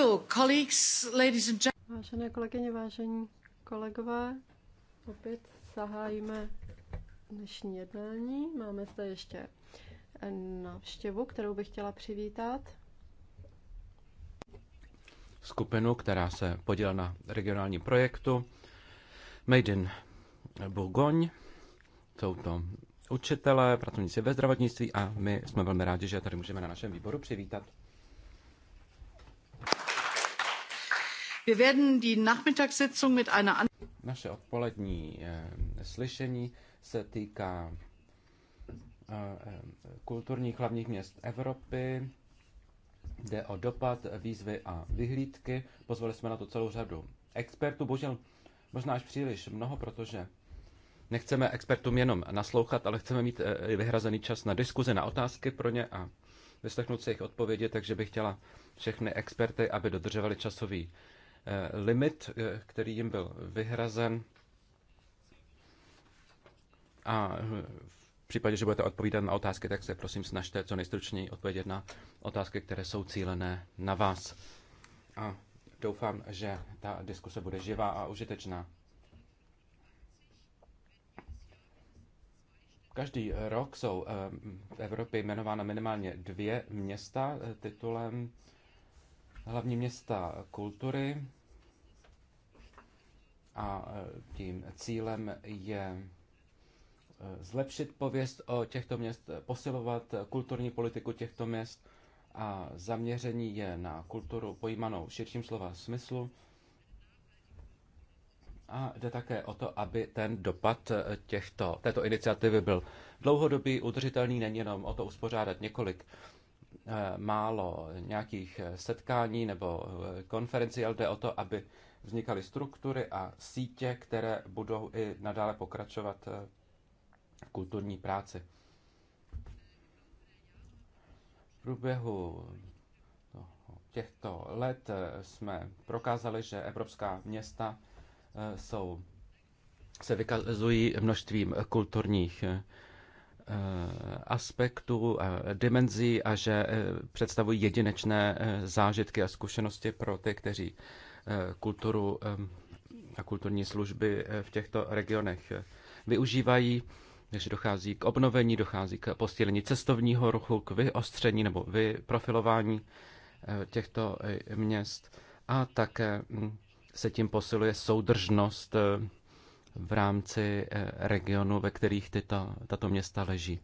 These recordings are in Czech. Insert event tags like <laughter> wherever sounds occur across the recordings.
So, colleagues, ladies and gentlemen. Vážené kolegyně, vážení kolegové, opět zahájíme dnešní jednání. Máme zde ještě návštěvu, kterou bych chtěla přivítat. Skupinu, která se podílela na regionálním projektu Made in Bourgogne. Jsou to učitelé, pracovníci ve zdravotnictví a my jsme velmi rádi, že tady můžeme na našem výboru přivítat Wir werden die Nachmittagssitzung mit einer Naše odpolední eh, slyšení se týká eh, eh, kulturních hlavních měst Evropy. Jde o dopad, výzvy a vyhlídky. Pozvali jsme na to celou řadu expertů, bohužel možná až příliš mnoho, protože nechceme expertům jenom naslouchat, ale chceme mít vyhrazený čas na diskuzi, na otázky pro ně a vyslechnout se jejich odpovědi, takže bych chtěla všechny experty, aby dodržovali časový Eh, limit, eh, který jim byl vyhrazen. A eh, v případě, že budete odpovídat na otázky, tak se prosím snažte co nejstručněji odpovědět na otázky, které jsou cílené na vás. A doufám, že ta diskuse bude živá a užitečná. Každý rok jsou v Evropě jmenována minimálně dvě města titulem hlavní města kultury a e, tím cílem je e, zlepšit pověst o těchto měst, posilovat kulturní politiku těchto měst a zaměření je na kulturu pojímanou v širším slova smyslu. A jde také o to, aby ten dopad e, těchto, této iniciativy byl dlouhodobý, udržitelný, není jenom o to uspořádat několik Eh, málo nějakých eh, setkání nebo eh, konferenci, ale jde o to, aby vznikaly struktury a sítě, které budou i nadále pokračovat v kulturní práci. V průběhu těchto let jsme prokázali, že evropská města jsou, se vykazují množstvím kulturních Eh, aspektů eh, dimenzí a že eh, představují jedinečné zážitky a zkušenosti pro ty, kteří kulturu a kulturní služby v těchto regionech využívají. Takže dochází k obnovení, dochází k posílení cestovního ruchu, k vyostření nebo vyprofilování těchto měst a také hm, se tím posiluje soudržnost v rámci eh, regionu, ve kterých tyto, tato města leží.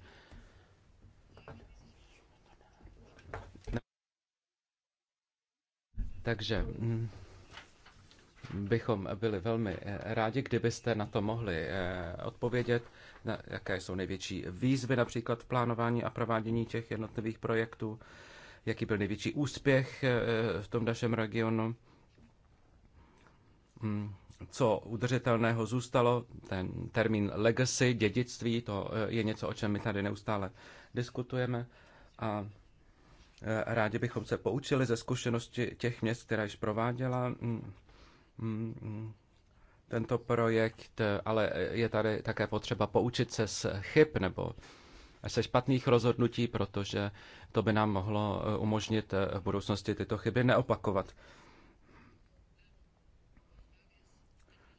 Takže mm, bychom byli velmi eh, rádi, kdybyste na to mohli eh, odpovědět, na jaké jsou největší výzvy například v plánování a provádění těch jednotlivých projektů, jaký byl největší úspěch v tom našem regionu. Mm co udržitelného zůstalo, ten termín legacy, dědictví, to eh, je něco, o čem my tady neustále diskutujeme a eh, rádi bychom se poučili ze zkušenosti těch měst, která již prováděla mm, mm, mm, tento projekt, ale eh, je tady také potřeba poučit se z chyb nebo se špatných rozhodnutí, protože to by nám mohlo umožnit v budoucnosti tyto chyby neopakovat.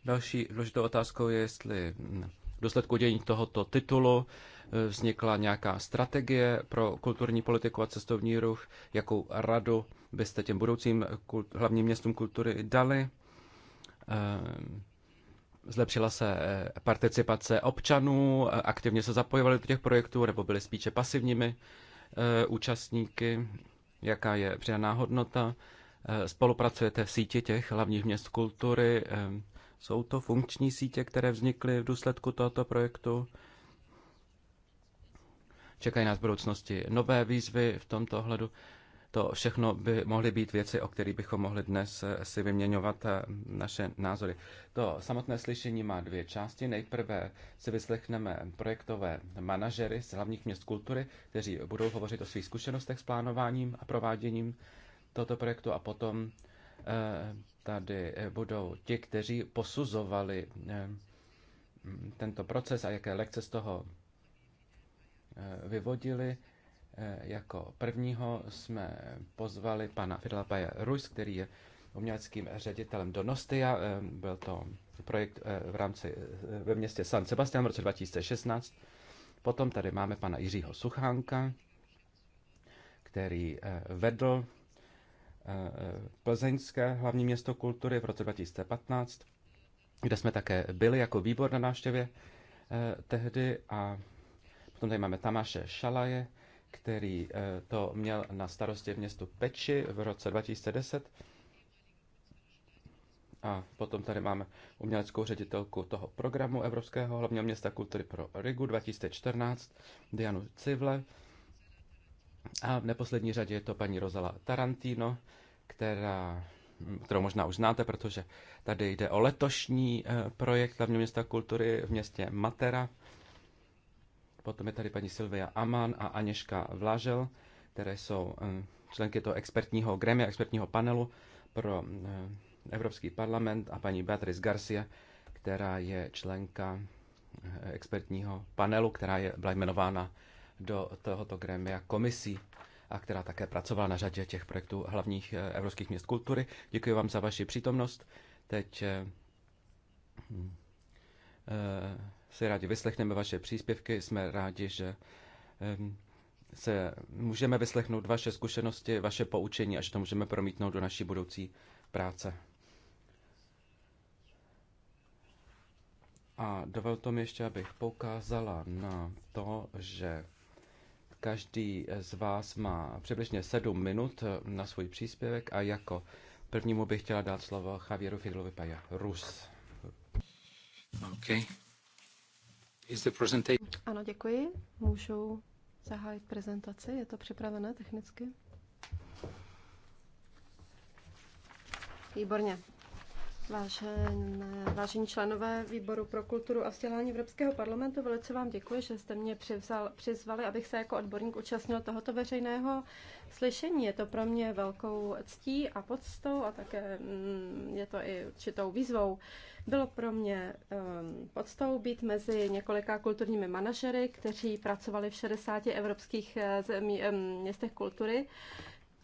Další důležitou otázkou je, jestli v důsledku dění tohoto titulu eh, vznikla nějaká strategie pro kulturní politiku a cestovní ruch, jakou radu byste těm budoucím hlavním městům kultury dali. Eh, zlepšila se eh, participace občanů, aktivně se zapojovali do těch projektů nebo byli spíše pasivními účastníky, jaká je přidaná hodnota. Spolupracujete v síti těch hlavních měst kultury, jsou to funkční sítě, které vznikly v důsledku tohoto projektu. Čekají nás v budoucnosti nové výzvy v tomto ohledu. To všechno by mohly být věci, o kterých bychom mohli dnes eh, si vyměňovat eh, naše názory. To samotné slyšení má dvě části. Nejprve si vyslechneme projektové manažery z hlavních měst kultury, kteří budou hovořit o svých zkušenostech s plánováním a prováděním tohoto projektu a potom eh, tady eh, budou ti, kteří posuzovali eh, tento proces a jaké lekce z toho eh, vyvodili. Jako prvního jsme pozvali pana Fidlapaje Rus, který je uměleckým ředitelem Donostia. Byl to projekt v rámci ve městě San Sebastian v roce 2016. Potom tady máme pana Jiřího Suchánka, který vedl Eh, eh, plzeňské hlavní město kultury v roce 2015, kde jsme také byli jako výbor na návštěvě eh, tehdy a potom tady máme Tamáše Šalaje, který to měl na starosti v městu Peči v roce 2010. A potom tady máme uměleckou ředitelku toho programu Evropského hlavního města kultury pro Rigu 2014, Dianu Civle, a v neposlední řadě je to paní Rozala Tarantino, která, kterou možná už znáte, protože tady jde o letošní eh, projekt hlavního města kultury v městě Matera. Potom je tady paní Silvia Aman a Aněška Vlážel, které jsou eh, členky toho expertního gremia, expertního panelu pro eh, Evropský parlament a paní Beatrice Garcia, která je členka expertního panelu, která je byla jmenována do tohoto gremia komisí a která také pracovala na řadě těch projektů hlavních eh, evropských měst kultury. Děkuji vám za vaši přítomnost. Teď eh, hm, eh, si rádi vyslechneme vaše příspěvky. Jsme rádi, že ehm, se můžeme vyslechnout vaše zkušenosti, vaše poučení a že to můžeme promítnout do naší budoucí práce. A dovolte mi ještě, abych poukázala na to, že Každý z vás má přibližně sedm minut na svůj příspěvek a jako prvnímu bych chtěla dát slovo Javieru Fidlovi Paja Rus. Okay. Is the presentation... Ano, děkuji. Můžu zahájit prezentaci. Je to připravené technicky? Výborně. Vážené, vážení členové výboru pro kulturu a vzdělání Evropského parlamentu, velice vám děkuji, že jste mě přizval, přizvali, abych se jako odborník účastnil tohoto veřejného slyšení. Je to pro mě velkou ctí a poctou a také mm, je to i určitou výzvou. Bylo pro mě um, poctou být mezi několika kulturními manažery, kteří pracovali v 60 evropských eh, zemí, ehm, městech kultury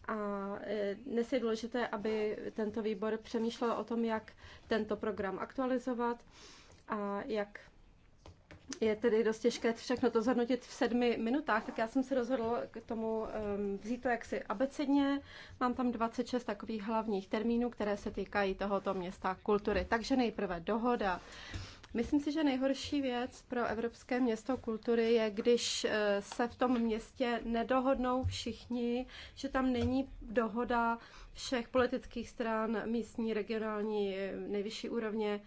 a e, dnes je důležité, aby tento výbor přemýšlel o tom, jak tento program aktualizovat a jak je tedy dost těžké všechno to zhodnotit v sedmi minutách, tak já jsem se rozhodla k tomu vzít to jaksi abecedně. Mám tam 26 takových hlavních termínů, které se týkají tohoto města kultury. Takže nejprve dohoda. Myslím si, že nejhorší věc pro Evropské město kultury je, když eh, se v tom městě nedohodnou všichni, že tam není dohoda všech politických stran, místní, regionální, eh, nejvyšší úrovně.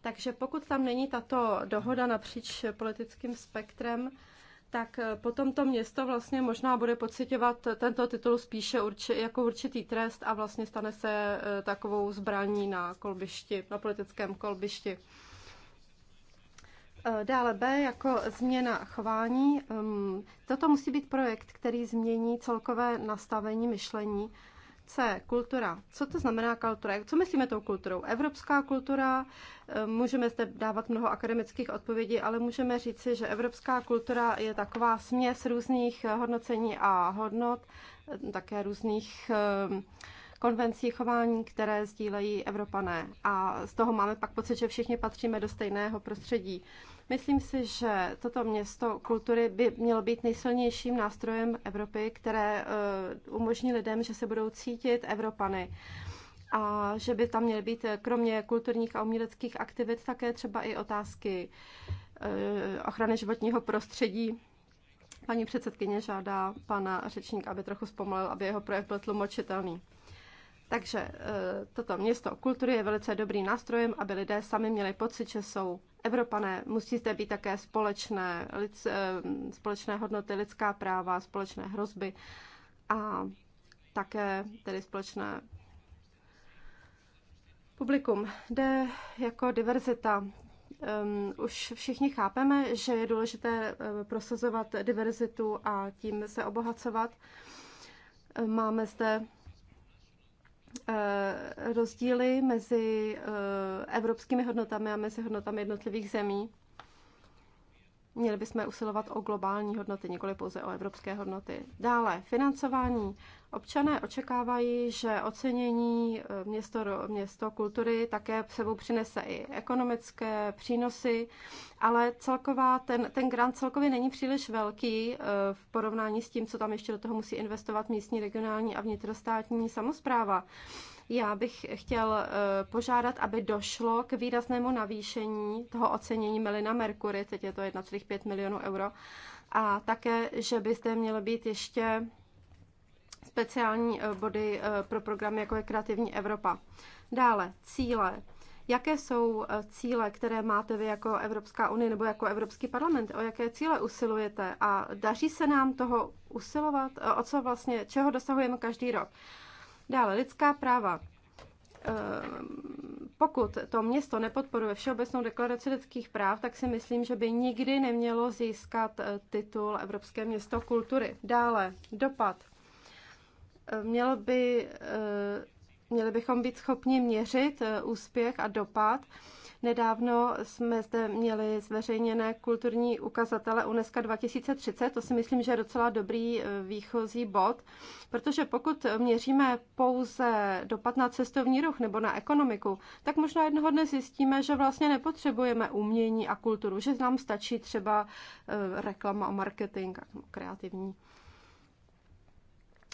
Takže pokud tam není tato dohoda napříč politickým spektrem, tak eh, potom to město vlastně možná bude pocitovat tento titul spíše urči, jako určitý trest a vlastně stane se takovou zbraní na kolbišti, na politickém kolbišti. Eh, dále B jako změna chování. Ehm, toto musí být projekt, který změní celkové nastavení myšlení. C. Kultura. Co to znamená kultura? Co myslíme tou kulturou? Evropská kultura, ehm, můžeme zde dávat mnoho akademických odpovědí, ale můžeme říci, že evropská kultura je taková směs různých eh, hodnocení a hodnot, ehm, také různých konvencí chování, které sdílejí Evropané. A z toho máme pak pocit, že všichni patříme do stejného prostředí. Myslím si, že toto město kultury by mělo být nejsilnějším nástrojem Evropy, které eh, umožní lidem, že se budou cítit Evropany a že by tam měly být eh, kromě kulturních a uměleckých aktivit také třeba i otázky eh, ochrany životního prostředí. Paní předsedkyně žádá pana řečníka, aby trochu zpomalil, aby jeho projev byl tlumočitelný. Takže toto město kultury je velice dobrým nástrojem, aby lidé sami měli pocit, že jsou Evropané, musí zde být také společné, lid, eh, společné hodnoty, lidská práva, společné hrozby a také tedy společné publikum. Jde jako diverzita. Um, už všichni chápeme, že je důležité eh, prosazovat diverzitu a tím se obohacovat. Ehm, máme zde Eh, rozdíly mezi eh, evropskými hodnotami a mezi hodnotami jednotlivých zemí. Měli bychom usilovat o globální hodnoty, nikoli pouze o evropské hodnoty. Dále, financování. Občané očekávají, že ocenění eh, město, město kultury také sebou přinese i ekonomické přínosy, ale celková, ten, ten grant celkově není příliš velký eh, v porovnání s tím, co tam ještě do toho musí investovat místní, regionální a vnitrostátní samozpráva. Já bych chtěl eh, požádat, aby došlo k výraznému navýšení toho ocenění Melina Mercury, teď je to 1,5 milionů euro, a také, že by zde mělo být ještě speciální eh, body eh, pro programy, jako je Kreativní Evropa. Dále, cíle. Jaké jsou cíle, které máte vy jako Evropská unie nebo jako Evropský parlament? O jaké cíle usilujete? A daří se nám toho usilovat? O co vlastně, čeho dosahujeme každý rok? Dále lidská práva. Ehm, pokud to město nepodporuje Všeobecnou deklaraci lidských práv, tak si myslím, že by nikdy nemělo získat eh, titul Evropské město kultury. Dále dopad. Ehm, mělo by eh, měli bychom být schopni měřit eh, úspěch a dopad. Nedávno jsme zde měli zveřejněné kulturní ukazatele UNESCO 2030. To si myslím, že je docela dobrý eh, výchozí bod, protože pokud měříme pouze dopad na cestovní ruch nebo na ekonomiku, tak možná jednoho dne zjistíme, že vlastně nepotřebujeme umění a kulturu, že nám stačí třeba eh, reklama a marketing a kreativní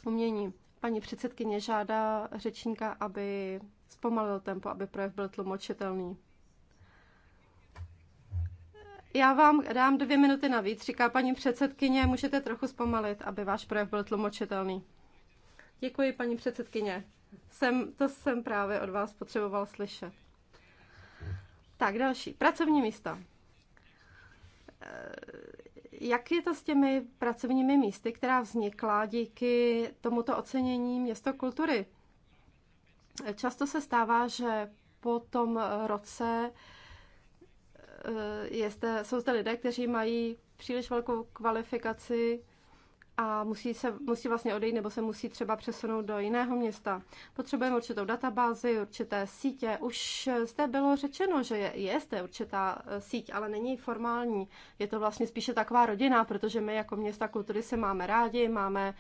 umění. Paní předsedkyně žádá řečníka, aby zpomalil tempo, aby projev byl tlumočitelný. Já vám dám dvě minuty navíc, říká paní předsedkyně, můžete trochu zpomalit, aby váš projev byl tlumočitelný. Děkuji, paní předsedkyně. Jsem, to jsem právě od vás potřeboval slyšet. Tak, další. Pracovní místa jak je to s těmi pracovními místy, která vznikla díky tomuto ocenění Město kultury? Často se stává, že po tom roce eh, jste, jsou zde lidé, kteří mají příliš velkou kvalifikaci, a musí, se, musí vlastně odejít nebo se musí třeba přesunout do jiného města. Potřebujeme určitou databázi, určité sítě. Už zde bylo řečeno, že je, je zde určitá eh, síť, ale není formální. Je to vlastně spíše taková rodina, protože my jako města kultury se máme rádi, máme,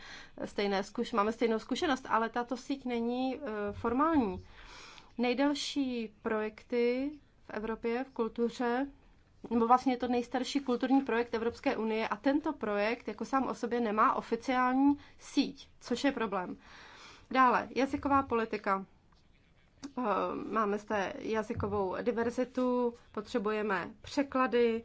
stejné zkuš, máme stejnou zkušenost, ale tato síť není eh, formální. Nejdelší projekty v Evropě v kultuře nebo vlastně je to nejstarší kulturní projekt Evropské unie a tento projekt jako sám o sobě nemá oficiální síť, což je problém. Dále, jazyková politika. Eh, máme zde jazykovou diverzitu, potřebujeme překlady,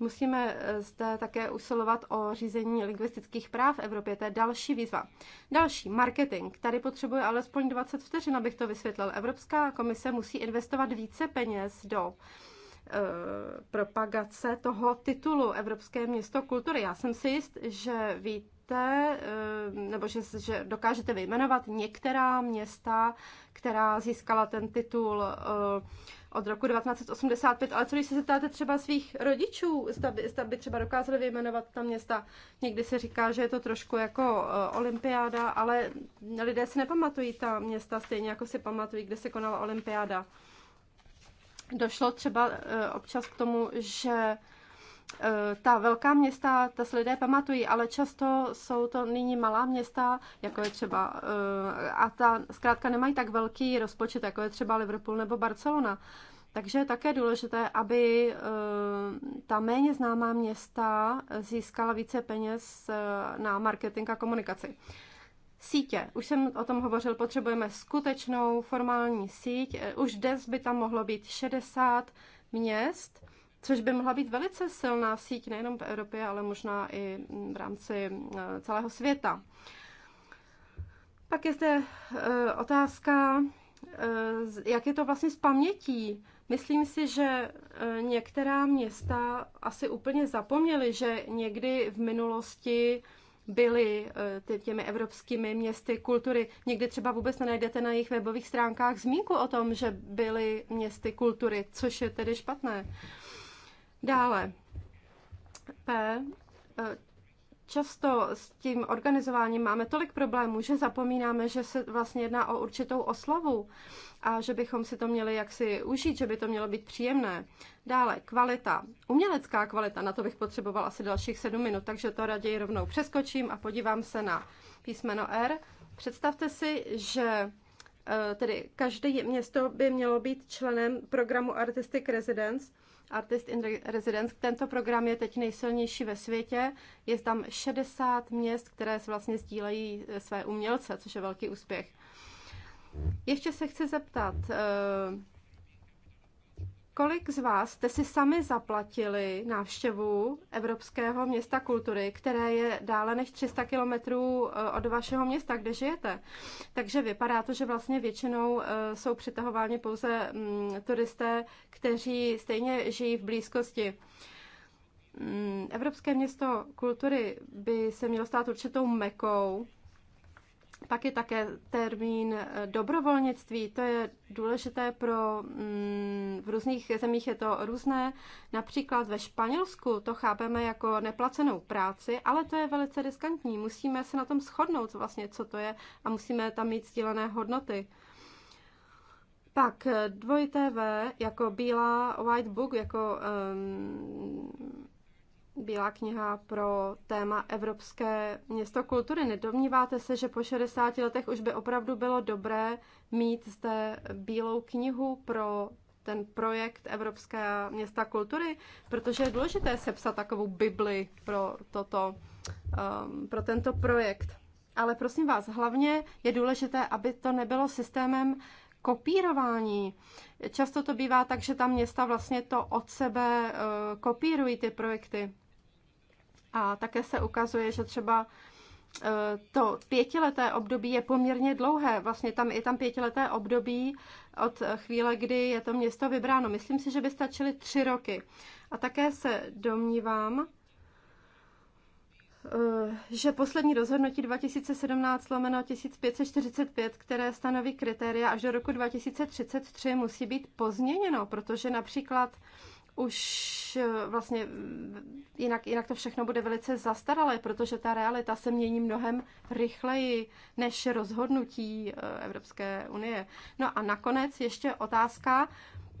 musíme eh, zde také usilovat o řízení lingvistických práv v Evropě. To je další výzva. Další, marketing. Tady potřebuje alespoň 20 vteřin, abych to vysvětlil. Evropská komise musí investovat více peněz do Eh, propagace toho titulu Evropské město kultury. Já jsem si jist, že víte, eh, nebo že, že dokážete vyjmenovat některá města, která získala ten titul eh, od roku 1985, ale co když se zeptáte třeba svých rodičů, zda by, zda by třeba dokázali vyjmenovat ta města. Někdy se říká, že je to trošku jako olympiáda, ale lidé si nepamatují ta města stejně, jako si pamatují, kde se konala olympiáda došlo třeba eh, občas k tomu, že eh, ta velká města, ta se lidé pamatují, ale často jsou to nyní malá města, jako je třeba, eh, a ta zkrátka nemají tak velký rozpočet, jako je třeba Liverpool nebo Barcelona. Takže je také důležité, aby ta méně známá města získala více peněz na marketing a komunikaci. Sítě. Už jsem o tom hovořil, potřebujeme skutečnou formální síť. E, už dnes by tam mohlo být 60 měst, což by mohla být velice silná síť nejenom v Evropě, ale možná i v rámci e, celého světa. Pak je zde e, otázka, jak je to vlastně s pamětí. Myslím si, že některá města asi úplně zapomněly, že někdy v minulosti byly eh, těmi evropskými městy kultury. Někdy třeba vůbec nenajdete na jejich webových stránkách zmínku o tom, že byly městy kultury, což je tedy špatné. Dále, P eh, často s tím organizováním máme tolik problémů, že zapomínáme, že se vlastně jedná o určitou oslavu a že bychom si to měli jaksi užít, že by to mělo být příjemné. Dále, kvalita. Umělecká kvalita, na to bych potřebovala asi dalších sedm minut, takže to raději rovnou přeskočím a podívám se na písmeno R. Představte si, že eh, tedy každé město by mělo být členem programu Artistic Residence, Artist in Residence. Tento program je teď nejsilnější ve světě. Je tam 60 měst, které vlastně sdílejí eh, své umělce, což je velký úspěch. Ještě se chci zeptat, eh, Kolik z vás jste si sami zaplatili návštěvu Evropského města kultury, které je dále než 300 kilometrů eh, od vašeho města, kde žijete? Takže vypadá to, že vlastně většinou eh, jsou přitahováni pouze mm, turisté, kteří stejně žijí v blízkosti. Mm, Evropské město kultury by se mělo stát určitou mekou pak je také termín eh, dobrovolnictví, to je důležité pro, mm, v různých zemích je to různé, například ve Španělsku to chápeme jako neplacenou práci, ale to je velice riskantní, musíme se na tom shodnout vlastně, co to je a musíme tam mít sdílené hodnoty. Pak eh, dvojité V jako bílá white book, jako um, Bílá kniha pro téma Evropské město kultury. Nedomníváte se, že po 60 letech už by opravdu bylo dobré mít zde Bílou knihu pro ten projekt Evropské města kultury, protože je důležité sepsat takovou Bibli pro, toto, um, pro tento projekt. Ale prosím vás, hlavně je důležité, aby to nebylo systémem kopírování. Často to bývá tak, že ta města vlastně to od sebe uh, kopírují ty projekty. A také se ukazuje, že třeba eh, to pětileté období je poměrně dlouhé. Vlastně tam je tam pětileté období od chvíle, kdy je to město vybráno. Myslím si, že by stačily tři roky. A také se domnívám, eh, že poslední rozhodnutí 2017 lomeno 1545, které stanoví kritéria až do roku 2033, musí být pozměněno, protože například už eh, vlastně jinak, jinak to všechno bude velice zastaralé, protože ta realita se mění mnohem rychleji než rozhodnutí eh, Evropské unie. No a nakonec ještě otázka,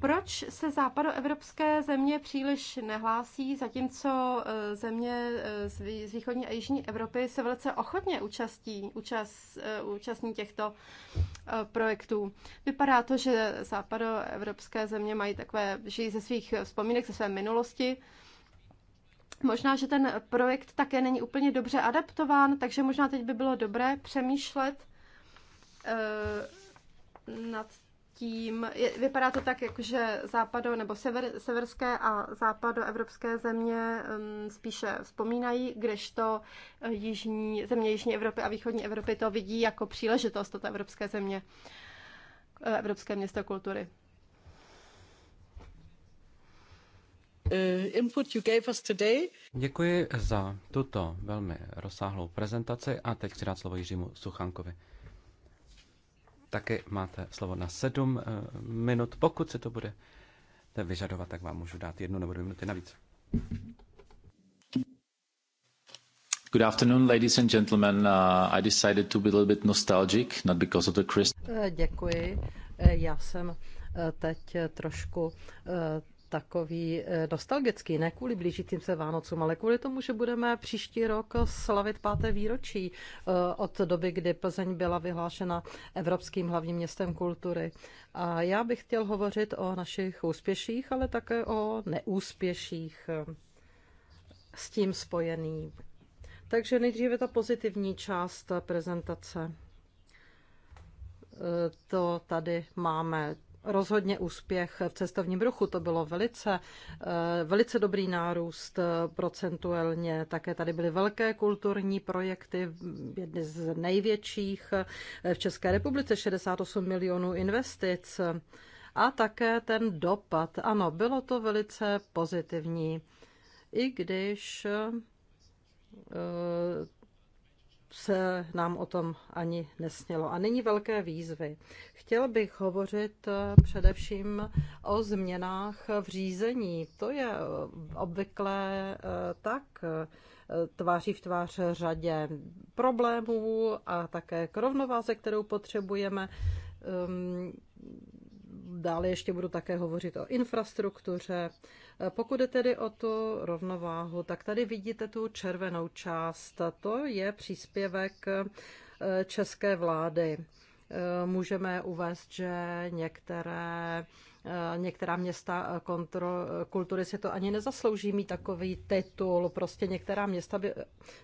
proč se západoevropské země příliš nehlásí, zatímco e, země e, z východní a jižní Evropy se velice ochotně účastí, účast, e, účastní těchto projektů? Vypadá to, že západoevropské země mají takové, žijí ze svých vzpomínek, ze své minulosti. Možná, že ten projekt také není úplně dobře adaptován, takže možná teď by bylo dobré přemýšlet nad tím, je, vypadá to tak, jako že západo nebo sever, severské a západoevropské země um, spíše vzpomínají, kdežto eh, jižní, země Jižní Evropy a Východní Evropy to vidí jako příležitost toto evropské země, eh, evropské město kultury. Eh, input you gave us today. Děkuji za tuto velmi rozsáhlou prezentaci a teď chci dát slovo Jiřímu Suchankovi. Taky máte slovo na sedm eh, minut. Pokud se to bude vyžadovat, tak vám můžu dát jednu nebo dvě minuty navíc. Good afternoon, ladies and gentlemen. Uh, I decided to be a little bit nostalgic, not because of the Christmas. Eh, děkuji. Eh, já jsem teď trošku takový eh, nostalgický, ne kvůli blížitým se Vánocům, ale kvůli tomu, že budeme příští rok slavit páté výročí eh, od doby, kdy Plzeň byla vyhlášena Evropským hlavním městem kultury. A já bych chtěl hovořit o našich úspěších, ale také o neúspěších eh, s tím spojený. Takže nejdříve ta pozitivní část prezentace. To tady máme rozhodně úspěch v cestovním ruchu. To bylo velice, eh, velice dobrý nárůst eh, procentuálně. Také tady byly velké kulturní projekty, jedny z největších eh, v České republice, 68 milionů investic. A také ten dopad. Ano, bylo to velice pozitivní. I když se nám o tom ani nesnělo. A není velké výzvy. Chtěl bych hovořit eh, především o změnách v řízení. To je eh, obvykle eh, tak tváří v tvář řadě problémů a také k rovnováze, kterou potřebujeme. Ehm, dále ještě budu také hovořit o infrastruktuře pokud je tedy o tu rovnováhu, tak tady vidíte tu červenou část. To je příspěvek eh, české vlády. Eh, můžeme uvést, že některé Eh, některá města eh, kontrol, eh, kultury si to ani nezaslouží mít takový titul. Prostě některá města, by,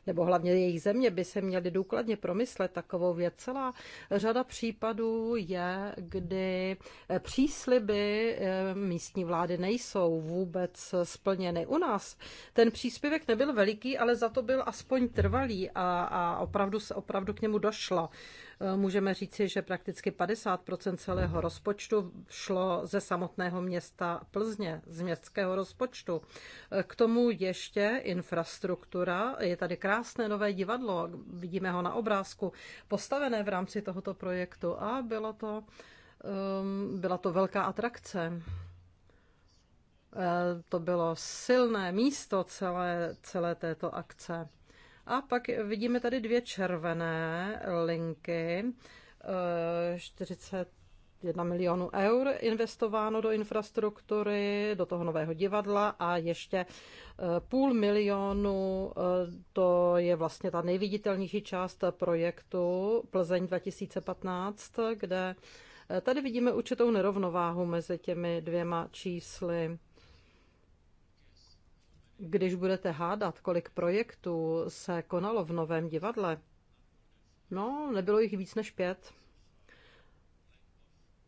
nebo hlavně jejich země, by se měly důkladně promyslet takovou věc. Celá řada případů je, kdy přísliby místní vlády nejsou vůbec splněny. U nás ten příspěvek nebyl veliký, ale za to byl aspoň trvalý a, a opravdu, opravdu k němu došlo. Můžeme říci, že prakticky 50 celého rozpočtu šlo ze samotného města Plzně z městského rozpočtu. E, k tomu ještě infrastruktura. Je tady krásné nové divadlo, vidíme ho na obrázku, postavené v rámci tohoto projektu a bylo to, byla to velká atrakce. E, to bylo silné místo celé, celé této akce. A pak vidíme tady dvě červené linky. 40 e, 1 milionu eur investováno do infrastruktury, do toho nového divadla a ještě eh, půl milionu, eh, to je vlastně ta nejviditelnější část projektu Plzeň 2015, kde eh, tady vidíme určitou nerovnováhu mezi těmi dvěma čísly. Když budete hádat, kolik projektů se konalo v novém divadle, no, nebylo jich víc než pět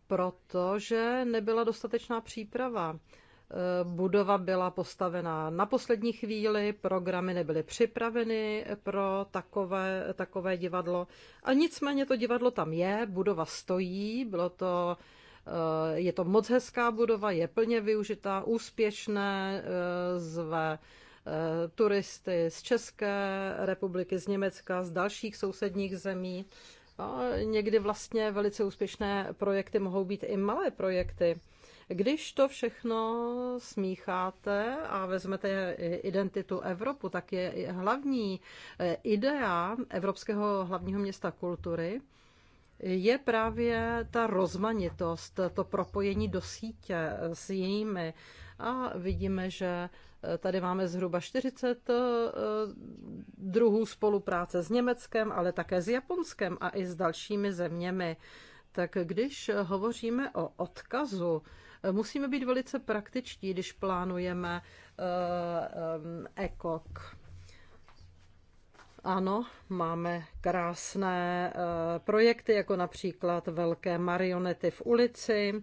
protože nebyla dostatečná příprava. E, budova byla postavena na poslední chvíli, programy nebyly připraveny pro takové, takové divadlo. A nicméně to divadlo tam je, budova stojí, bylo to, e, je to moc hezká budova, je plně využitá, úspěšné, e, zve turisty z České republiky, z Německa, z dalších sousedních zemí. Někdy vlastně velice úspěšné projekty mohou být i malé projekty. Když to všechno smícháte a vezmete identitu Evropu, tak je hlavní eh, idea Evropského hlavního města kultury, je právě ta rozmanitost, to propojení do sítě s jinými. A vidíme, že eh, tady máme zhruba 40 eh, druhů spolupráce s Německem, ale také s Japonskem a i s dalšími zeměmi. Tak když hovoříme o odkazu, eh, musíme být velice praktičtí, když plánujeme ECOC. Ano, máme krásné eh, projekty, jako například velké marionety v ulici,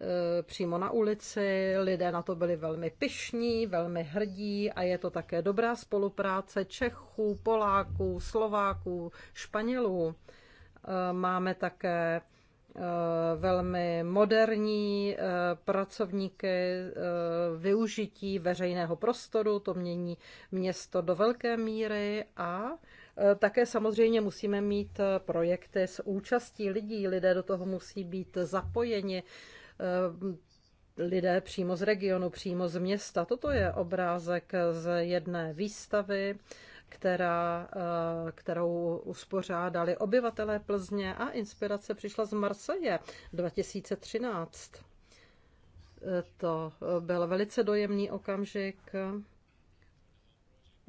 eh, přímo na ulici. Lidé na to byli velmi pyšní, velmi hrdí a je to také dobrá spolupráce Čechů, Poláků, Slováků, Španělů. Eh, máme také Eh, velmi moderní eh, pracovníky, eh, využití veřejného prostoru, to mění město do velké míry a také samozřejmě musíme mít projekty s účastí lidí, lidé do toho musí být zapojeni, lidé přímo z regionu, přímo z města. Toto je obrázek z jedné výstavy která, eh, kterou uspořádali obyvatelé Plzně a inspirace přišla z Marseje 2013. Eh, to byl velice dojemný okamžik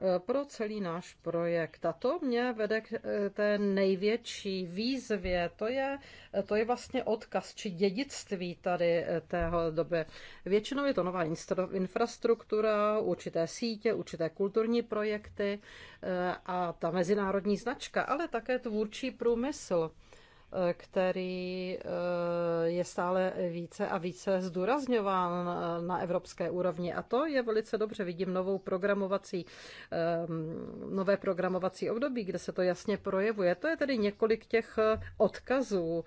Eh, pro celý náš projekt. A to mě vede k eh, té největší výzvě. To je, eh, to je vlastně odkaz či dědictví tady tého doby. Většinou je to nová infrastruktura, určité sítě, určité kulturní projekty a ta mezinárodní značka, ale také tvůrčí průmysl který eh, je stále více a více zdůrazňován eh, na evropské úrovni. A to je velice dobře. Vidím novou programovací, eh, nové programovací období, kde se to jasně projevuje. To je tedy několik těch odkazů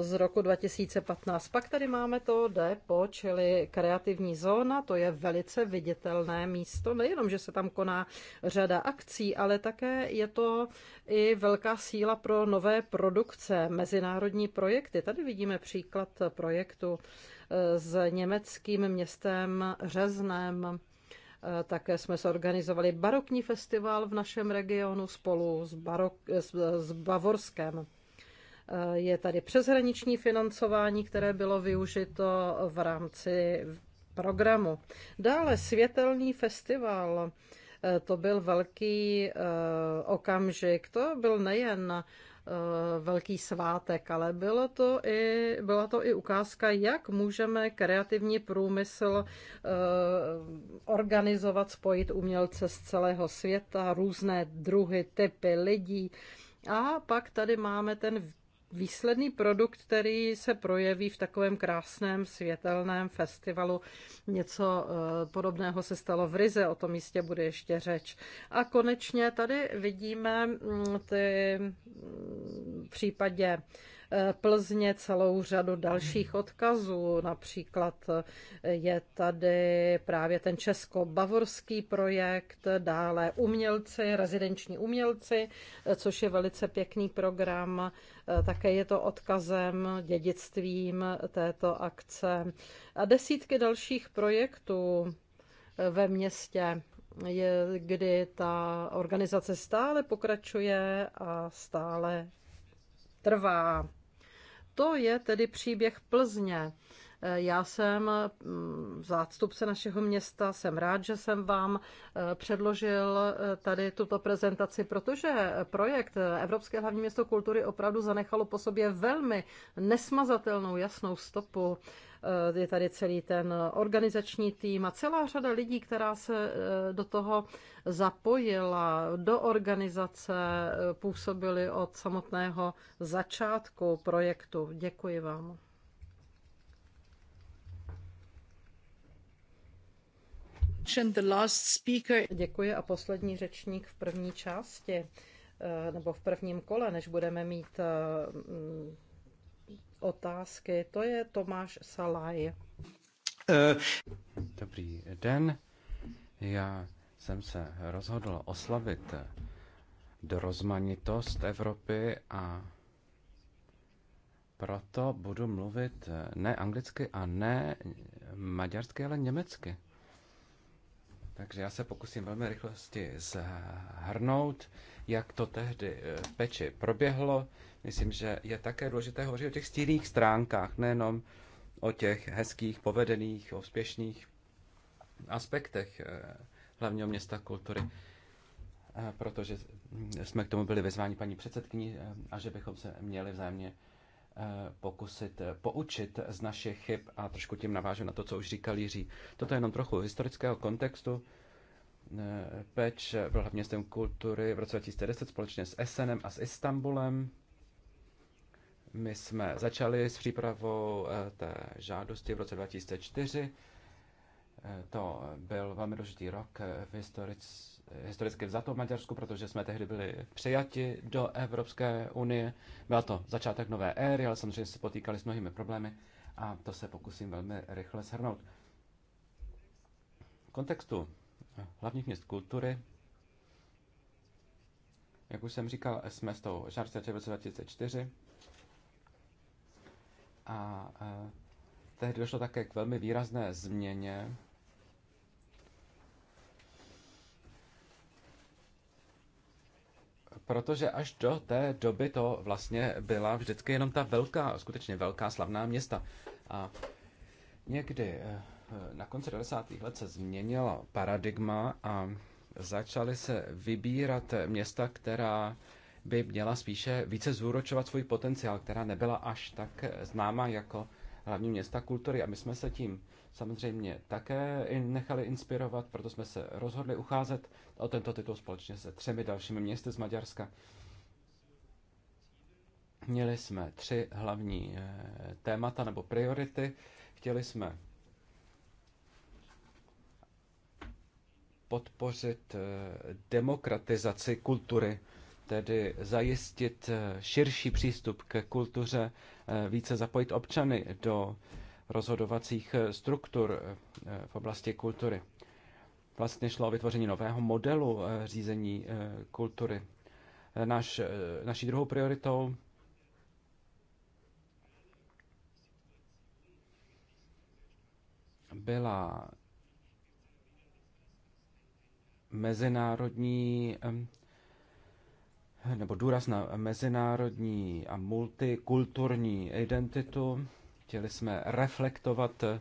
z roku 2015. Pak tady máme to DEPO, čili kreativní zóna, to je velice viditelné místo, nejenom, že se tam koná řada akcí, ale také je to i velká síla pro nové produkce, mezinárodní projekty. Tady vidíme příklad projektu eh, s německým městem Řeznem, eh, také jsme organizovali barokní festival v našem regionu spolu s, barok, eh, s, s Bavorskem. Eh, je tady přeshraniční financování, které bylo využito v rámci programu. Dále světelný festival. Eh, to byl velký eh, okamžik. To byl nejen velký svátek, ale bylo to i, byla to i ukázka, jak můžeme kreativní průmysl organizovat, spojit umělce z celého světa, různé druhy, typy lidí. A pak tady máme ten výsledný produkt, který se projeví v takovém krásném světelném festivalu. Něco eh, podobného se stalo v Rize, o tom jistě bude ještě řeč. A konečně tady vidíme mm, ty mm, v případě Plzně celou řadu dalších odkazů. Například je tady právě ten česko-bavorský projekt, dále umělci, rezidenční umělci, což je velice pěkný program. Také je to odkazem, dědictvím této akce. A desítky dalších projektů ve městě je, kdy ta organizace stále pokračuje a stále trvá. To je tedy příběh Plzně. Eh, já jsem mm, zástupce našeho města, jsem rád, že jsem vám eh, předložil eh, tady tuto prezentaci, protože projekt Evropské hlavní město kultury opravdu zanechalo po sobě velmi nesmazatelnou jasnou stopu je tady celý ten organizační tým a celá řada lidí, která se do toho zapojila, do organizace, působili od samotného začátku projektu. Děkuji vám. Děkuji a poslední řečník v první části eh, nebo v prvním kole, než budeme mít eh, mm, otázky, to je Tomáš Salaj. Eh, dobrý den. Já jsem se rozhodl oslavit do rozmanitost Evropy a proto budu mluvit ne anglicky a ne maďarsky, ale německy. Takže já se pokusím velmi rychlosti zhrnout, jak to tehdy eh, v peči proběhlo. Myslím, že je také důležité hovořit o těch stílých stránkách, nejenom o těch hezkých, povedených, úspěšných aspektech eh, hlavního města kultury, eh, protože jsme k tomu byli vyzváni paní předsedkyní a že bychom se měli vzájemně Eh, pokusit eh, poučit z našich chyb a trošku tím navážu na to, co už říkal Jiří. Toto je jenom trochu historického kontextu. Eh, Peč byl hlavně městem kultury v roce 2010 společně s Essenem a s Istanbulem. My jsme začali s přípravou té žádosti v roce 2004 to byl velmi důležitý rok v historic, historicky vzato v Maďarsku, protože jsme tehdy byli přijati do Evropské unie. Byl to začátek nové éry, ale samozřejmě se potýkali s mnohými problémy a to se pokusím velmi rychle shrnout. V kontextu hlavních měst kultury, jak už jsem říkal, jsme s tou žárce v 2004 a tehdy došlo také k velmi výrazné změně protože až do té doby to vlastně byla vždycky jenom ta velká, skutečně velká slavná města. A někdy eh, eh, na konci 90. let se změnilo paradigma a začaly se vybírat města, která by měla spíše více zúročovat svůj potenciál, která nebyla až tak eh, známá jako hlavní města kultury. A my jsme se tím samozřejmě také nechali inspirovat, proto jsme se rozhodli ucházet o tento titul společně se třemi dalšími městy z Maďarska. Měli jsme tři hlavní eh, témata nebo priority. Chtěli jsme podpořit eh, demokratizaci kultury, tedy zajistit eh, širší přístup ke kultuře, více zapojit občany do rozhodovacích eh, struktur eh, eh, v oblasti kultury. Vlastně šlo o vytvoření nového modelu řízení kultury. Naš, naší druhou prioritou byla mezinárodní nebo důraz na mezinárodní a multikulturní identitu Chtěli jsme reflektovat eh,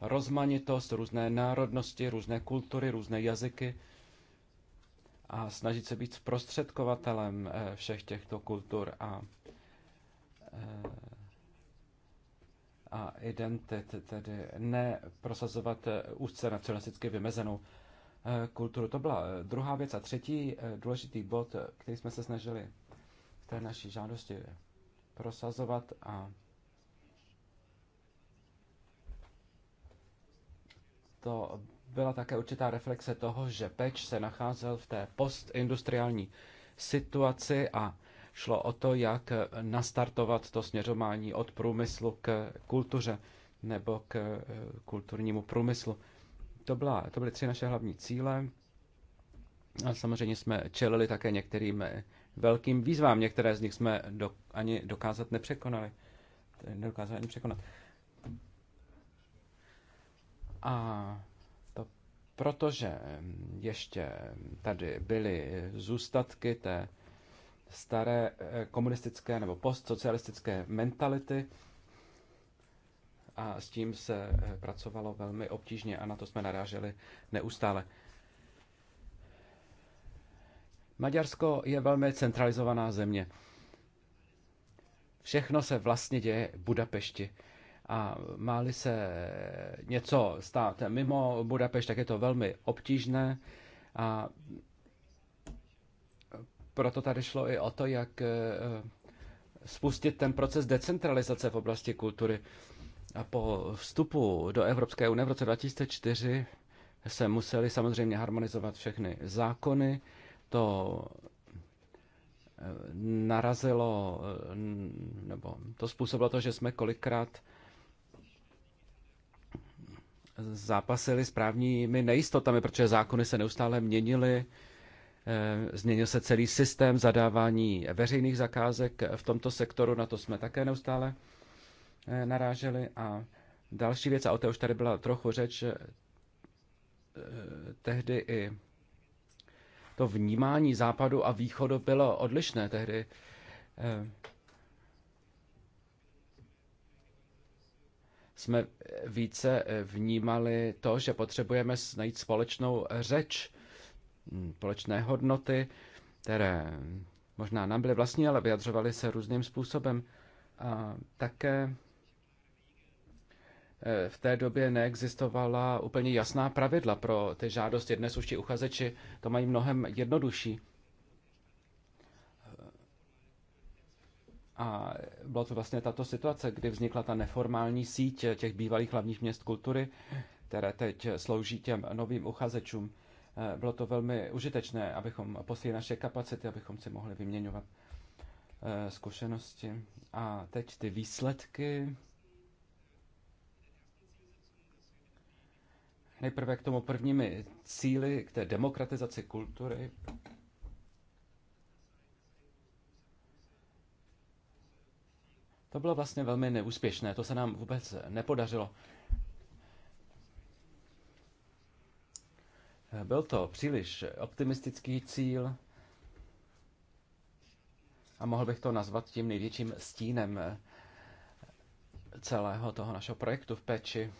rozmanitost, různé národnosti, různé kultury, různé jazyky a snažit se být zprostředkovatelem eh, všech těchto kultur a, eh, a identit, tedy neprosazovat úzce nacionalisticky vymezenou kulturu. To byla druhá věc. A třetí důležitý bod, který jsme se snažili v té naší žádosti prosazovat a to byla také určitá reflexe toho, že Peč se nacházel v té postindustriální situaci a šlo o to, jak nastartovat to směřování od průmyslu k kultuře nebo k eh, kulturnímu průmyslu. To, byla, to byly tři naše hlavní cíle. A samozřejmě jsme čelili také některým eh, velkým výzvám. Některé z nich jsme do, ani dokázat nepřekonali. Nedokázali ani překonat. A to protože ještě tady byly zůstatky té staré eh, komunistické nebo postsocialistické mentality a s tím se eh, pracovalo velmi obtížně a na to jsme naráželi neustále. Maďarsko je velmi centralizovaná země. Všechno se vlastně děje v Budapešti. A máli se něco stát mimo Budapešť, tak je to velmi obtížné. A proto tady šlo i o to, jak eh, spustit ten proces decentralizace v oblasti kultury. A po vstupu do Evropské unie v roce 2004 se museli samozřejmě harmonizovat všechny zákony. To eh, narazilo, eh, nebo to způsobilo to, že jsme kolikrát zápasili s právními nejistotami, protože zákony se neustále měnily, eh, změnil se celý systém zadávání veřejných zakázek v tomto sektoru, na to jsme také neustále eh, naráželi. A další věc, a o té už tady byla trochu řeč, eh, tehdy i to vnímání západu a východu bylo odlišné. Tehdy jsme více vnímali to, že potřebujeme najít společnou řeč, hm, společné hodnoty, které možná nám byly vlastní, ale vyjadřovaly se různým způsobem. A také eh, v té době neexistovala úplně jasná pravidla pro ty žádosti. Dnes už ti uchazeči to mají mnohem jednodušší. A byla to vlastně tato situace, kdy vznikla ta neformální síť těch bývalých hlavních měst kultury, které teď slouží těm novým uchazečům. E, bylo to velmi užitečné, abychom posílili naše kapacity, abychom si mohli vyměňovat e, zkušenosti. A teď ty výsledky. Nejprve k tomu prvními cíli, k té demokratizaci kultury. To bylo vlastně velmi neúspěšné, to se nám vůbec nepodařilo. Byl to příliš optimistický cíl a mohl bych to nazvat tím největším stínem celého toho našeho projektu v péči.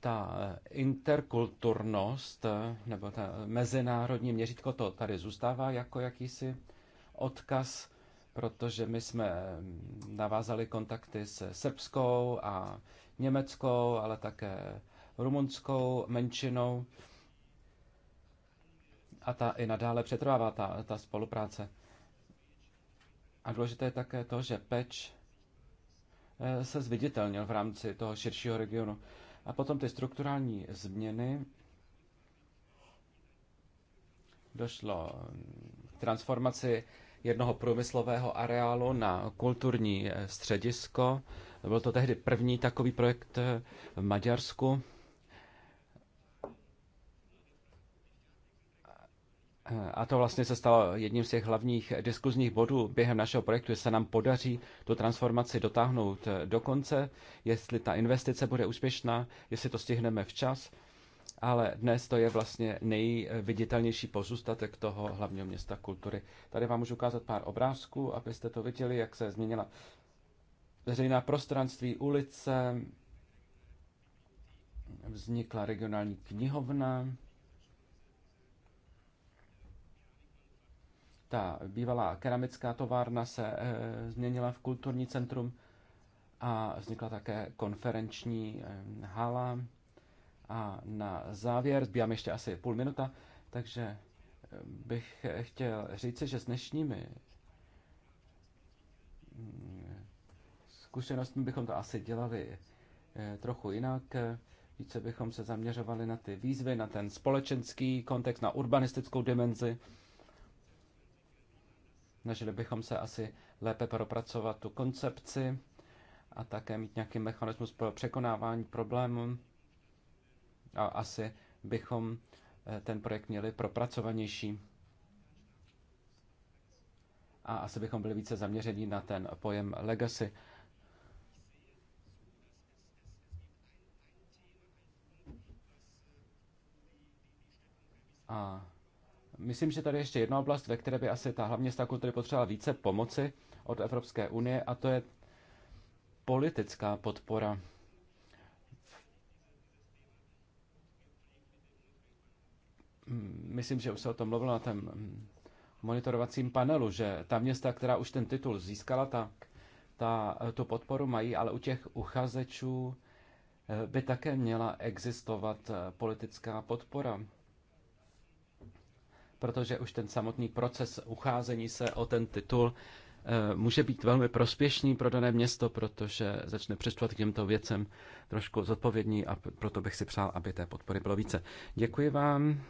Ta interkulturnost nebo ta mezinárodní měřítko to tady zůstává jako jakýsi odkaz, protože my jsme navázali kontakty se srbskou a německou, ale také rumunskou menšinou. A ta i nadále přetrvává ta, ta spolupráce. A důležité je také to, že Peč eh, se zviditelnil v rámci toho širšího regionu. A potom ty strukturální změny došlo mm, k transformaci jednoho průmyslového areálu na kulturní eh, středisko. Byl to tehdy první takový projekt eh, v Maďarsku. Eh, a to vlastně se stalo jedním z těch hlavních diskuzních bodů během našeho projektu, jestli se nám podaří tu transformaci dotáhnout do konce, jestli ta investice bude úspěšná, jestli to stihneme včas ale dnes to je vlastně nejviditelnější pozůstatek toho hlavního města kultury. Tady vám můžu ukázat pár obrázků, abyste to viděli, jak se změnila veřejná prostranství, ulice, vznikla regionální knihovna, ta bývalá keramická továrna se e, změnila v kulturní centrum a vznikla také konferenční e, hala. A na závěr, zbývám ještě asi půl minuta, takže eh, bych chtěl říct, že s dnešními mm, zkušenostmi bychom to asi dělali eh, trochu jinak. Více bychom se zaměřovali na ty výzvy, na ten společenský kontext, na urbanistickou dimenzi. Snažili bychom se asi lépe propracovat tu koncepci a také mít nějaký mechanismus pro překonávání problémů a asi bychom eh, ten projekt měli propracovanější a asi bychom byli více zaměření na ten pojem legacy. A myslím, že tady ještě jedna oblast, ve které by asi ta hlavně města kultury potřebovala více pomoci od Evropské unie, a to je politická podpora myslím, že už se o tom mluvilo na tom mm, monitorovacím panelu, že ta města, která už ten titul získala, tak ta, e, tu podporu mají, ale u těch uchazečů e, by také měla existovat e, politická podpora. Protože už ten samotný proces ucházení se o ten titul Eh, může být velmi prospěšný pro dané město, protože začne přistupovat k těmto věcem trošku zodpovědní a proto bych si přál, aby té podpory bylo více. Děkuji vám.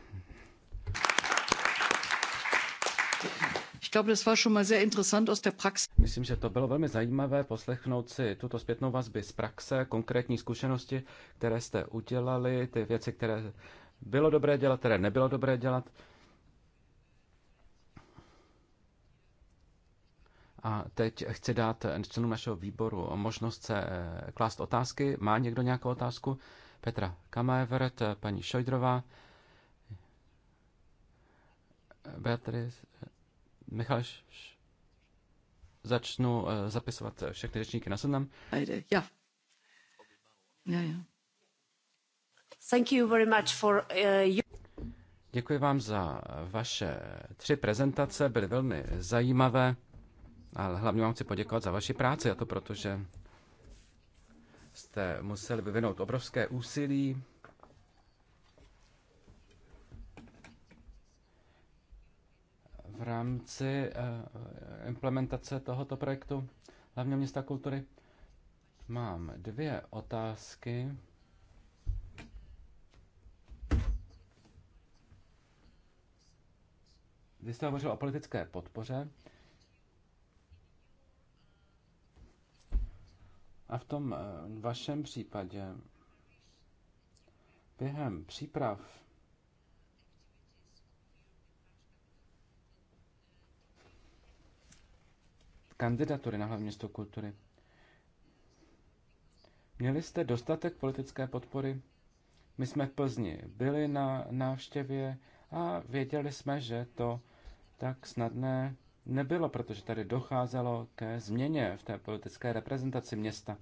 Myslím, že to bylo velmi zajímavé poslechnout si tuto zpětnou vazby z praxe, konkrétní zkušenosti, které jste udělali, ty věci, které bylo dobré dělat, které nebylo dobré dělat. A teď chci dát členům našeho výboru možnost se eh, klást otázky. Má někdo nějakou otázku? Petra Kamaevert, paní Šojdrová, Beatrice, Michal, začnu eh, zapisovat všechny řečníky na seznam. Já. Já, já. Thank you very much for, uh, Děkuji vám za vaše tři prezentace, byly velmi zajímavé. Ale hlavně vám chci poděkovat za vaši práci, a to protože jste museli vyvinout obrovské úsilí. v rámci eh, implementace tohoto projektu hlavně města kultury. Mám dvě otázky. Vy jste hovořil o politické podpoře. A v tom eh, vašem případě během příprav kandidatury na hlavní město kultury. Měli jste dostatek politické podpory? My jsme v Plzni byli na návštěvě a věděli jsme, že to tak snadné nebylo, protože tady docházelo ke změně v té politické reprezentaci města.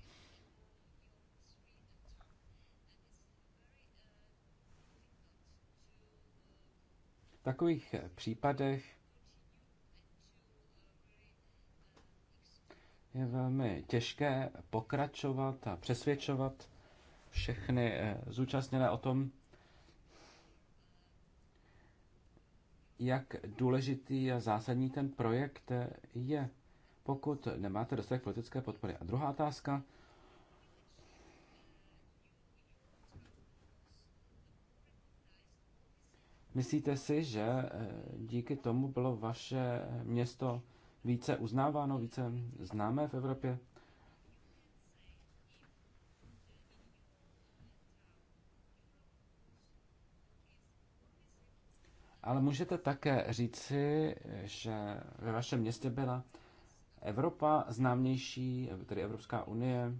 V takových případech je velmi těžké pokračovat a přesvědčovat všechny eh, zúčastněné o tom, jak důležitý a zásadní ten projekt je, pokud nemáte dostatek politické podpory. A druhá otázka. Myslíte si, že eh, díky tomu bylo vaše město více uznáváno, více známé v Evropě? Ale můžete také říci, že ve vašem městě byla Evropa známější, tedy Evropská unie,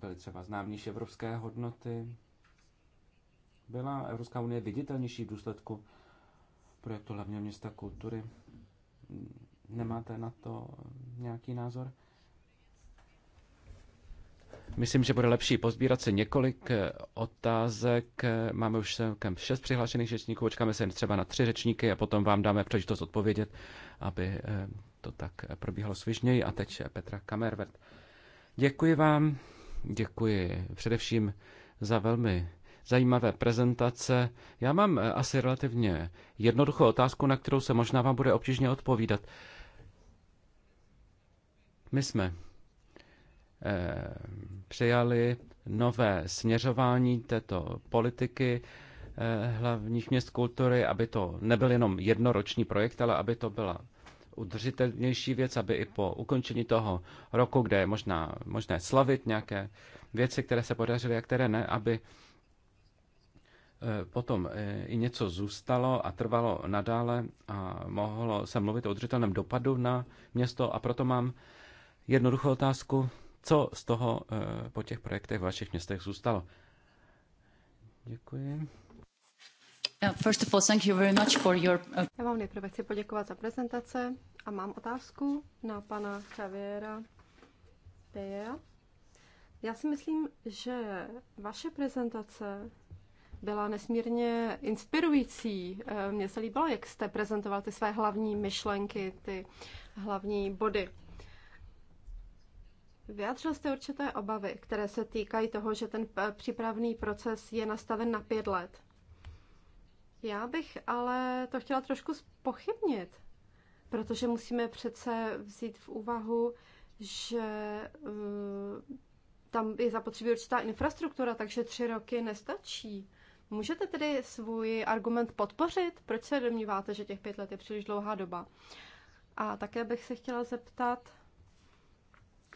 byly třeba známější evropské hodnoty. Byla Evropská unie viditelnější v důsledku projektu hlavního města kultury. Nemáte na to nějaký názor? Myslím, že bude lepší pozbírat si několik eh, otázek. Máme už celkem šest přihlášených řečníků, očkáme se třeba na tři řečníky a potom vám dáme příležitost odpovědět, aby eh, to tak probíhalo svižněji. A teď eh, Petra Kamervert. Děkuji vám, děkuji především za velmi zajímavé prezentace. Já mám asi relativně jednoduchou otázku, na kterou se možná vám bude obtížně odpovídat. My jsme Eh, přijali nové směřování této politiky eh, hlavních měst kultury, aby to nebyl jenom jednoroční projekt, ale aby to byla udržitelnější věc, aby i po ukončení toho roku, kde je možná, možné slavit nějaké věci, které se podařily a které ne, aby eh, potom i něco zůstalo a trvalo nadále a mohlo se mluvit o udržitelném dopadu na město a proto mám jednoduchou otázku, co z toho eh, po těch projektech v vašich městech zůstalo. Děkuji. First of all, thank you very much for your... Uh, Já vám nejprve chci poděkovat za prezentace a mám otázku na pana Javiera Peja. Já si myslím, že vaše prezentace byla nesmírně inspirující. Eh, mně se líbilo, jak jste prezentoval ty své hlavní myšlenky, ty hlavní body. Vyjádřil jste určité obavy, které se týkají toho, že ten eh, přípravný proces je nastaven na pět let. Já bych ale to chtěla trošku pochybnit, protože musíme přece vzít v úvahu, že eh, tam je zapotřebí určitá infrastruktura, takže tři roky nestačí. Můžete tedy svůj argument podpořit? Proč se domníváte, že těch pět let je příliš dlouhá doba? A také bych se chtěla zeptat,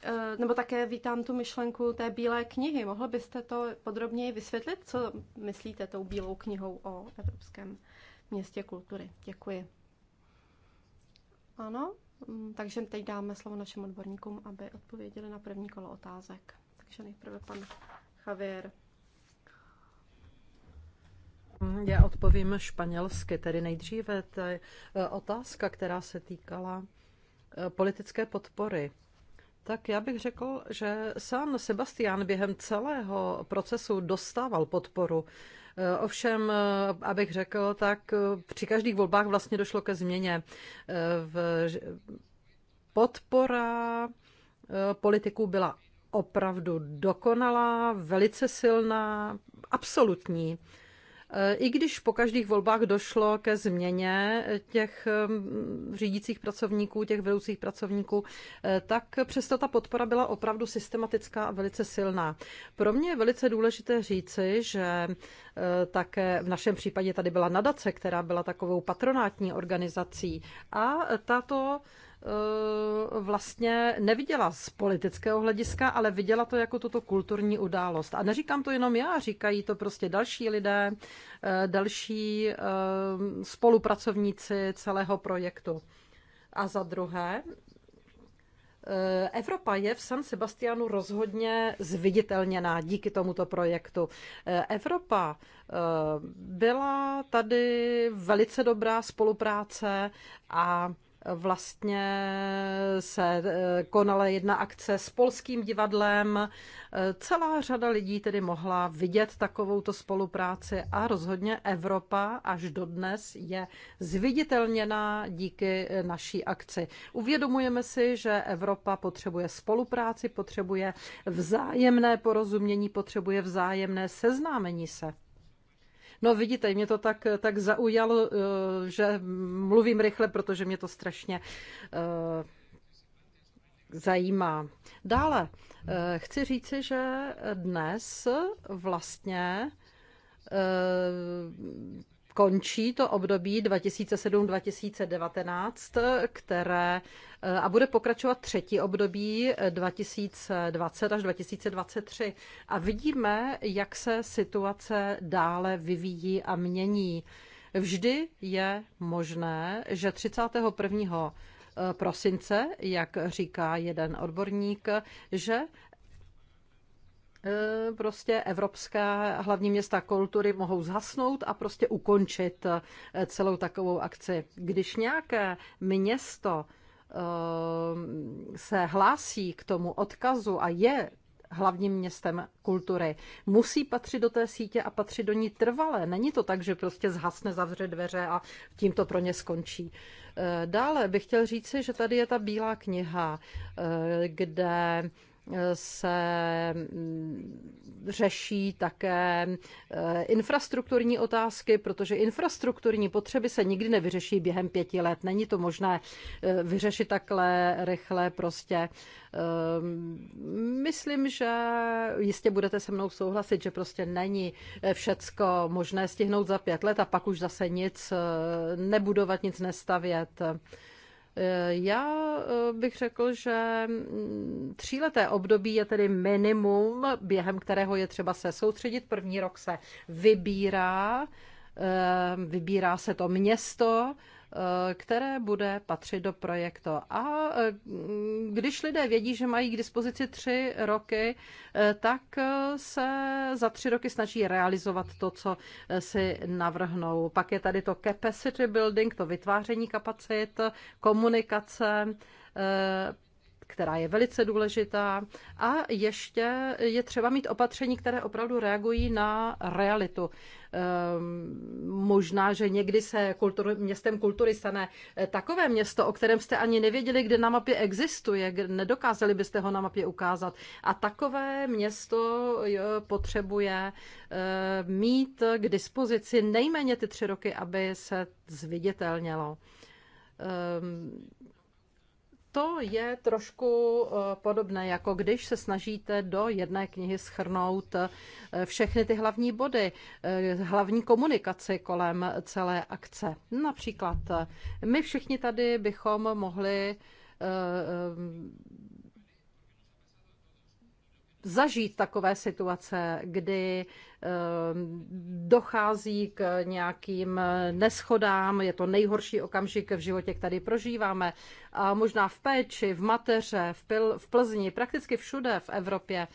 Eh, nebo také vítám tu myšlenku té bílé knihy. Mohl byste to podrobněji vysvětlit, co myslíte tou bílou knihou o Evropském městě kultury? Děkuji. Ano, mm, takže teď dáme slovo našim odborníkům, aby odpověděli na první kolo otázek. Takže nejprve pan Javier. Já odpovím španělsky, tedy nejdříve ta eh, otázka, která se týkala eh, politické podpory tak já bych řekl, že sám Sebastian během celého procesu dostával podporu. Eh, ovšem, eh, abych řekl, tak eh, při každých volbách vlastně došlo ke změně. podpora politiků byla opravdu dokonalá, velice silná, absolutní. I když po každých volbách došlo ke změně eh, těch mm, řídících pracovníků, těch vedoucích pracovníků, eh, tak přesto ta podpora byla opravdu systematická a velice silná. Pro mě je velice důležité říci, že eh, také v našem případě tady byla nadace, která byla takovou patronátní organizací a tato Eh, vlastně neviděla z politického hlediska, ale viděla to jako tuto kulturní událost. A neříkám to jenom já, říkají to prostě další lidé, eh, další eh, spolupracovníci celého projektu. A za druhé, Evropa je v San Sebastianu rozhodně zviditelněná díky tomuto projektu. Evropa byla tady velice dobrá spolupráce a vlastně se eh, konala jedna akce s polským divadlem. Eh, celá řada lidí tedy mohla vidět takovouto spolupráci a rozhodně Evropa až dodnes je zviditelněná díky eh, naší akci. Uvědomujeme si, že Evropa potřebuje spolupráci, potřebuje vzájemné porozumění, potřebuje vzájemné seznámení se. No vidíte, mě to tak, tak zaujalo, eh, že mluvím rychle, protože mě to strašně eh, zajímá. Dále eh, chci říci, že dnes vlastně končí to období 2007-2019, které eh, a bude pokračovat třetí období 2020 eh, až 2023. A vidíme, jak se situace dále vyvíjí a mění. Vždy je možné, že 31 eh, prosince, jak říká jeden odborník, že E, prostě evropská hlavní města kultury mohou zhasnout a prostě ukončit e, celou takovou akci. Když nějaké město e, se hlásí k tomu odkazu a je hlavním městem kultury. Musí patřit do té sítě a patřit do ní trvale. Není to tak, že prostě zhasne, zavře dveře a tím to pro ně skončí. Dále bych chtěl říci, že tady je ta bílá kniha, kde se mm, řeší také eh, infrastrukturní otázky, protože infrastrukturní potřeby se nikdy nevyřeší během pěti let. Není to možné eh, vyřešit takhle rychle prostě. Eh, myslím, že jistě budete se mnou souhlasit, že prostě není všecko možné stihnout za pět let a pak už zase nic nebudovat, nic nestavět. Já eh, bych řekl, že mm, tříleté období je tedy minimum, během kterého je třeba se soustředit. První rok se vybírá, eh, vybírá se to město, Eh, které bude patřit do projektu. A eh, když lidé vědí, že mají k dispozici tři roky, eh, tak se za tři roky snaží realizovat to, co si navrhnou. Pak je tady to capacity building, to vytváření kapacit, komunikace, která je velice důležitá. A ještě je třeba mít opatření, které opravdu reagují na realitu. Ehm, možná, že někdy se kulturu, městem kultury stane eh, takové město, o kterém jste ani nevěděli, kde na mapě existuje, nedokázali byste ho na mapě ukázat. A takové město eh, potřebuje eh, mít k dispozici nejméně ty tři roky, aby se zviditelnělo ehm, to je trošku eh, podobné, jako když se snažíte do jedné knihy schrnout eh, všechny ty hlavní body, eh, hlavní komunikaci kolem celé akce. Například my všichni tady bychom mohli zažít takové situace, kdy ehm, dochází k nějakým neschodám, je to nejhorší okamžik v životě, který prožíváme. A možná v péči, v mateře, v, Pil, v Plzni, prakticky všude v Evropě,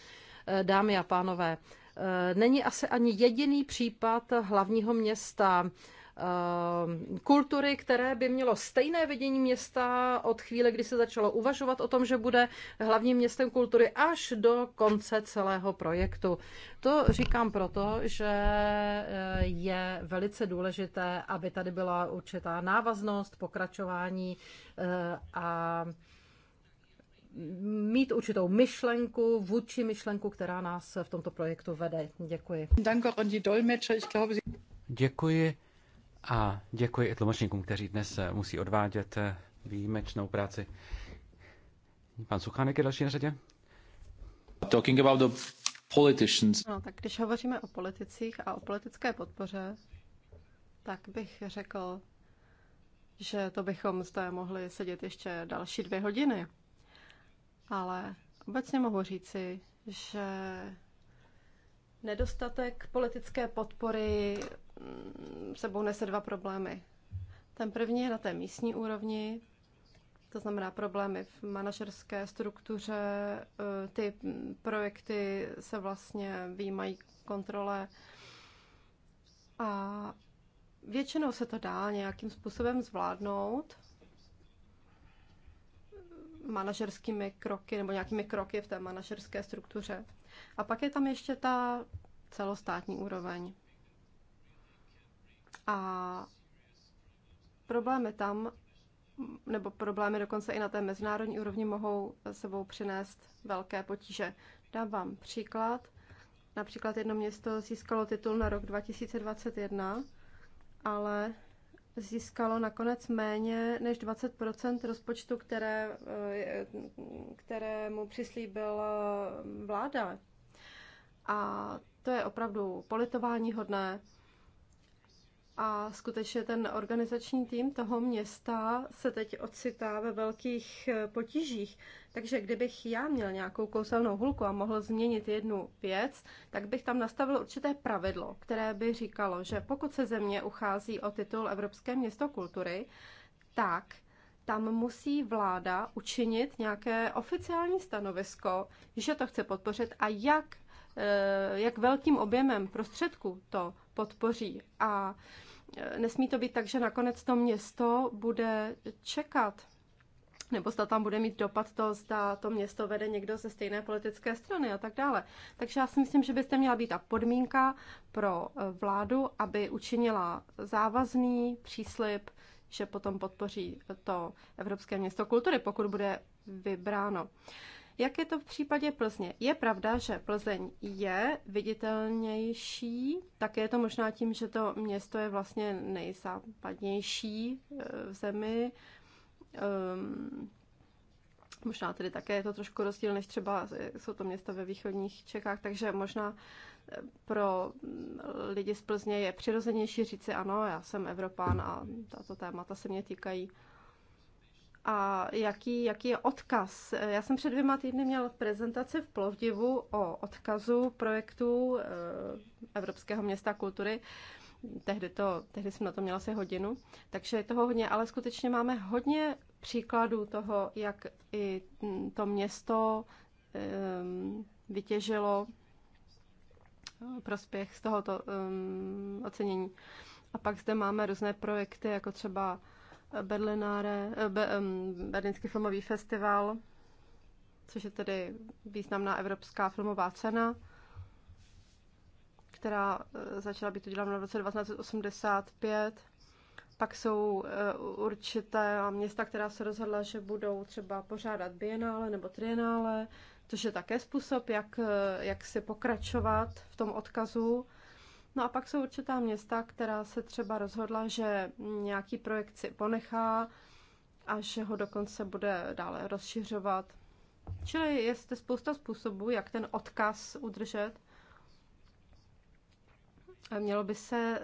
eh, dámy a pánové. Eh, není asi ani jediný případ hlavního města, Eh, kultury, které by mělo stejné vedení města od chvíle, kdy se začalo uvažovat o tom, že bude hlavním městem kultury až do konce celého projektu. To říkám proto, že eh, je velice důležité, aby tady byla určitá návaznost, pokračování eh, a mít určitou myšlenku, vůči myšlenku, která nás v tomto projektu vede. Děkuji. Děkuji. A děkuji i tlumočníkům, kteří dnes eh, musí odvádět eh, výjimečnou práci. Pan Suchánek je další na řadě. Talking about the politicians. No, tak když hovoříme o politicích a o politické podpoře, tak bych řekl, že to bychom zde mohli sedět ještě další dvě hodiny. Ale obecně mohu říci, že nedostatek politické podpory Mm, sebou nese dva problémy. Ten první je na té místní úrovni, to znamená problémy v manažerské struktuře, e, ty projekty se vlastně výmají kontrole a většinou se to dá nějakým způsobem zvládnout manažerskými kroky nebo nějakými kroky v té manažerské struktuře. A pak je tam ještě ta celostátní úroveň. A problémy tam, nebo problémy dokonce i na té mezinárodní úrovni mohou sebou přinést velké potíže. Dám vám příklad. Například jedno město získalo titul na rok 2021, ale získalo nakonec méně než 20 rozpočtu, které, eh, kterému přislíbila vláda. A to je opravdu politování hodné. A skutečně ten organizační tým toho města se teď ocitá ve velkých eh, potížích. Takže kdybych já měl nějakou kouselnou hulku a mohl změnit jednu věc, tak bych tam nastavil určité pravidlo, které by říkalo, že pokud se země uchází o titul Evropské město kultury, tak tam musí vláda učinit nějaké oficiální stanovisko, že to chce podpořit a jak, eh, jak velkým objemem prostředků to podpoří. A e, nesmí to být tak, že nakonec to město bude čekat, nebo zda tam bude mít dopad to, zda to město vede někdo ze stejné politické strany a tak dále. Takže já si myslím, že byste měla být ta podmínka pro e, vládu, aby učinila závazný příslip, že potom podpoří to Evropské město kultury, pokud bude vybráno. Uh, jak je to v případě Plzně? Je pravda, že Plzeň je viditelnější, Tak je to možná tím, že to město je vlastně nejzápadnější eh, v zemi. Um, možná tedy také je to trošku rozdíl, než třeba eh, jsou to města ve východních Čechách, takže možná eh, pro mm, lidi z Plzně je přirozenější říci ano, já jsem Evropán a tato témata se mě týkají a jaký, jaký je odkaz. Já jsem před dvěma týdny měl prezentaci v Plovdivu o odkazu projektu eh, Evropského města kultury. Tehdy, to, tehdy jsem na to měla asi hodinu, takže je toho hodně, ale skutečně máme hodně příkladů toho, jak i to město eh, vytěžilo eh, prospěch z tohoto ocenění. A pak zde máme různé projekty, jako třeba Berlinare, eh, Be, Berlínský filmový festival, což je tedy významná evropská filmová cena, která eh, začala být udělána v roce 1985. Pak jsou eh, určité města, která se rozhodla, že budou třeba pořádat bienále nebo trienále, což je také způsob, jak, jak si pokračovat v tom odkazu. No a pak jsou určitá města, která se třeba rozhodla, že nějaký projekt si ponechá a že ho dokonce bude dále rozšiřovat. Čili je zde spousta způsobů, jak ten odkaz udržet. Mělo by se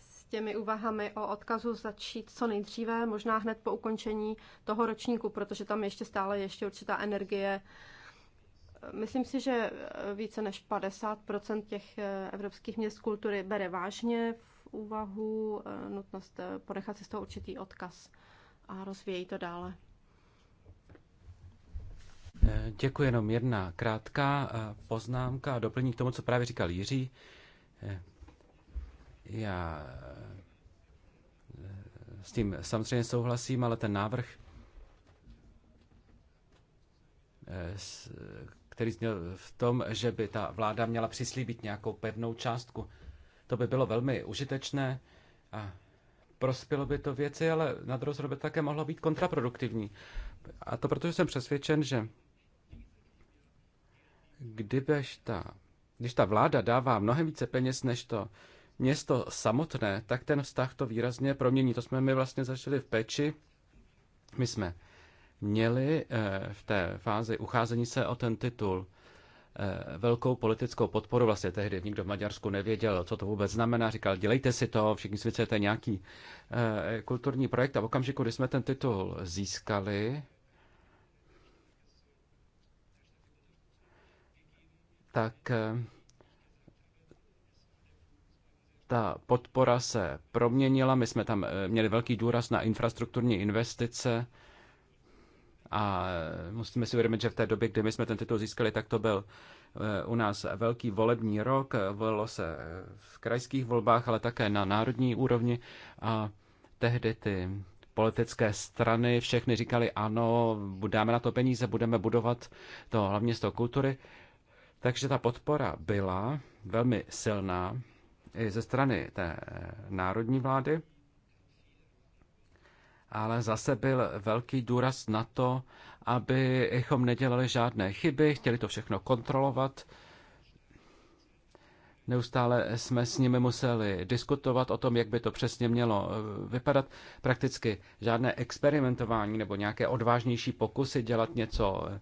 s těmi úvahami o odkazu začít co nejdříve, možná hned po ukončení toho ročníku, protože tam ještě stále ještě určitá energie Myslím si, že eh, více než 50 těch eh, evropských měst kultury bere vážně v úvahu eh, nutnost ponechat si z toho určitý odkaz a rozvíjí to dále. Děkuji, jenom jedna krátká poznámka a doplnění k tomu, co právě říkal Jiří. Já s tím samozřejmě souhlasím, ale ten návrh který zněl v tom, že by ta vláda měla přislíbit nějakou pevnou částku. To by bylo velmi užitečné a prospělo by to věci, ale na druhou stranu by také mohlo být kontraproduktivní. A to protože jsem přesvědčen, že kdybyž ta, když ta vláda dává mnohem více peněz než to město samotné, tak ten vztah to výrazně promění. To jsme my vlastně zažili v peči. My jsme měli eh, v té fázi ucházení se o ten titul eh, velkou politickou podporu. Vlastně tehdy nikdo v Maďarsku nevěděl, co to vůbec znamená. Říkal, dělejte si to, všichni světlete nějaký eh, kulturní projekt. A v okamžiku, kdy jsme ten titul získali, tak ta podpora se proměnila. My jsme tam měli velký důraz na infrastrukturní investice a musíme si uvědomit, že v té době, kdy my jsme ten titul získali, tak to byl eh, u nás velký volební rok. Volilo se v krajských volbách, ale také na národní úrovni. A tehdy ty politické strany všechny říkali, ano, dáme na to peníze, budeme budovat to hlavně z toho kultury. Takže ta podpora byla velmi silná i ze strany té národní vlády ale zase byl velký důraz na to, abychom nedělali žádné chyby, chtěli to všechno kontrolovat. Neustále jsme s nimi museli diskutovat o tom, jak by to přesně mělo eh, vypadat. Prakticky žádné experimentování nebo nějaké odvážnější pokusy dělat něco eh,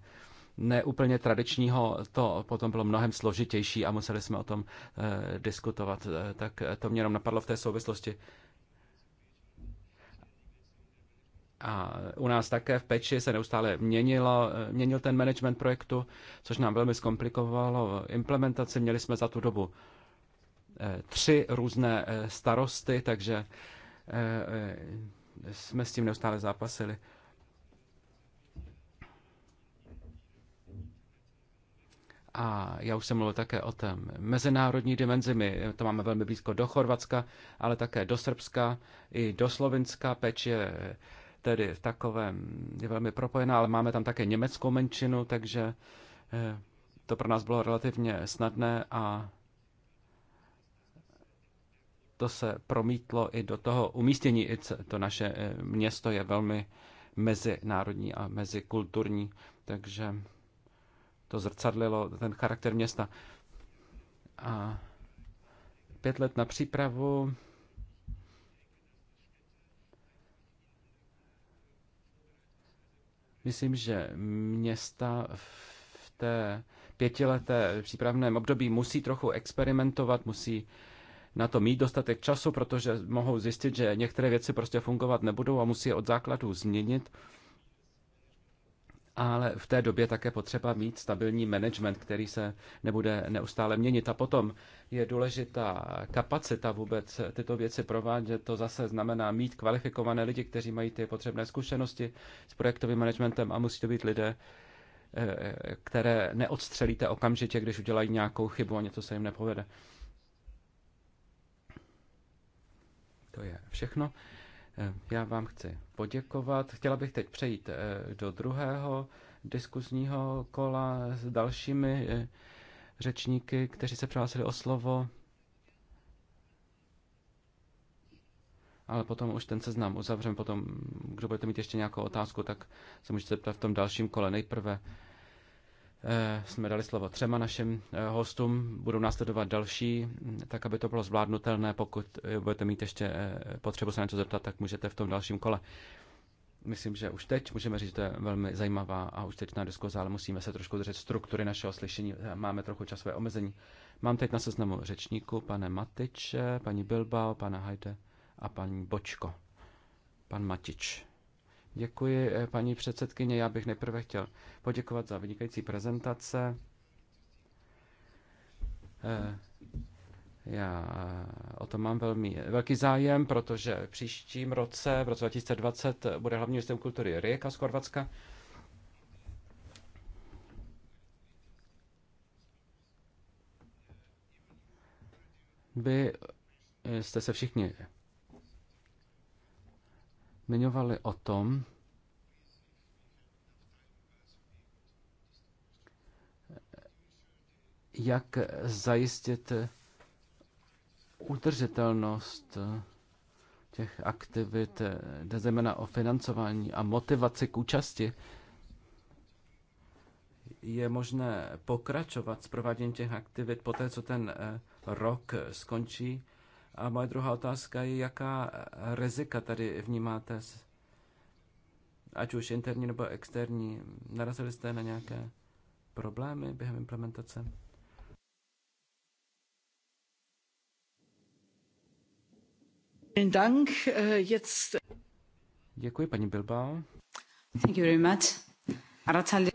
neúplně tradičního, to potom bylo mnohem složitější a museli jsme o tom eh, diskutovat. Tak to mě jenom napadlo v té souvislosti. A u nás také v peči se neustále měnilo, měnil ten management projektu, což nám velmi zkomplikovalo implementaci. Měli jsme za tu dobu eh, tři různé eh, starosty, takže eh, jsme s tím neustále zápasili. A já už jsem mluvil také o té mezinárodní dimenzi. My to máme velmi blízko do Chorvatska, ale také do Srbska i do Slovenska. Peč je tedy v takovém, je velmi propojená, ale máme tam také německou menšinu, takže eh, to pro nás bylo relativně snadné a to se promítlo i do toho umístění. I to naše eh, město je velmi mezinárodní a mezikulturní, takže to zrcadlilo ten charakter města. A pět let na přípravu Myslím, že města v té pětileté přípravném období musí trochu experimentovat, musí na to mít dostatek času, protože mohou zjistit, že některé věci prostě fungovat nebudou a musí je od základu změnit ale v té době také potřeba mít stabilní management, který se nebude neustále měnit. A potom je důležitá kapacita vůbec tyto věci provádět. To zase znamená mít kvalifikované lidi, kteří mají ty potřebné zkušenosti s projektovým managementem a musí to být lidé, eh, které neodstřelíte okamžitě, když udělají nějakou chybu a něco se jim nepovede. To je všechno. Eh, já vám chci poděkovat. Chtěla bych teď přejít eh, do druhého diskuzního kola s dalšími eh, řečníky, kteří se přihlásili o slovo. Ale potom už ten seznam uzavřem, potom, kdo budete mít ještě nějakou otázku, tak se můžete zeptat v tom dalším kole. Nejprve Eh, jsme dali slovo třema našim eh, hostům. Budou následovat další, mm, tak aby to bylo zvládnutelné. Pokud eh, budete mít ještě potřebu se na něco zeptat, tak můžete v tom dalším kole. Myslím, že už teď můžeme říct, že to je velmi zajímavá a už na diskuze, ale musíme se trošku držet struktury našeho slyšení. Máme trochu časové omezení. Mám teď na seznamu řečníku pane Matiče, paní Bilbao, pana Hajde a paní Bočko. Pan Matič. Děkuji, eh, paní předsedkyně. Já bych nejprve chtěl poděkovat za vynikající prezentace. Eh, já eh, o to mám velmi velký zájem, protože v příštím roce, v roce 2020, bude hlavní městem kultury Rijeka z Chorvatska. Vy jste se všichni zmiňovali o tom, jak zajistit udržitelnost těch aktivit, jde zejména o financování a motivaci k účasti. Je možné pokračovat s prováděním těch aktivit po té, co ten eh, rok skončí, a moje druhá otázka je, jaká rizika tady vnímáte, ať už interní nebo externí. Narazili jste na nějaké problémy během implementace? Äh, děkuji, paní Bilbao. Thank you very much.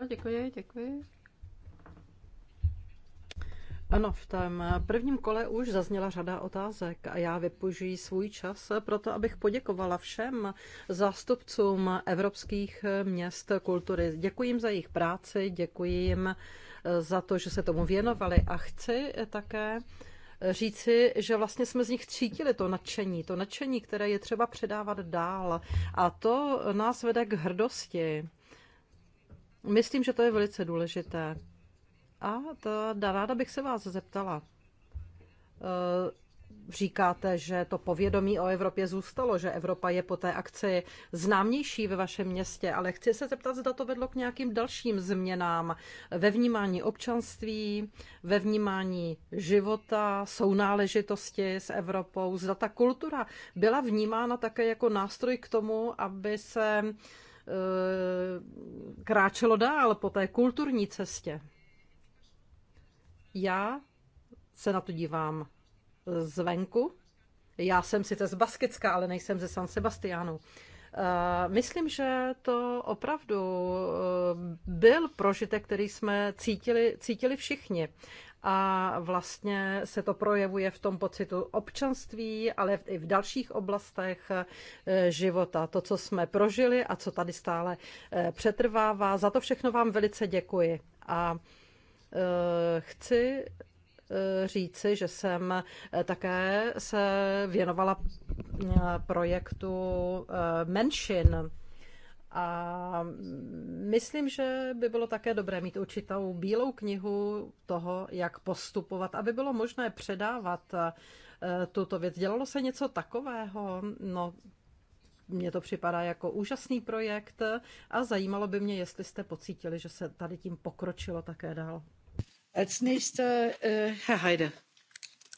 No, děkuji, děkuji. Ano, v tom prvním kole už zazněla řada otázek a já vypožiji svůj čas pro to, abych poděkovala všem zástupcům evropských měst kultury. Děkuji jim za jejich práci, děkuji jim za to, že se tomu věnovali a chci také říci, že vlastně jsme z nich cítili to nadšení, to nadšení, které je třeba předávat dál a to nás vede k hrdosti. Myslím, že to je velice důležité. A ta, ráda bych se vás zeptala. E, říkáte, že to povědomí o Evropě zůstalo, že Evropa je po té akci známější ve vašem městě, ale chci se zeptat, zda to vedlo k nějakým dalším změnám ve vnímání občanství, ve vnímání života, sounáležitosti s Evropou, zda ta kultura byla vnímána také jako nástroj k tomu, aby se e, kráčelo dál po té kulturní cestě. Já se na to dívám zvenku. Já jsem sice z Baskicka, ale nejsem ze San Sebastiánu. Eh, myslím, že to opravdu eh, byl prožitek, který jsme cítili, cítili všichni. A vlastně se to projevuje v tom pocitu občanství, ale i v dalších oblastech eh, života. To, co jsme prožili a co tady stále přetrvává, za to všechno vám velice děkuji. A Eh, chci eh, říci, že jsem eh, také se věnovala projektu menšin a myslím, že by bylo také dobré mít určitou bílou knihu toho, jak postupovat, aby bylo možné předávat tuto věc. Dělalo se něco takového? No, mně to připadá jako úžasný projekt a zajímalo by mě, jestli jste pocítili, že se tady tím pokročilo také dál. Äh,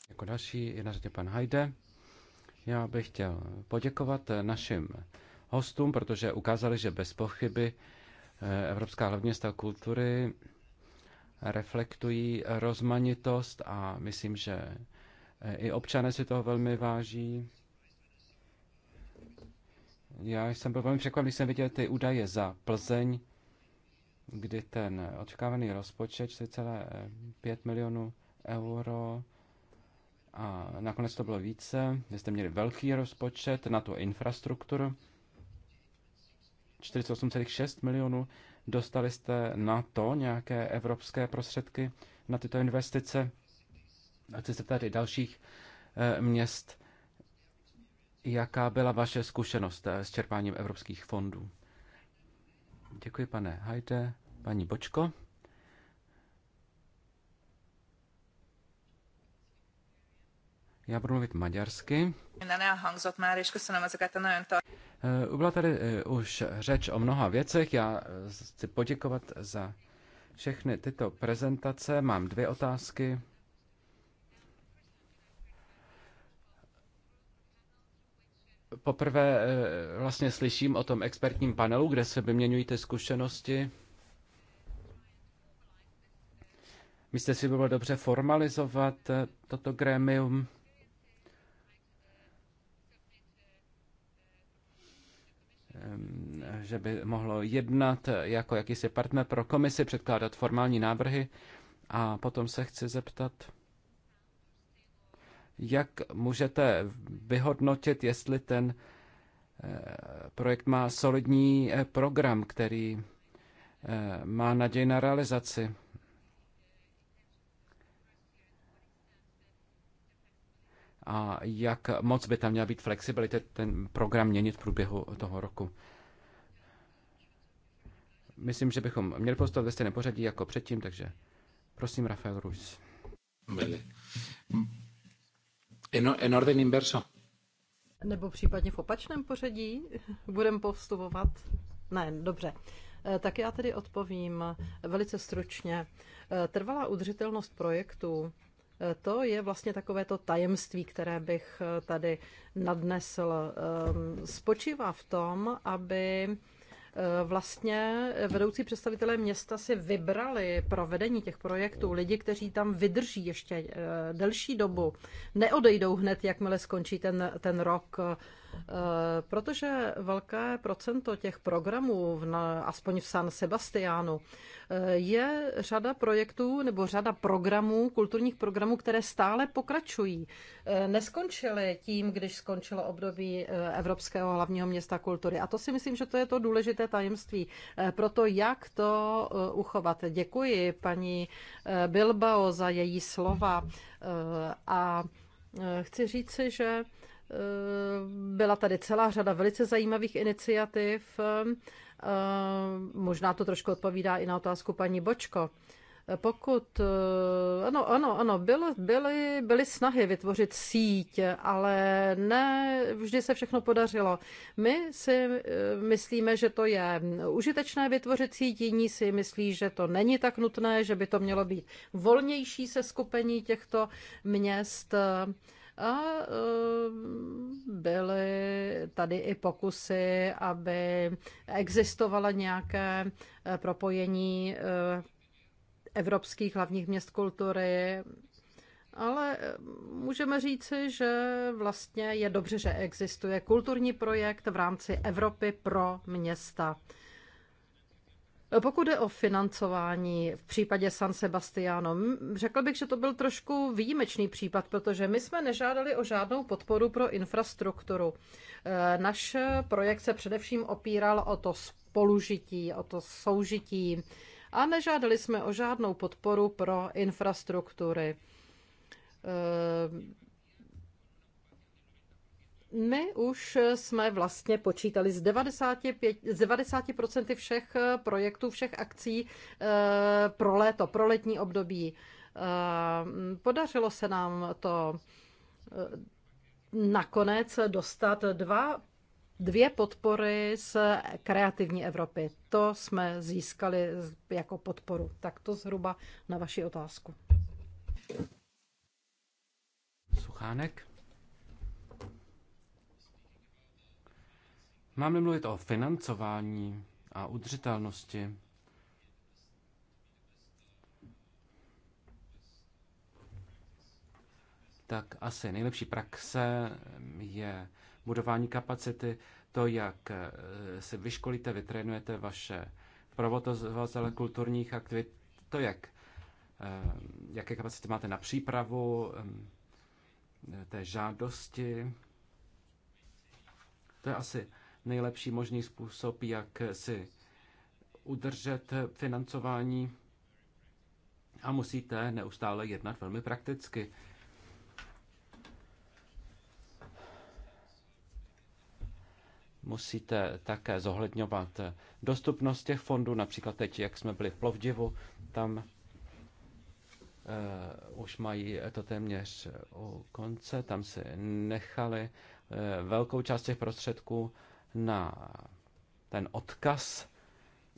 jako další je na řadě pan Hajde. Já bych chtěl poděkovat eh, našim hostům, protože ukázali, že bez pochyby eh, Evropská hlavní města kultury reflektují rozmanitost a myslím, že eh, i občané si toho velmi váží. Já jsem byl velmi překvapen, když jsem viděl ty údaje za Plzeň, kdy ten očekávaný rozpočet 4,5 milionů euro a nakonec to bylo více, vy jste měli velký rozpočet na tu infrastrukturu, 48,6 milionů, dostali jste na to nějaké evropské prostředky na tyto investice. A chci se tady dalších eh, měst, jaká byla vaše zkušenost eh, s čerpáním evropských fondů? Děkuji, pane Hajde. Paní Bočko. Já budu mluvit maďarsky. Eh, byla tady eh, už řeč o mnoha věcech. Já eh, chci poděkovat za všechny tyto prezentace. Mám dvě otázky. poprvé eh, vlastně slyším o tom expertním panelu, kde se vyměňují ty zkušenosti. Myslíte si, by bylo dobře formalizovat eh, toto grémium? Ehm, že by mohlo jednat eh, jako jakýsi partner pro komisi, předkládat formální návrhy. A potom se chci zeptat, jak můžete vyhodnotit, jestli ten eh, projekt má solidní eh, program, který eh, má naději na realizaci. A jak moc by tam měla být flexibilita ten program měnit v průběhu toho roku? Myslím, že bychom měli postavit ve stejném pořadí jako předtím, takže prosím, Rafael Ruiz. En, en orden inverso. Nebo případně v opačném pořadí budeme povstupovat? Ne, dobře. E, tak já tedy odpovím velice stručně. E, trvalá udržitelnost projektu, e, to je vlastně takové to tajemství, které bych tady nadnesl. Spočívá v tom, aby Eh, vlastně vedoucí představitelé města si vybrali pro vedení těch projektů lidi, kteří tam vydrží ještě eh, delší dobu, neodejdou hned, jakmile skončí ten, ten rok eh, Eh, protože velké procento těch programů, aspoň v San Sebastiánu, eh, je řada projektů nebo řada programů, kulturních programů, které stále pokračují. Eh, neskončily tím, když skončilo období Evropského hlavního města kultury. A to si myslím, že to je to důležité tajemství. Proto jak to uchovat. Děkuji paní Bilbao za její slova a chci říci, že Eh, byla tady celá řada velice zajímavých iniciativ. Eh, možná to trošku odpovídá i na otázku paní Bočko. Eh, pokud, ano, ano, ano, byly, byly, byly snahy vytvořit síť, ale ne vždy se všechno podařilo. My si myslíme, že to je užitečné vytvořit síť, jiní si myslí, že to není tak nutné, že by to mělo být volnější se skupení těchto měst. A eh, byly tady i pokusy, aby existovala nějaké eh, propojení eh, evropských hlavních měst kultury ale můžeme říci, že vlastně je dobře, že existuje kulturní projekt v rámci Evropy pro města. Pokud jde o financování v případě San Sebastiano, řekl bych, že to byl trošku výjimečný případ, protože my jsme nežádali o žádnou podporu pro infrastrukturu. E, Naš projekt se především opíral o to spolužití, o to soužití a nežádali jsme o žádnou podporu pro infrastruktury e, my už jsme vlastně počítali z, 95, z 90% všech eh, projektů, všech akcí eh, pro léto, pro letní období. Eh, podařilo se nám to nakonec dostat dva, dvě podpory z kreativní Evropy. To jsme získali jako podporu. Tak to zhruba na vaši otázku. Suchánek. mám mluvit o financování a udržitelnosti, tak asi nejlepší praxe je budování kapacity, to, jak eh, si vyškolíte, vytrénujete vaše provozovatele kulturních aktivit, to, jak, eh, jaké kapacity máte na přípravu eh, té žádosti. To je asi nejlepší možný způsob, jak si udržet financování a musíte neustále jednat velmi prakticky. Musíte také zohledňovat dostupnost těch fondů, například teď, jak jsme byli v Plovdivu, tam uh, už mají to téměř u konce, tam si nechali uh, velkou část těch prostředků na ten odkaz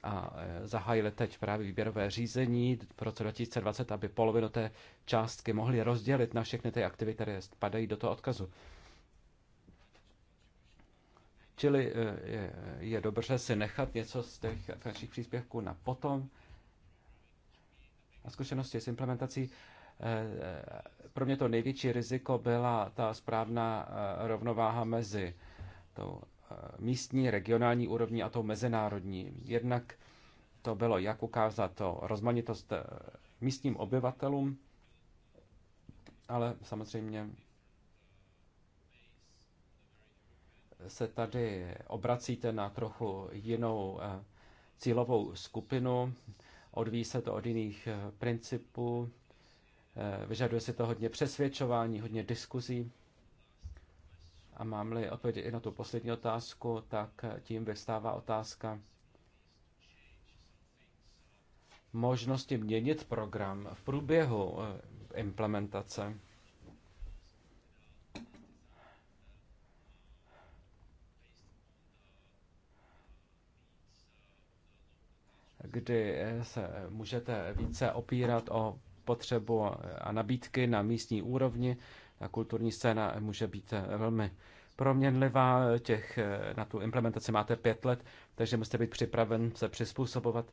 a e, zahájili teď právě výběrové řízení v roce 2020, aby polovinu té částky mohli rozdělit na všechny ty aktivity, které spadají do toho odkazu. Čili e, je, je dobře si nechat něco z těch finančních příspěvků na potom. A zkušenosti s implementací. E, pro mě to největší riziko byla ta správná rovnováha mezi tou Eh, místní, regionální úrovni a tou mezinárodní. Jednak to bylo, jak ukázat to rozmanitost eh, místním obyvatelům, ale samozřejmě se tady obracíte na trochu jinou eh, cílovou skupinu, odvíjí se to od jiných principů, vyžaduje se to hodně přesvědčování, hodně diskuzí. A mám-li odpovědět i na tu poslední otázku, tak tím vystává otázka možnosti měnit program v průběhu eh, implementace. kdy eh, se můžete více opírat o potřebu eh, a nabídky na místní úrovni ta kulturní scéna může být eh, velmi proměnlivá. Těch, eh, na tu implementaci máte pět let, takže musíte být připraven se přizpůsobovat.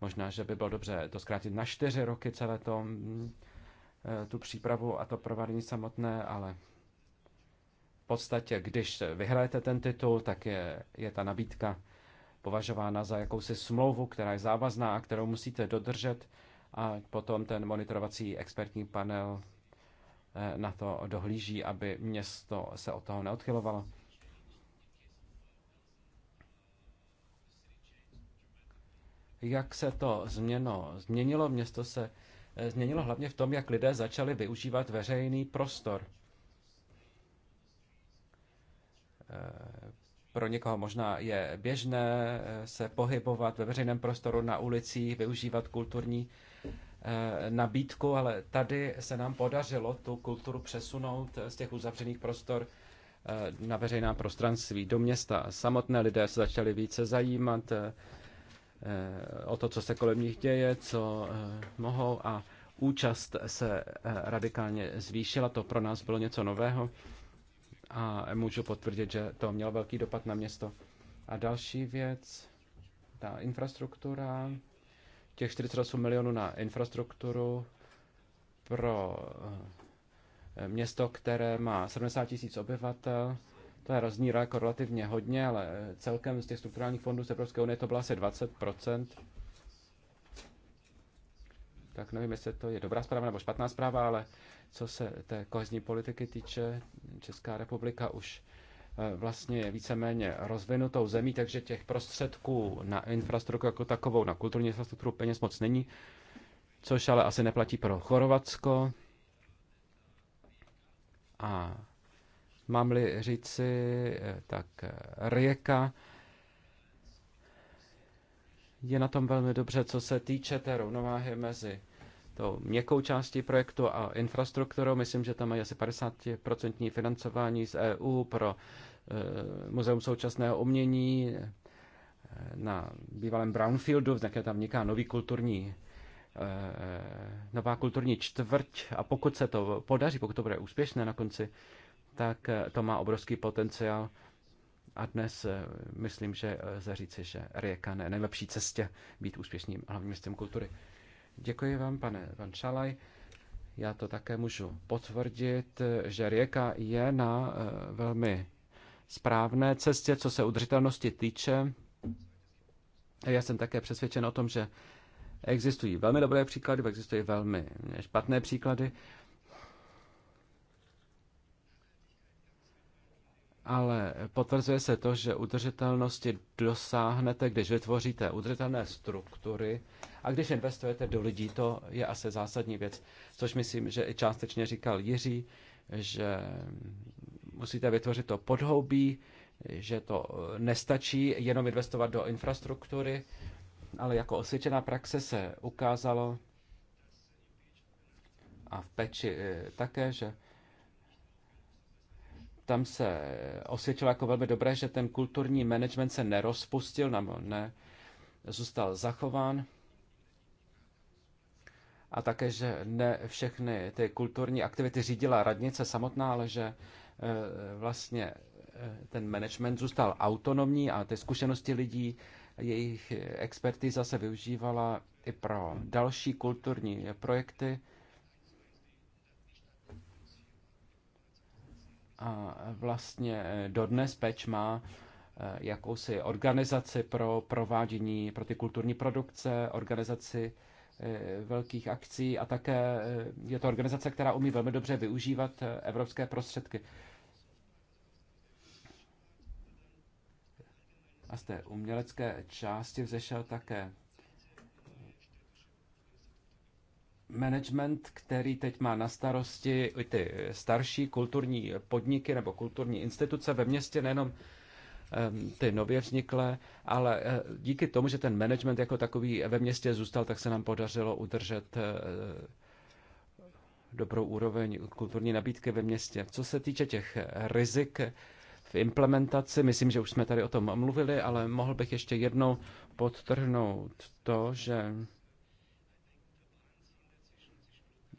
Možná, že by bylo dobře to zkrátit na čtyři roky celé to, mm, eh, tu přípravu a to provádění samotné, ale v podstatě, když vyhrajete ten titul, tak je, je ta nabídka považována za jakousi smlouvu, která je závazná a kterou musíte dodržet a potom ten monitorovací expertní panel Eh, na to dohlíží, aby město se od toho neodchylovalo. Jak se to změno, změnilo? Město se eh, změnilo hlavně v tom, jak lidé začali využívat veřejný prostor. Eh, pro někoho možná je běžné se pohybovat ve veřejném prostoru na ulicích, využívat kulturní Eh, nabídku, ale tady se nám podařilo tu kulturu přesunout z těch uzavřených prostor eh, na veřejná prostranství, do města. Samotné lidé se začali více zajímat eh, o to, co se kolem nich děje, co mohou a účast se radikálně zvýšila, to pro nás bylo něco nového a můžu potvrdit, že to mělo velký dopad na město. A další věc, ta infrastruktura, těch 48 milionů na infrastrukturu pro eh, město, které má 70 tisíc obyvatel. To je rozdíl jako relativně hodně, ale eh, celkem z těch strukturálních fondů z Evropské unie to bylo asi 20 tak nevím, jestli to je dobrá zpráva nebo špatná zpráva, ale co se té kohezní politiky týče, Česká republika už Eh, vlastně víceméně rozvinutou zemí, takže těch prostředků na infrastrukturu jako takovou, na kulturní infrastrukturu peněz moc není, což ale asi neplatí pro Chorvatsko. A mám-li říci, eh, tak eh, Rijeka je na tom velmi dobře, co se týče té rovnováhy mezi tou měkkou částí projektu a infrastrukturou. Myslím, že tam mají asi 50% financování z EU pro Eh, Muzeum současného umění eh, na bývalém Brownfieldu, také tam vzniká nový kulturní eh, nová kulturní čtvrť a pokud se to podaří, pokud to bude úspěšné na konci, tak to má obrovský potenciál a dnes myslím, že lze říci, že Rijeka je nejlepší cestě být úspěšným hlavním městem kultury. Děkuji vám, pane Van Šalaj. Já to také můžu potvrdit, že Rijeka je na velmi správné cestě, co se udržitelnosti týče. Já jsem také přesvědčen o tom, že existují velmi dobré příklady, existují velmi špatné příklady. Ale potvrzuje se to, že udržitelnosti dosáhnete, když vytvoříte udržitelné struktury a když investujete do lidí, to je asi zásadní věc, což myslím, že i částečně říkal Jiří, že musíte vytvořit to podhoubí, že to eh, nestačí jenom investovat do infrastruktury, ale jako osvědčená praxe se ukázalo a v peči eh, také, že tam se osvědčilo jako velmi dobré, že ten kulturní management se nerozpustil, nebo ne, zůstal zachován. A také, že ne všechny ty kulturní aktivity řídila radnice samotná, ale že Eh, vlastně eh, ten management zůstal autonomní a ty zkušenosti lidí, jejich expertiza se využívala i pro další kulturní projekty. A vlastně eh, dodnes Peč má jakousi organizaci pro provádění, pro ty kulturní produkce, organizaci velkých akcí a také je to organizace, která umí velmi dobře využívat evropské prostředky. A z té umělecké části vzešel také management, který teď má na starosti ty starší kulturní podniky nebo kulturní instituce ve městě, nejenom ty nově vzniklé, ale eh, díky tomu, že ten management jako takový ve městě zůstal, tak se nám podařilo udržet eh, dobrou úroveň kulturní nabídky ve městě. Co se týče těch rizik, v implementaci. Myslím, že už jsme tady o tom mluvili, ale mohl bych ještě jednou podtrhnout to, že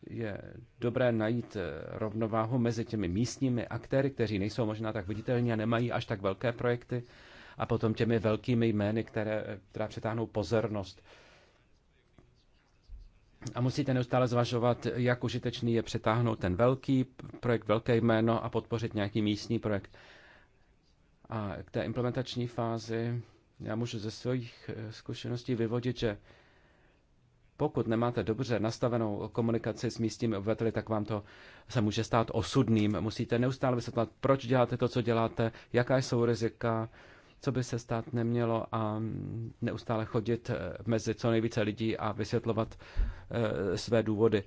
je dobré najít rovnováhu mezi těmi místními aktéry, kteří nejsou možná tak viditelní a nemají až tak velké projekty, a potom těmi velkými jmény, které, která přetáhnou pozornost. A musíte neustále zvažovat, jak užitečný je přetáhnout ten velký projekt, velké jméno a podpořit nějaký místní projekt. A k té implementační fázi já můžu ze svých eh, zkušeností vyvodit, že pokud nemáte dobře nastavenou komunikaci s místními obyvateli, tak vám to se může stát osudným. Musíte neustále vysvětlovat, proč děláte to, co děláte, jaká jsou rizika, co by se stát nemělo a neustále chodit eh, mezi co nejvíce lidí a vysvětlovat e, své důvody.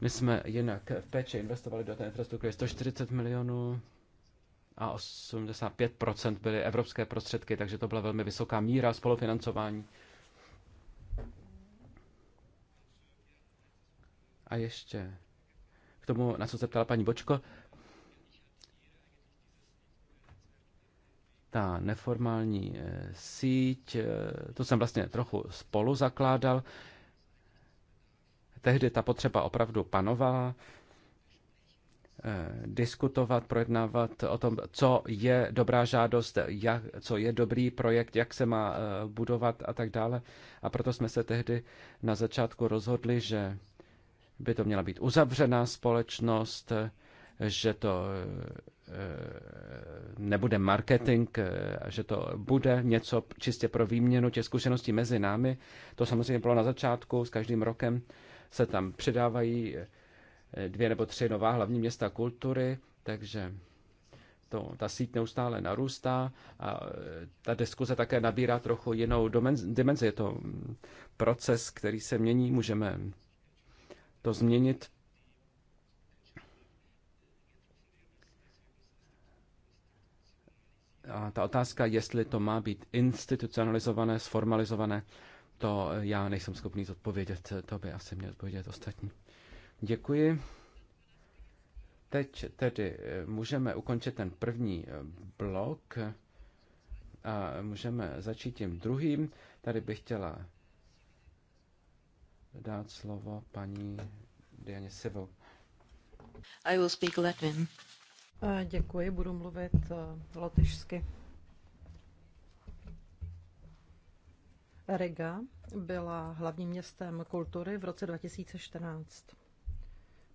My jsme jinak v péči investovali do té infrastruktury 140 milionů a 85% byly evropské prostředky, takže to byla velmi vysoká míra spolufinancování. A ještě k tomu, na co se ptala paní Bočko, ta neformální eh, síť, eh, to jsem vlastně trochu spolu zakládal. Tehdy ta potřeba opravdu panovala, Eh, diskutovat, projednávat o tom, co je dobrá žádost, jak, co je dobrý projekt, jak se má eh, budovat a tak dále. A proto jsme se tehdy na začátku rozhodli, že by to měla být uzavřená společnost, že to eh, nebude marketing, že to bude něco čistě pro výměnu těch zkušeností mezi námi. To samozřejmě bylo na začátku, s každým rokem se tam přidávají dvě nebo tři nová hlavní města kultury, takže to, ta síť neustále narůstá a e, ta diskuze také nabírá trochu jinou dimenzi. Je to proces, který se mění, můžeme to změnit. A ta otázka, jestli to má být institucionalizované, sformalizované, to já nejsem schopný zodpovědět, to by asi měl odpovědět ostatní. Děkuji. Teď tedy eh, můžeme ukončit ten první eh, blok a můžeme začít tím druhým. Tady bych chtěla dát slovo paní Dianě Sivo. I will speak Latin. Děkuji, budu mluvit eh, lotyšsky. Riga byla hlavním městem kultury v roce 2014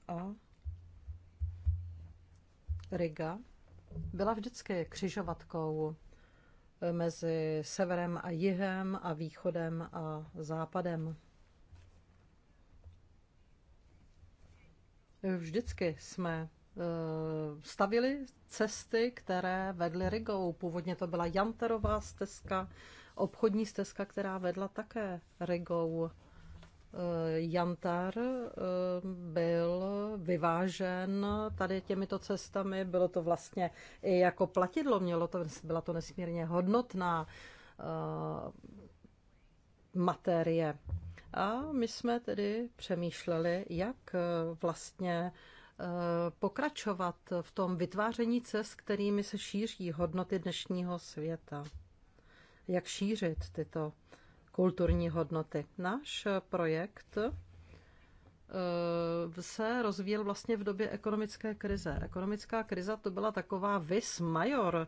a Riga byla vždycky křižovatkou mezi severem a jihem a východem a západem. Vždycky jsme eh, stavili cesty, které vedly Rigou. Původně to byla Janterová stezka, obchodní stezka, která vedla také Rigou. Eh, Jantar eh, byl vyvážen tady těmito cestami. Bylo to vlastně i jako platidlo, mělo to, byla to nesmírně hodnotná eh, materie. A my jsme tedy přemýšleli, jak vlastně pokračovat v tom vytváření cest, kterými se šíří hodnoty dnešního světa. Jak šířit tyto kulturní hodnoty. Náš projekt eh, se rozvíjel vlastně v době ekonomické krize. Ekonomická krize to byla taková vis major eh,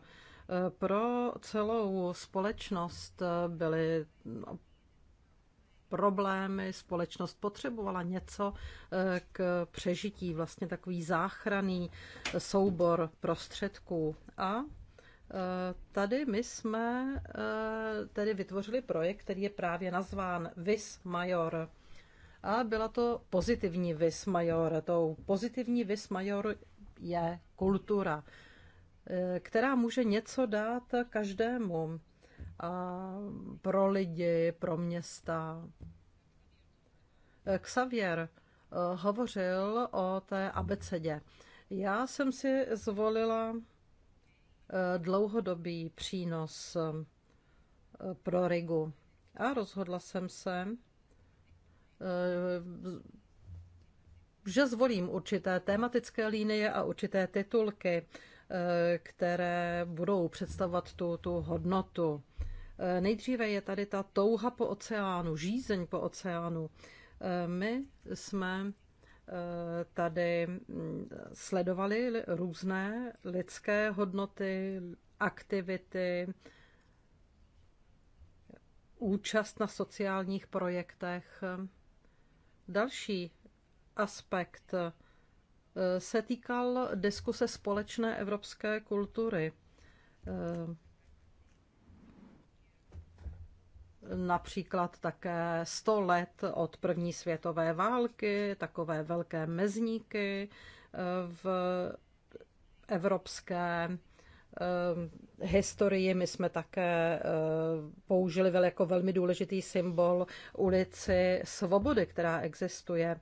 pro celou společnost. Eh, byly no, problémy, společnost potřebovala něco k přežití, vlastně takový záchranný soubor prostředků. A Tady my jsme eh, tedy vytvořili projekt, který je právě nazván Vis Major. A byla to pozitivní Vis Major. Tou pozitivní Vis Major je kultura, eh, která může něco dát každému. A pro lidi, pro města. Eh, Xavier hovořil o té abecedě. Já jsem si zvolila dlouhodobý přínos eh, pro Rigu. A rozhodla jsem se, eh, že zvolím určité tematické linie a určité titulky, eh, které budou představovat tu, tu hodnotu. Nejdříve je tady ta touha po oceánu, žízeň po oceánu. My jsme tady mm, sledovali různé lidské hodnoty, aktivity, účast na sociálních projektech. Další aspekt eh, se týkal diskuse společné evropské kultury. Eh, například také 100 let od první světové války, takové velké mezníky eh, v evropské eh, historii. My jsme také eh, použili jako velmi důležitý symbol ulici Svobody, která existuje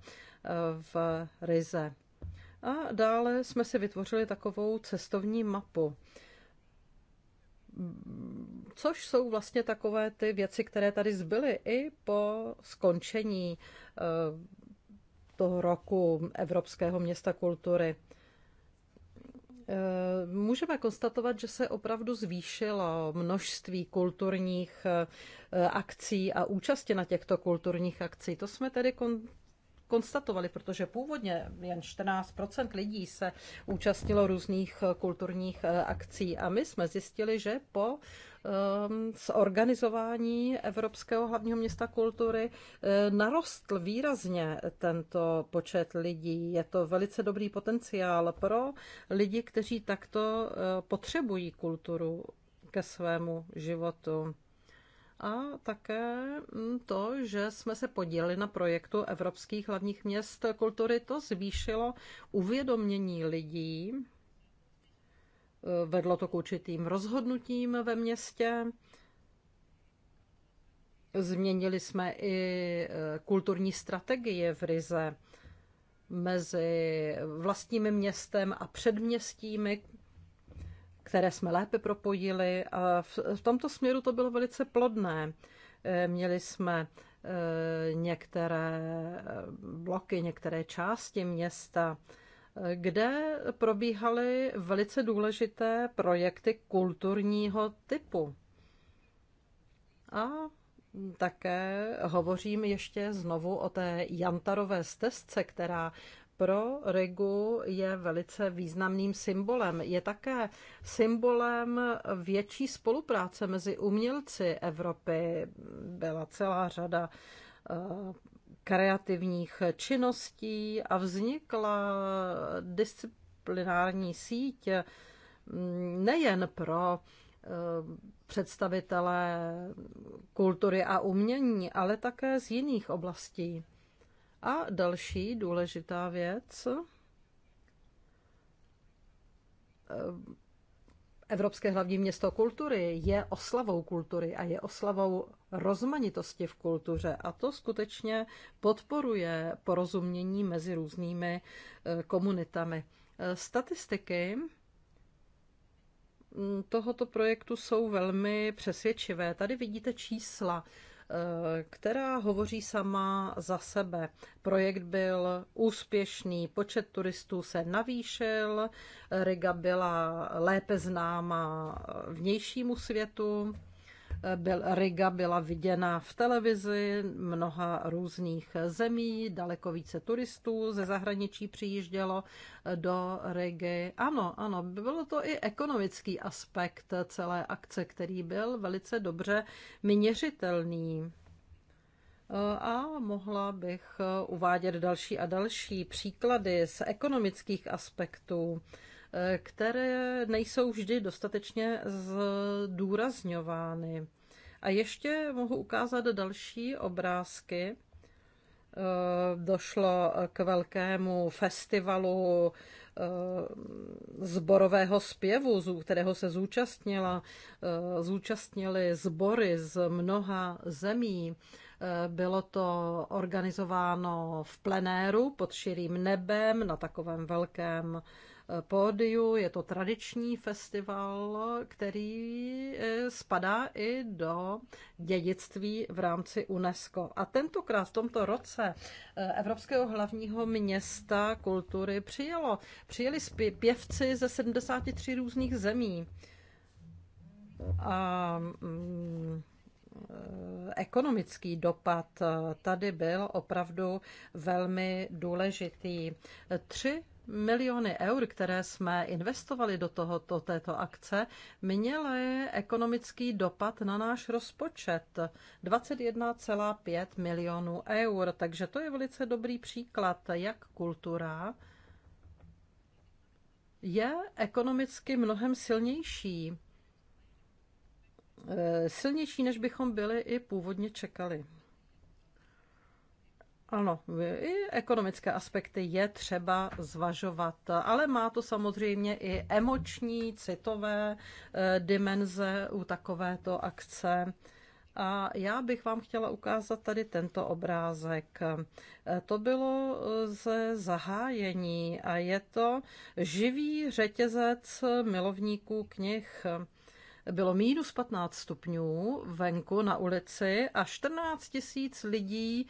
v Rize. A dále jsme si vytvořili takovou cestovní mapu což jsou vlastně takové ty věci, které tady zbyly i po skončení eh, toho roku Evropského města kultury. Eh, můžeme konstatovat, že se opravdu zvýšilo množství kulturních eh, akcí a účastě na těchto kulturních akcí. To jsme tedy konstatovali, protože původně jen 14 lidí se účastnilo různých eh, kulturních eh, akcí a my jsme zjistili, že po ehm, z organizování Evropského hlavního města kultury eh, narostl výrazně tento počet lidí. Je to velice dobrý potenciál pro lidi, kteří takto potřebují kulturu ke svému životu a také mm, to, že jsme se podíleli na projektu Evropských hlavních měst kultury, to zvýšilo uvědomění lidí, e, vedlo to k určitým rozhodnutím ve městě, změnili jsme i e, kulturní strategie v Rize mezi vlastním městem a předměstími které jsme lépe propojili. A v tomto směru to bylo velice plodné. Eh, měli jsme eh, některé eh, bloky, některé části města, kde probíhaly velice důležité projekty kulturního typu. A také hovořím ještě znovu o té jantarové stezce, která pro Rigu je velice významným symbolem. Je také symbolem větší spolupráce mezi umělci Evropy. Byla celá řada eh, kreativních činností a vznikla disciplinární síť mm, nejen pro eh, představitelé kultury a umění, ale také z jiných oblastí. A další důležitá věc, eh, Evropské hlavní město kultury je oslavou kultury a je oslavou rozmanitosti v kultuře. A to skutečně podporuje porozumění mezi různými eh, komunitami. Eh, statistiky mm, tohoto projektu jsou velmi přesvědčivé. Tady vidíte čísla která hovoří sama za sebe. Projekt byl úspěšný, počet turistů se navýšil, Riga byla lépe známa vnějšímu světu byl, Riga byla viděna v televizi mnoha různých zemí, daleko více turistů ze zahraničí přijíždělo do Rigi. Ano, ano, bylo to i ekonomický aspekt celé akce, který byl velice dobře měřitelný. Eh, a mohla bych uvádět další a další příklady z ekonomických aspektů které nejsou vždy dostatečně zdůrazňovány. A ještě mohu ukázat další obrázky. Eh, došlo k velkému festivalu eh, zborového zpěvu, kterého se zúčastnila, eh, zúčastnili zbory z mnoha zemí. Bylo to organizováno v plenéru pod širým nebem na takovém velkém pódiu. Je to tradiční festival, který eh, spadá i do dědictví v rámci UNESCO. A tentokrát v tomto roce eh, Evropského hlavního města kultury přijelo. Přijeli pěvci ze 73 různých zemí. A mm, eh, ekonomický dopad tady byl opravdu velmi důležitý. Tři miliony eur, které jsme investovali do tohoto, této akce, měly ekonomický dopad na náš rozpočet 21,5 milionů eur. Takže to je velice dobrý příklad, jak kultura je ekonomicky mnohem silnější. E, silnější, než bychom byli i původně čekali. Ano, i ekonomické aspekty je třeba zvažovat, ale má to samozřejmě i emoční, citové eh, dimenze u takovéto akce. A já bych vám chtěla ukázat tady tento obrázek. Eh, to bylo eh, ze zahájení a je to živý řetězec milovníků knih. Bylo minus 15 stupňů venku na ulici a 14 tisíc lidí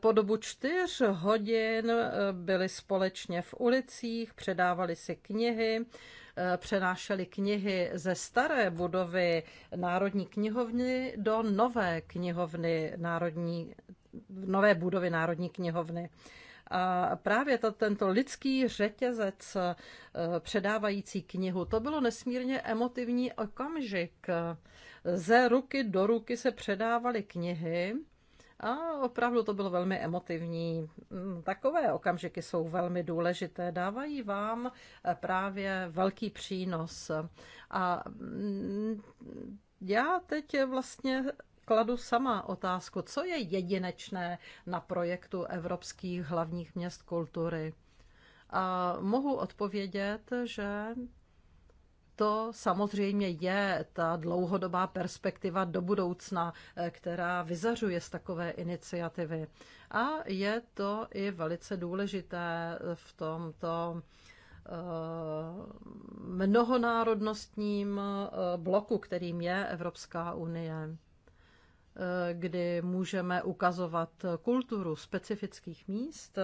po dobu čtyř hodin eh, byli společně v ulicích, předávali si knihy, eh, přenášeli knihy ze staré budovy Národní knihovny do nové knihovny Národní, nové budovy Národní knihovny. A právě to, tento lidský řetězec eh, předávající knihu, to bylo nesmírně emotivní okamžik. Ze ruky do ruky se předávaly knihy a opravdu to bylo velmi emotivní. Mm, Takové okamžiky jsou velmi důležité, dávají vám eh, právě velký přínos. A mm, já teď vlastně kladu sama otázku, co je jedinečné na projektu Evropských hlavních měst kultury. A mohu odpovědět, že to samozřejmě je ta dlouhodobá perspektiva do budoucna, eh, která vyzařuje z takové iniciativy. A je to i velice důležité v tomto eh, mnohonárodnostním eh, bloku, kterým je Evropská unie, kdy můžeme ukazovat kulturu specifických míst,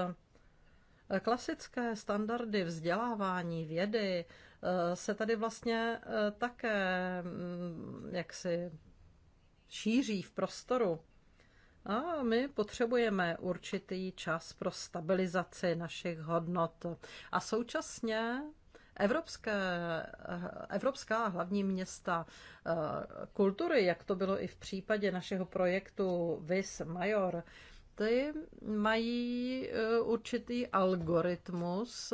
klasické standardy vzdělávání vědy, Eh, se tady vlastně eh, také mm, jaksi šíří v prostoru. A my potřebujeme určitý čas pro stabilizaci našich hodnot. A současně evropské, eh, evropská hlavní města kultury, jak to bylo i v případě našeho projektu Vis Major, ty mají určitý algoritmus,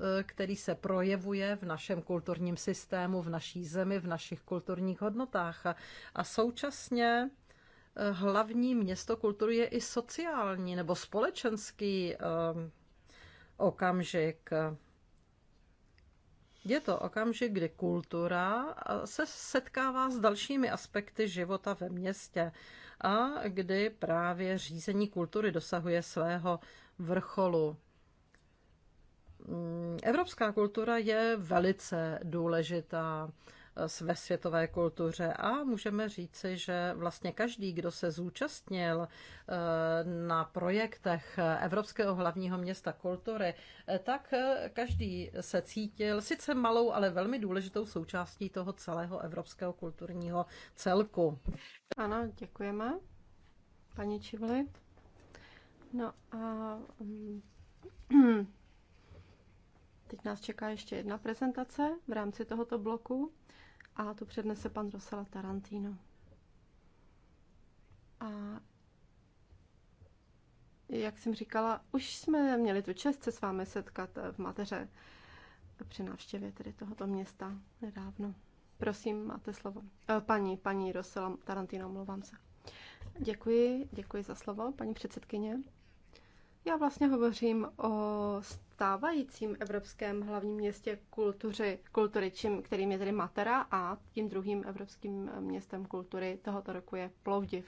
Eh, který se projevuje v našem kulturním systému, v naší zemi, v našich kulturních hodnotách. A současně eh, hlavní město kultury je i sociální nebo společenský eh, okamžik. Je to okamžik, kdy kultura se setkává s dalšími aspekty života ve městě a kdy právě řízení kultury dosahuje svého vrcholu. Mm, evropská kultura je velice důležitá eh, ve světové kultuře a můžeme říci, že vlastně každý, kdo se zúčastnil eh, na projektech eh, Evropského hlavního města kultury, tak každý se cítil sice malou, ale velmi důležitou součástí toho celého evropského kulturního celku. Ano, děkujeme, paní Čivli. No a mm, <clears throat> hmm, Teď nás čeká ještě jedna prezentace v rámci tohoto bloku a tu přednese pan Rosala Tarantino. A jak jsem říkala, už jsme měli tu čest se s vámi setkat v Mateře při návštěvě tedy tohoto města nedávno. Prosím, máte slovo. Eh, paní, paní Rosela Tarantino, omlouvám se. Děkuji, děkuji za slovo, paní předsedkyně. Já vlastně hovořím o stávajícím evropském hlavním městě kultury, kultury čím, kterým je tedy Matera a tím druhým evropským městem kultury tohoto roku je Plovdiv.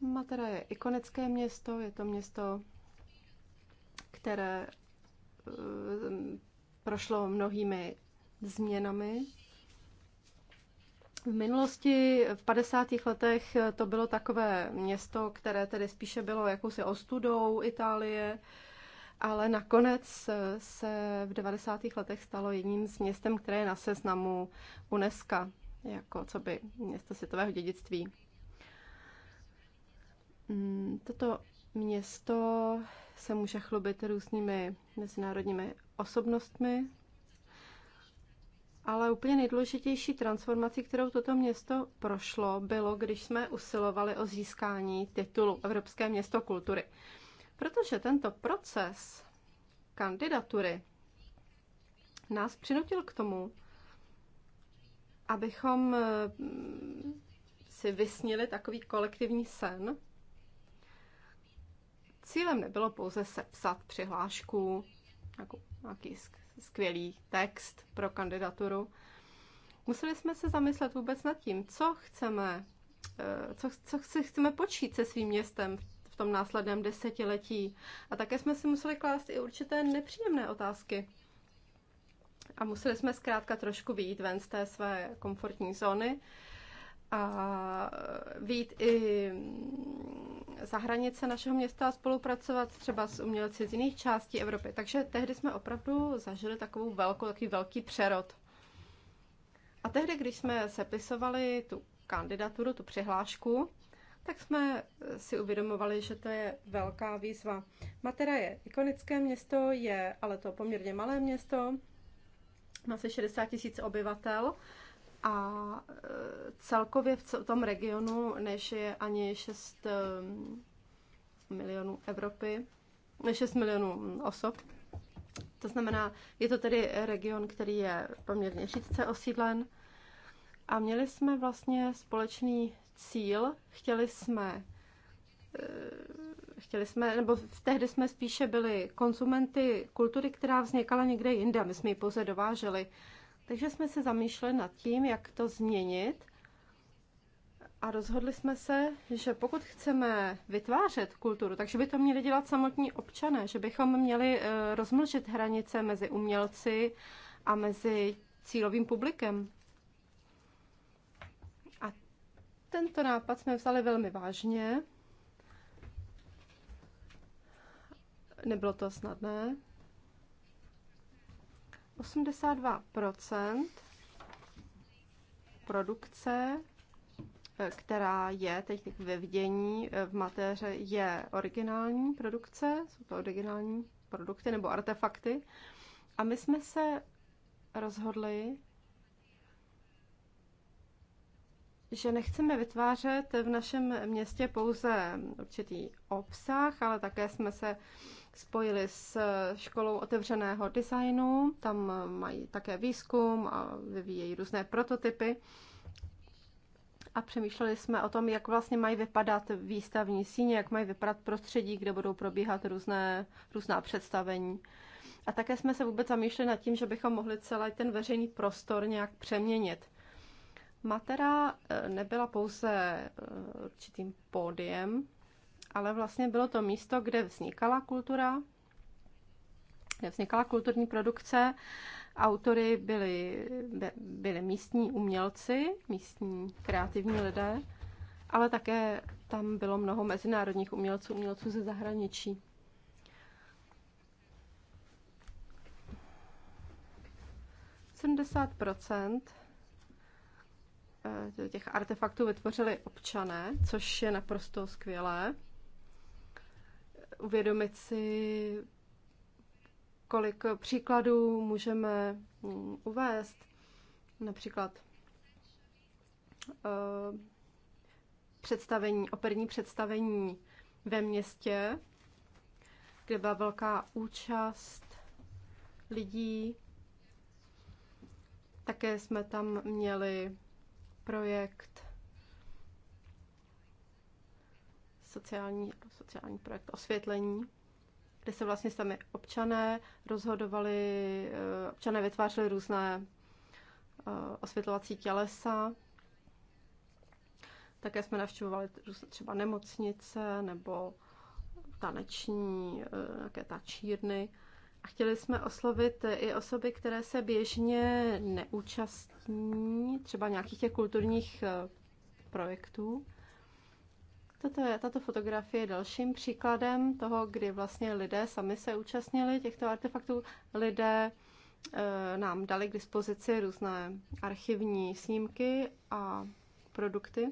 Matera je ikonické město, je to město, které eh, prošlo mnohými změnami v minulosti, v 50. letech, eh, to bylo takové město, které tedy spíše bylo jakousi ostudou Itálie, ale nakonec eh, se v 90. letech stalo jedním z městem, které je na seznamu UNESCO, jako co by město světového dědictví. Mm, toto město se může chlubit různými mezinárodními osobnostmi, ale úplně nejdůležitější transformací, kterou toto město prošlo, bylo, když jsme usilovali o získání titulu Evropské město kultury. Protože tento proces kandidatury nás přinutil k tomu, abychom eh, si vysnili takový kolektivní sen. Cílem nebylo pouze sepsat přihlášku, jako nějaký skvělý text pro kandidaturu. Museli jsme se zamyslet vůbec nad tím, co chceme, eh, co, co si chceme počít se svým městem v tom následném desetiletí. A také jsme si museli klást i určité nepříjemné otázky. A museli jsme zkrátka trošku vyjít ven z té své komfortní zóny a e, vít i mm, za hranice našeho města a spolupracovat třeba s umělci z jiných částí Evropy. Takže tehdy jsme opravdu zažili takovou velkou, takový velký přerod. A tehdy, když jsme sepisovali tu kandidaturu, tu přihlášku, tak jsme e, si uvědomovali, že to je velká výzva. Matera je ikonické město, je ale to poměrně malé město, má se 60 tisíc obyvatel a e, celkově v tom regionu než je ani 6 e, milionů Evropy, 6 milionů osob. To znamená, je to tedy region, který je poměrně řídce osídlen. A měli jsme vlastně společný cíl, chtěli jsme e, chtěli jsme, nebo tehdy jsme spíše byli konzumenty kultury, která vznikala někde jinde. My jsme ji pouze dováželi. Takže jsme se zamýšleli nad tím, jak to změnit a rozhodli jsme se, že pokud chceme vytvářet kulturu, takže by to měli dělat samotní občané, že bychom měli eh, rozmlžit hranice mezi umělci a mezi cílovým publikem. A tento nápad jsme vzali velmi vážně. Nebylo to snadné. 82% produkce, eh, která je teď ve vidění eh, v matéře, je originální produkce, jsou to originální produkty nebo artefakty. A my jsme se rozhodli, že nechceme vytvářet v našem městě pouze určitý obsah, ale také jsme se spojili s školou otevřeného designu. Tam mají také výzkum a vyvíjejí různé prototypy. A přemýšleli jsme o tom, jak vlastně mají vypadat výstavní síně, jak mají vypadat prostředí, kde budou probíhat různé, různá představení. A také jsme se vůbec zamýšleli nad tím, že bychom mohli celý ten veřejný prostor nějak přeměnit. Matera eh, nebyla pouze eh, určitým pódiem, ale vlastně bylo to místo, kde vznikala kultura, kde vznikala kulturní produkce. Autory byli, byly místní umělci, místní kreativní lidé, ale také tam bylo mnoho mezinárodních umělců, umělců ze zahraničí. procent eh, těch artefaktů vytvořili občané, což je naprosto skvělé uvědomit si, kolik příkladů můžeme mm, uvést. Například eh, představení, operní představení ve městě, kde byla velká účast lidí. Také jsme tam měli projekt sociální, jako sociální projekt osvětlení, kde se vlastně sami občané rozhodovali, eh, občané vytvářeli různé eh, osvětlovací tělesa. Také jsme navštěvovali třeba nemocnice nebo taneční, eh, nějaké tačírny. A chtěli jsme oslovit i osoby, které se běžně neúčastní, třeba nějakých těch kulturních projektů. Tato, tato fotografie je dalším příkladem toho, kdy vlastně lidé sami se účastnili těchto artefaktů. Lidé e, nám dali k dispozici různé archivní snímky a produkty.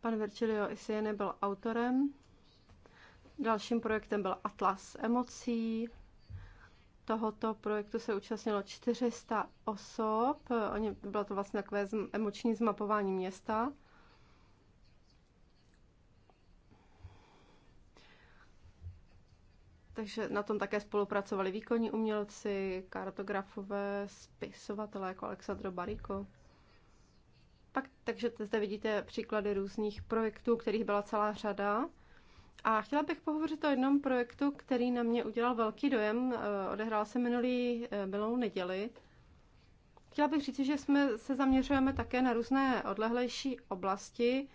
Pan Virgilio Isiene byl autorem. Dalším projektem byl Atlas emocí. Tohoto projektu se účastnilo 400 osob. Oni, bylo to vlastně takové emoční zmapování města. Takže na tom také spolupracovali výkonní umělci, kartografové, spisovatelé jako Alexandro Bariko. Pak, takže zde vidíte příklady různých projektů, kterých byla celá řada. A chtěla bych pohovořit o jednom projektu, který na mě udělal velký dojem. Eh, odehrál se minulý, eh, minulou neděli. Chtěla bych říct, že jsme se zaměřujeme také na různé odlehlejší oblasti,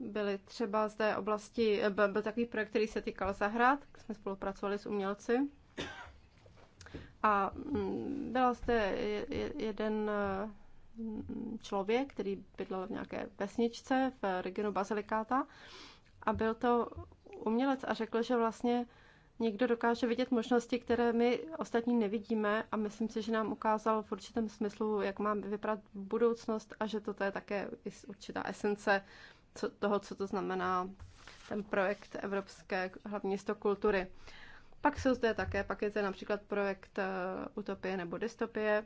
byly třeba zde oblasti, byl takový projekt, který se týkal zahrad, jsme spolupracovali s umělci. A mm, byl zde jeden mm, člověk, který bydlel v nějaké vesničce v regionu Bazilikáta a byl to umělec a řekl, že vlastně někdo dokáže vidět možnosti, které my ostatní nevidíme a myslím si, že nám ukázal v určitém smyslu, jak máme vypadat budoucnost a že toto je také určitá esence co, toho, co to znamená ten projekt Evropské hlavní město kultury. Pak jsou zde také, pak je zde například projekt eh, Utopie nebo Dystopie,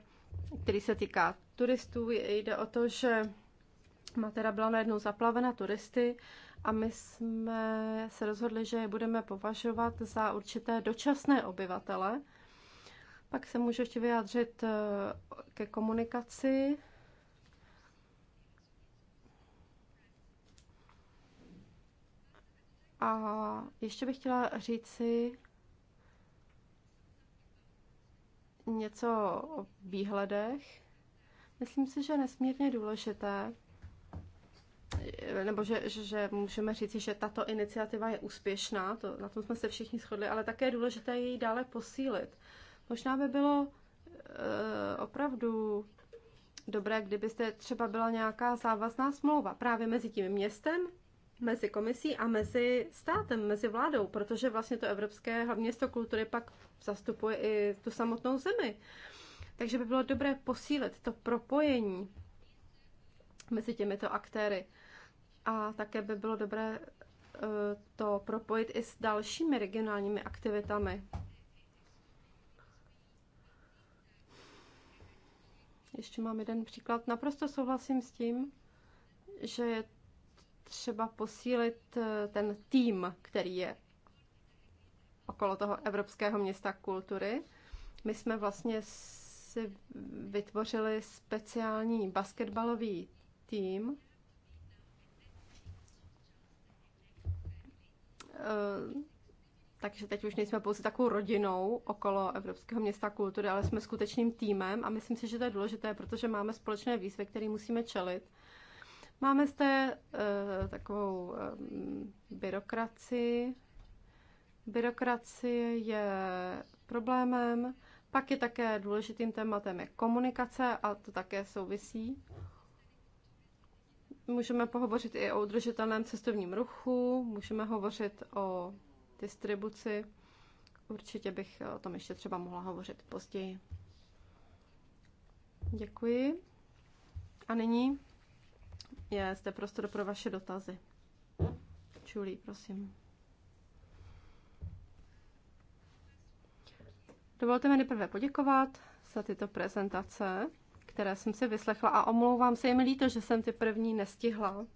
který se týká turistů. Jde o to, že Matera byla najednou zaplavena turisty a my jsme se rozhodli, že je budeme považovat za určité dočasné obyvatele. Pak se můžu ještě vyjádřit eh, ke komunikaci A ještě bych chtěla říci něco o výhledech. Myslím si, že je nesmírně důležité, nebo že, že můžeme říci, že tato iniciativa je úspěšná, to, na tom jsme se všichni shodli, ale také je důležité ji dále posílit. Možná by bylo e, opravdu dobré, kdybyste třeba byla nějaká závazná smlouva právě mezi tím městem mezi komisí a mezi státem, mezi vládou, protože vlastně to Evropské hlavní město kultury pak zastupuje i tu samotnou zemi. Takže by bylo dobré posílit to propojení mezi těmito aktéry. A také by bylo dobré eh, to propojit i s dalšími regionálními aktivitami. Ještě mám jeden příklad. Naprosto souhlasím s tím, že je třeba posílit eh, ten tým, který je okolo toho Evropského města kultury. My jsme vlastně si vytvořili speciální basketbalový tým. Eh, takže teď už nejsme pouze takovou rodinou okolo Evropského města kultury, ale jsme skutečným týmem a myslím si, že to je důležité, protože máme společné výzvy, které musíme čelit. Máme zde uh, takovou um, byrokracii. Byrokracie je problémem. Pak je také důležitým tématem je komunikace a to také souvisí. Můžeme pohovořit i o udržitelném cestovním ruchu, můžeme hovořit o distribuci. Určitě bych o tom ještě třeba mohla hovořit později. Děkuji. A nyní je zde prostor pro vaše dotazy. Čulí, prosím. Dovolte mi nejprve poděkovat za tyto prezentace, které jsem si vyslechla a omlouvám se, je mi líto, že jsem ty první nestihla.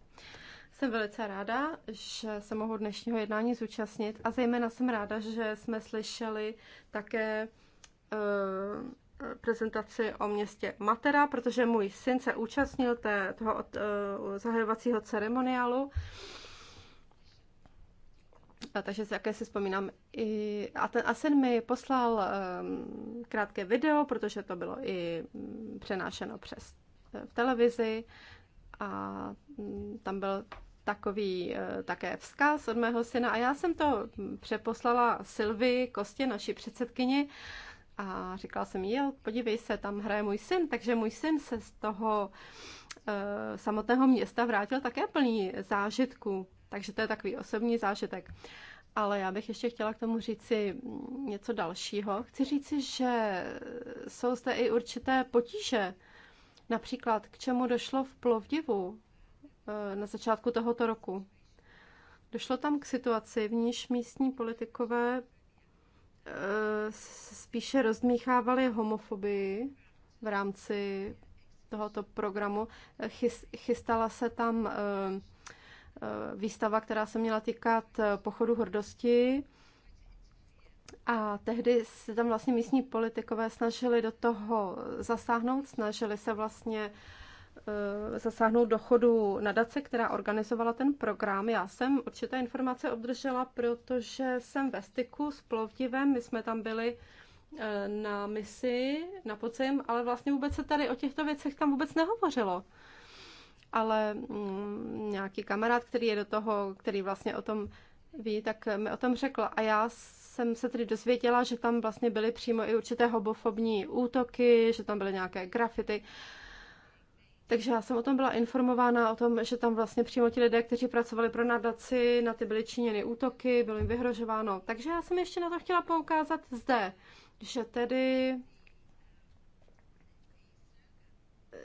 Jsem velice ráda, že se mohu dnešního jednání zúčastnit a zejména jsem ráda, že jsme slyšeli také uh, prezentaci o městě Matera, protože můj syn se účastnil té, toho od, uh, eh, zahajovacího ceremoniálu. A takže si jaké si vzpomínám. I, a ten Asen mi poslal um, krátké video, protože to bylo i mm, přenášeno přes eh, v televizi a mm, tam byl takový eh, také vzkaz od mého syna a já jsem to mm, přeposlala Silvii Kostě, naší předsedkyni a říkala jsem jí, podívej se, tam hraje můj syn, takže můj syn se z toho e, samotného města vrátil také plný zážitků, takže to je takový osobní zážitek. Ale já bych ještě chtěla k tomu říci něco dalšího. Chci říci, že jsou zde i určité potíže, například k čemu došlo v Plovdivu e, na začátku tohoto roku. Došlo tam k situaci, v níž místní politikové Eh, spíše rozmíchávali homofobii v rámci tohoto programu. Chystala se tam eh, eh, výstava, která se měla týkat pochodu hrdosti. A tehdy se tam vlastně místní politikové snažili do toho zasáhnout, snažili se vlastně uh, Eh, zasáhnout do chodu nadace, která organizovala ten program. Já jsem určité informace obdržela, protože jsem ve styku s plovdivem. My jsme tam byli eh, na misi, na podzim, ale vlastně vůbec se tady o těchto věcech tam vůbec nehovořilo. Ale mm, nějaký kamarád, který je do toho, který vlastně o tom ví, tak mi o tom řekl. A já jsem se tedy dozvěděla, že tam vlastně byly přímo i určité hobofobní útoky, že tam byly nějaké grafity. Takže já jsem o tom byla informována, o tom, že tam vlastně přímo ti lidé, kteří pracovali pro nadaci, na ty byly činěny útoky, bylo jim vyhrožováno. Takže já jsem ještě na to chtěla poukázat zde, že tedy eh,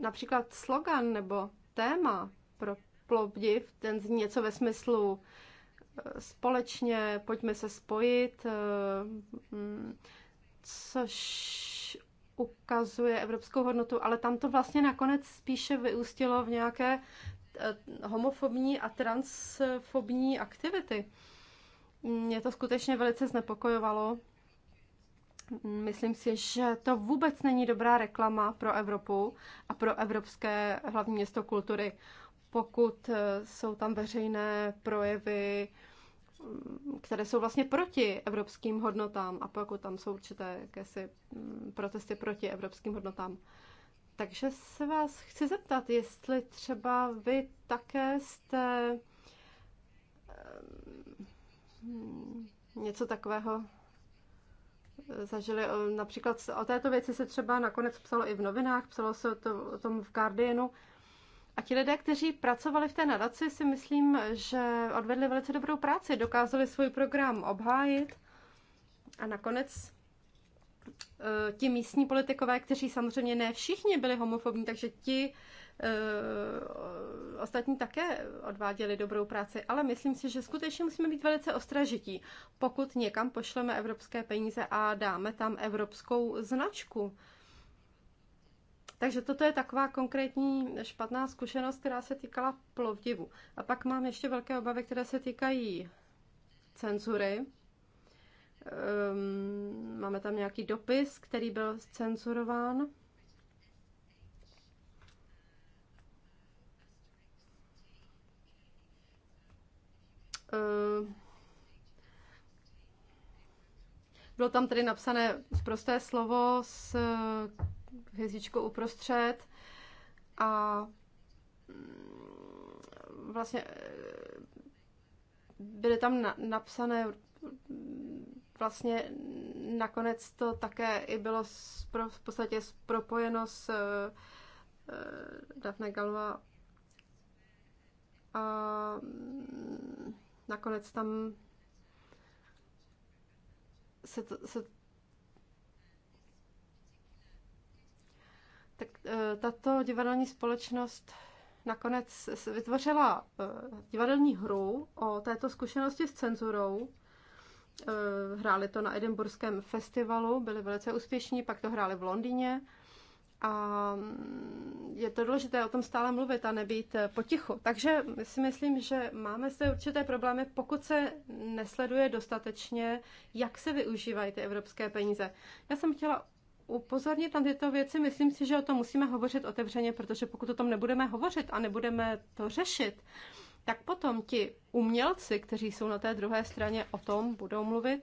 například slogan nebo téma pro Plovdiv, ten zní něco ve smyslu eh, společně, pojďme se spojit, eh, mm, což ukazuje evropskou hodnotu, ale tam to vlastně nakonec spíše vyústilo v nějaké eh, homofobní a transfobní aktivity. Mě to skutečně velice znepokojovalo. Myslím si, že to vůbec není dobrá reklama pro Evropu a pro evropské hlavní město kultury, pokud eh, jsou tam veřejné projevy, které jsou vlastně proti evropským hodnotám a pokud tam jsou určité jakési mm, protesty proti evropským hodnotám. Takže se vás chci zeptat, jestli třeba vy také jste ehm, něco takového zažili. Například o této věci se třeba nakonec psalo i v novinách, psalo se to, o tom v Guardianu. A ti lidé, kteří pracovali v té nadaci, si myslím, že odvedli velice dobrou práci, dokázali svůj program obhájit a nakonec eh, ti místní politikové, kteří samozřejmě ne všichni byli homofobní, takže ti uh, ostatní také odváděli dobrou práci, ale myslím si, že skutečně musíme být velice ostražití, pokud někam pošleme evropské peníze a dáme tam evropskou značku. Takže toto je taková konkrétní špatná zkušenost, která se týkala plovdivu. A pak mám ještě velké obavy, které se týkají cenzury. Um, máme tam nějaký dopis, který byl cenzurován. Ehm, bylo tam tedy napsané prosté slovo s hvězdičkou uprostřed a mm, vlastně eh, byly tam na, napsané mm, vlastně nakonec to také i bylo spro, v podstatě propojeno s eh, Daphne Galva a mm, nakonec tam se to, se tak eh, tato divadelní společnost nakonec vytvořila eh, divadelní hru o této zkušenosti s cenzurou. Eh, hráli to na Edinburghském festivalu, byli velice úspěšní, pak to hráli v Londýně. A mm, je to důležité o tom stále mluvit a nebýt potichu. Takže si myslím, že máme zde určité problémy, pokud se nesleduje dostatečně, jak se využívají ty evropské peníze. Já jsem chtěla upozornit na tyto věci, myslím si, že o tom musíme hovořit otevřeně, protože pokud o tom nebudeme hovořit a nebudeme to řešit, tak potom ti umělci, kteří jsou na té druhé straně, o tom budou mluvit.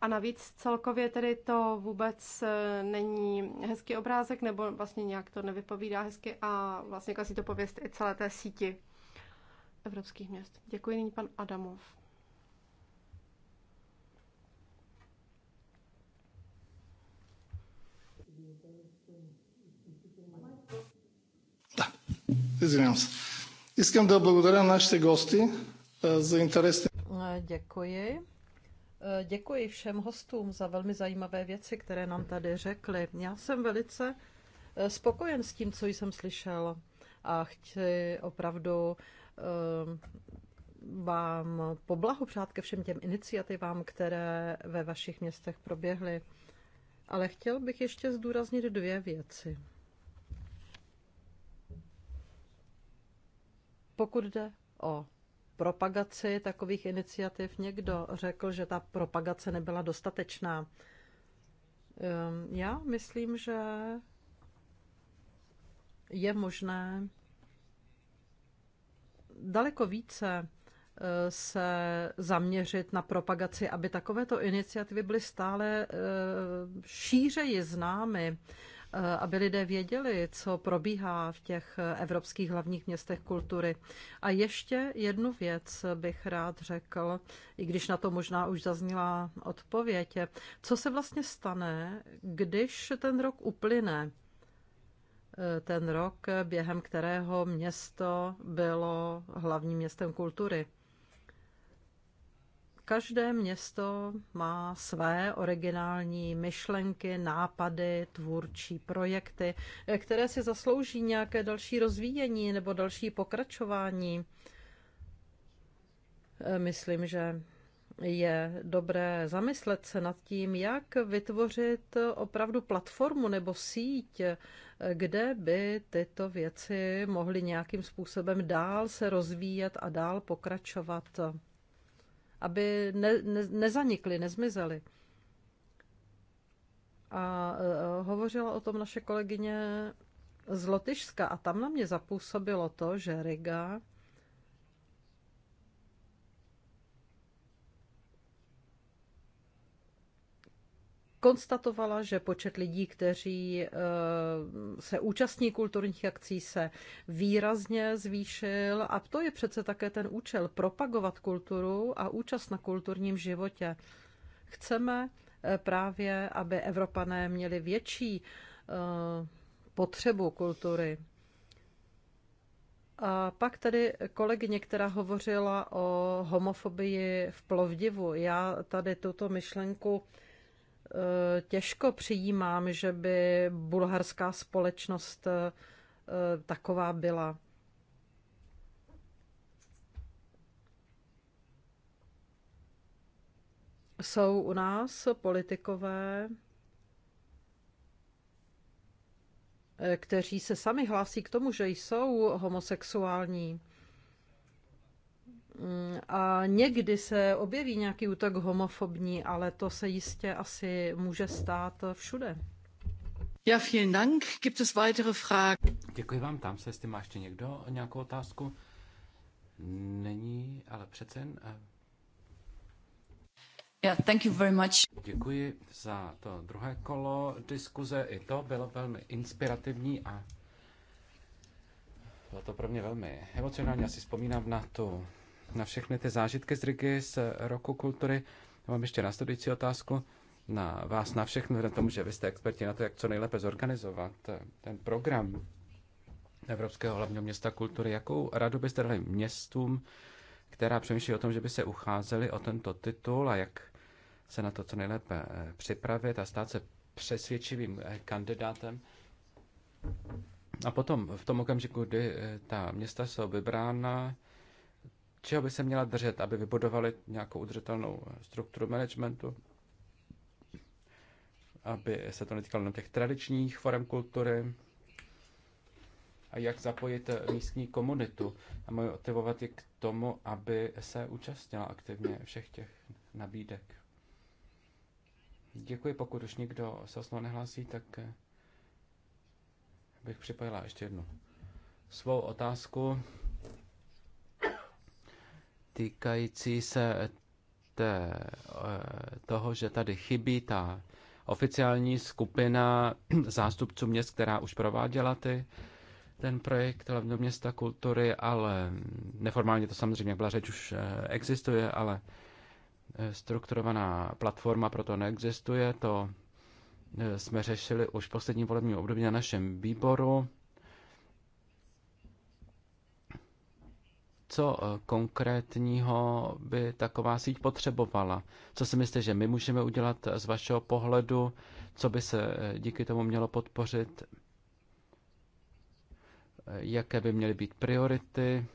A navíc celkově tedy to vůbec eh, není hezký obrázek, nebo vlastně nějak to nevypovídá hezky a vlastně kasí to pověst i celé té síti evropských měst. Děkuji nyní pan Adamov. Извинявам се. Искам да благодаря нашите гости за Děkuji. Děkuji všem hostům za velmi zajímavé věci, které nám tady řekli. Já jsem velice spokojen s tím, co jsem slyšel a chci opravdu vám poblahopřát ke všem těm iniciativám, které ve vašich městech proběhly. Ale chtěl bych ještě zdůraznit dvě věci. Pokud jde o propagaci takových iniciativ, někdo řekl, že ta propagace nebyla dostatečná. Ehm, já myslím, že je možné daleko více eh, se zaměřit na propagaci, aby takovéto iniciativy byly stále eh, šířeji známy, Eh, aby lidé věděli, co probíhá v těch evropských hlavních městech kultury. A ještě jednu věc bych rád řekl, i když na to možná už zazněla odpověď. Co se vlastně stane, když ten rok uplyne? Eh, ten rok, během kterého město bylo hlavním městem kultury. Každé město má své originální myšlenky, nápady, tvůrčí projekty, které si zaslouží nějaké další rozvíjení nebo další pokračování. Myslím, že je dobré zamyslet se nad tím, jak vytvořit opravdu platformu nebo síť, kde by tyto věci mohly nějakým způsobem dál se rozvíjet a dál pokračovat aby ne, ne, nezanikly, nezmizely. A e, hovořila o tom naše kolegyně z Lotyšska a tam na mě zapůsobilo to, že Riga konstatovala, že počet lidí, kteří eh, se účastní kulturních akcí, se výrazně zvýšil a to je přece také ten účel propagovat kulturu a účast na kulturním životě. Chceme eh, právě, aby Evropané měli větší eh, potřebu kultury. A pak tady kolegyně, která hovořila o homofobii v Plovdivu. Já tady tuto myšlenku Eh, těžko přijímám, že by bulharská společnost eh, taková byla. Jsou u nás politikové, eh, kteří se sami hlásí k tomu, že jsou homosexuální. Mm, a někdy se objeví nějaký útok homofobní, ale to se jistě asi může stát všude. Ja, vielen Dank. Gibt es weitere Fragen? Děkuji vám. Tam se, jestli má ještě někdo nějakou otázku. Není, ale přece jen. Eh, yeah, thank you very much. Děkuji za to druhé kolo diskuze. I to bylo velmi inspirativní a bylo to pro mě velmi emocionální. Já si vzpomínám na tu na všechny ty zážitky z Rigi z roku kultury. mám ještě následující otázku na vás, na všechny, na tom, že vy jste experti na to, jak co nejlépe zorganizovat eh, ten program Evropského hlavního města kultury. Jakou radu byste dali městům, která přemýšlí o tom, že by se ucházeli o tento titul a jak se na to co nejlépe eh, připravit a stát se přesvědčivým eh, kandidátem? A potom v tom okamžiku, kdy ta města jsou vybrána, čeho by se měla držet, aby vybudovali nějakou udržitelnou strukturu managementu, aby se to netýkalo jenom těch tradičních forem kultury a jak zapojit místní komunitu a motivovat je k tomu, aby se účastnila aktivně všech těch nabídek. Děkuji, pokud už nikdo se o nehlásí, tak bych připojila ještě jednu svou otázku týkající se té, eh, toho, že tady chybí ta oficiální skupina <clears throat> zástupců měst, která už prováděla ty, ten projekt hlavně města kultury, ale neformálně to samozřejmě, jak byla řeč, už eh, existuje, ale eh, strukturovaná platforma pro to neexistuje. To jsme řešili už v posledním volebním období na našem výboru. co eh, konkrétního by taková síť potřebovala? Co si myslíte, že my můžeme udělat eh, z vašeho pohledu? Co by se eh, díky tomu mělo podpořit? Jaké by měly být priority?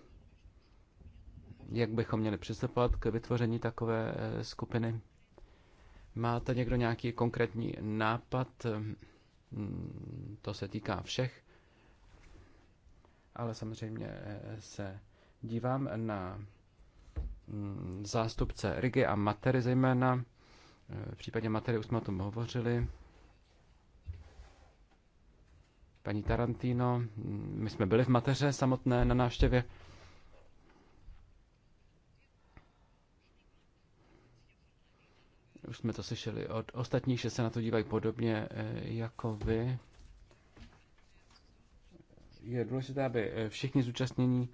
Jak bychom měli přistupovat k vytvoření takové skupiny? Máte někdo nějaký konkrétní nápad? Hmm, to se týká všech, ale samozřejmě se dívám na mm, zástupce Rigi a Matery zejména. Eh, v případě Matery už jsme o tom hovořili. Paní Tarantino, mm, my jsme byli v Mateře samotné na návštěvě. Už jsme to slyšeli od ostatních, že se na to dívají podobně eh, jako vy. Je důležité, aby eh, všichni zúčastnění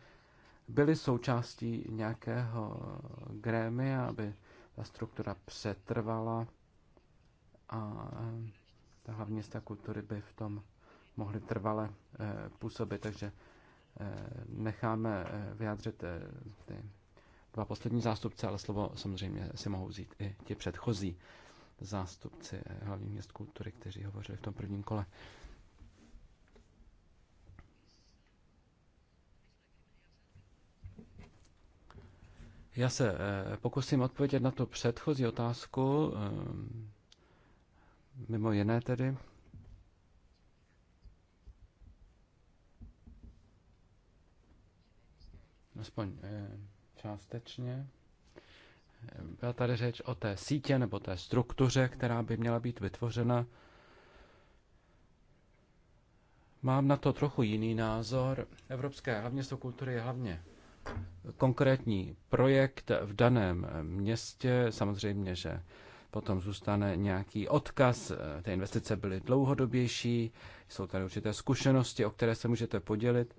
byli součástí nějakého grémia, aby ta struktura přetrvala a ta hlavní města kultury by v tom mohly trvale eh, působit. Takže eh, necháme eh, vyjádřit ty dva poslední zástupce, ale slovo samozřejmě si mohou vzít i ti předchozí zástupci hlavní měst kultury, kteří hovořili v tom prvním kole. Já se eh, pokusím odpovědět na tu předchozí otázku, eh, mimo jiné tedy. Aspoň eh, částečně. Byla tady řeč o té sítě nebo té struktuře, která by měla být vytvořena. Mám na to trochu jiný názor. Evropské hlavně kultury je hlavně konkrétní projekt v daném městě. Samozřejmě, že potom zůstane nějaký odkaz. Ty investice byly dlouhodobější, jsou tady určité zkušenosti, o které se můžete podělit.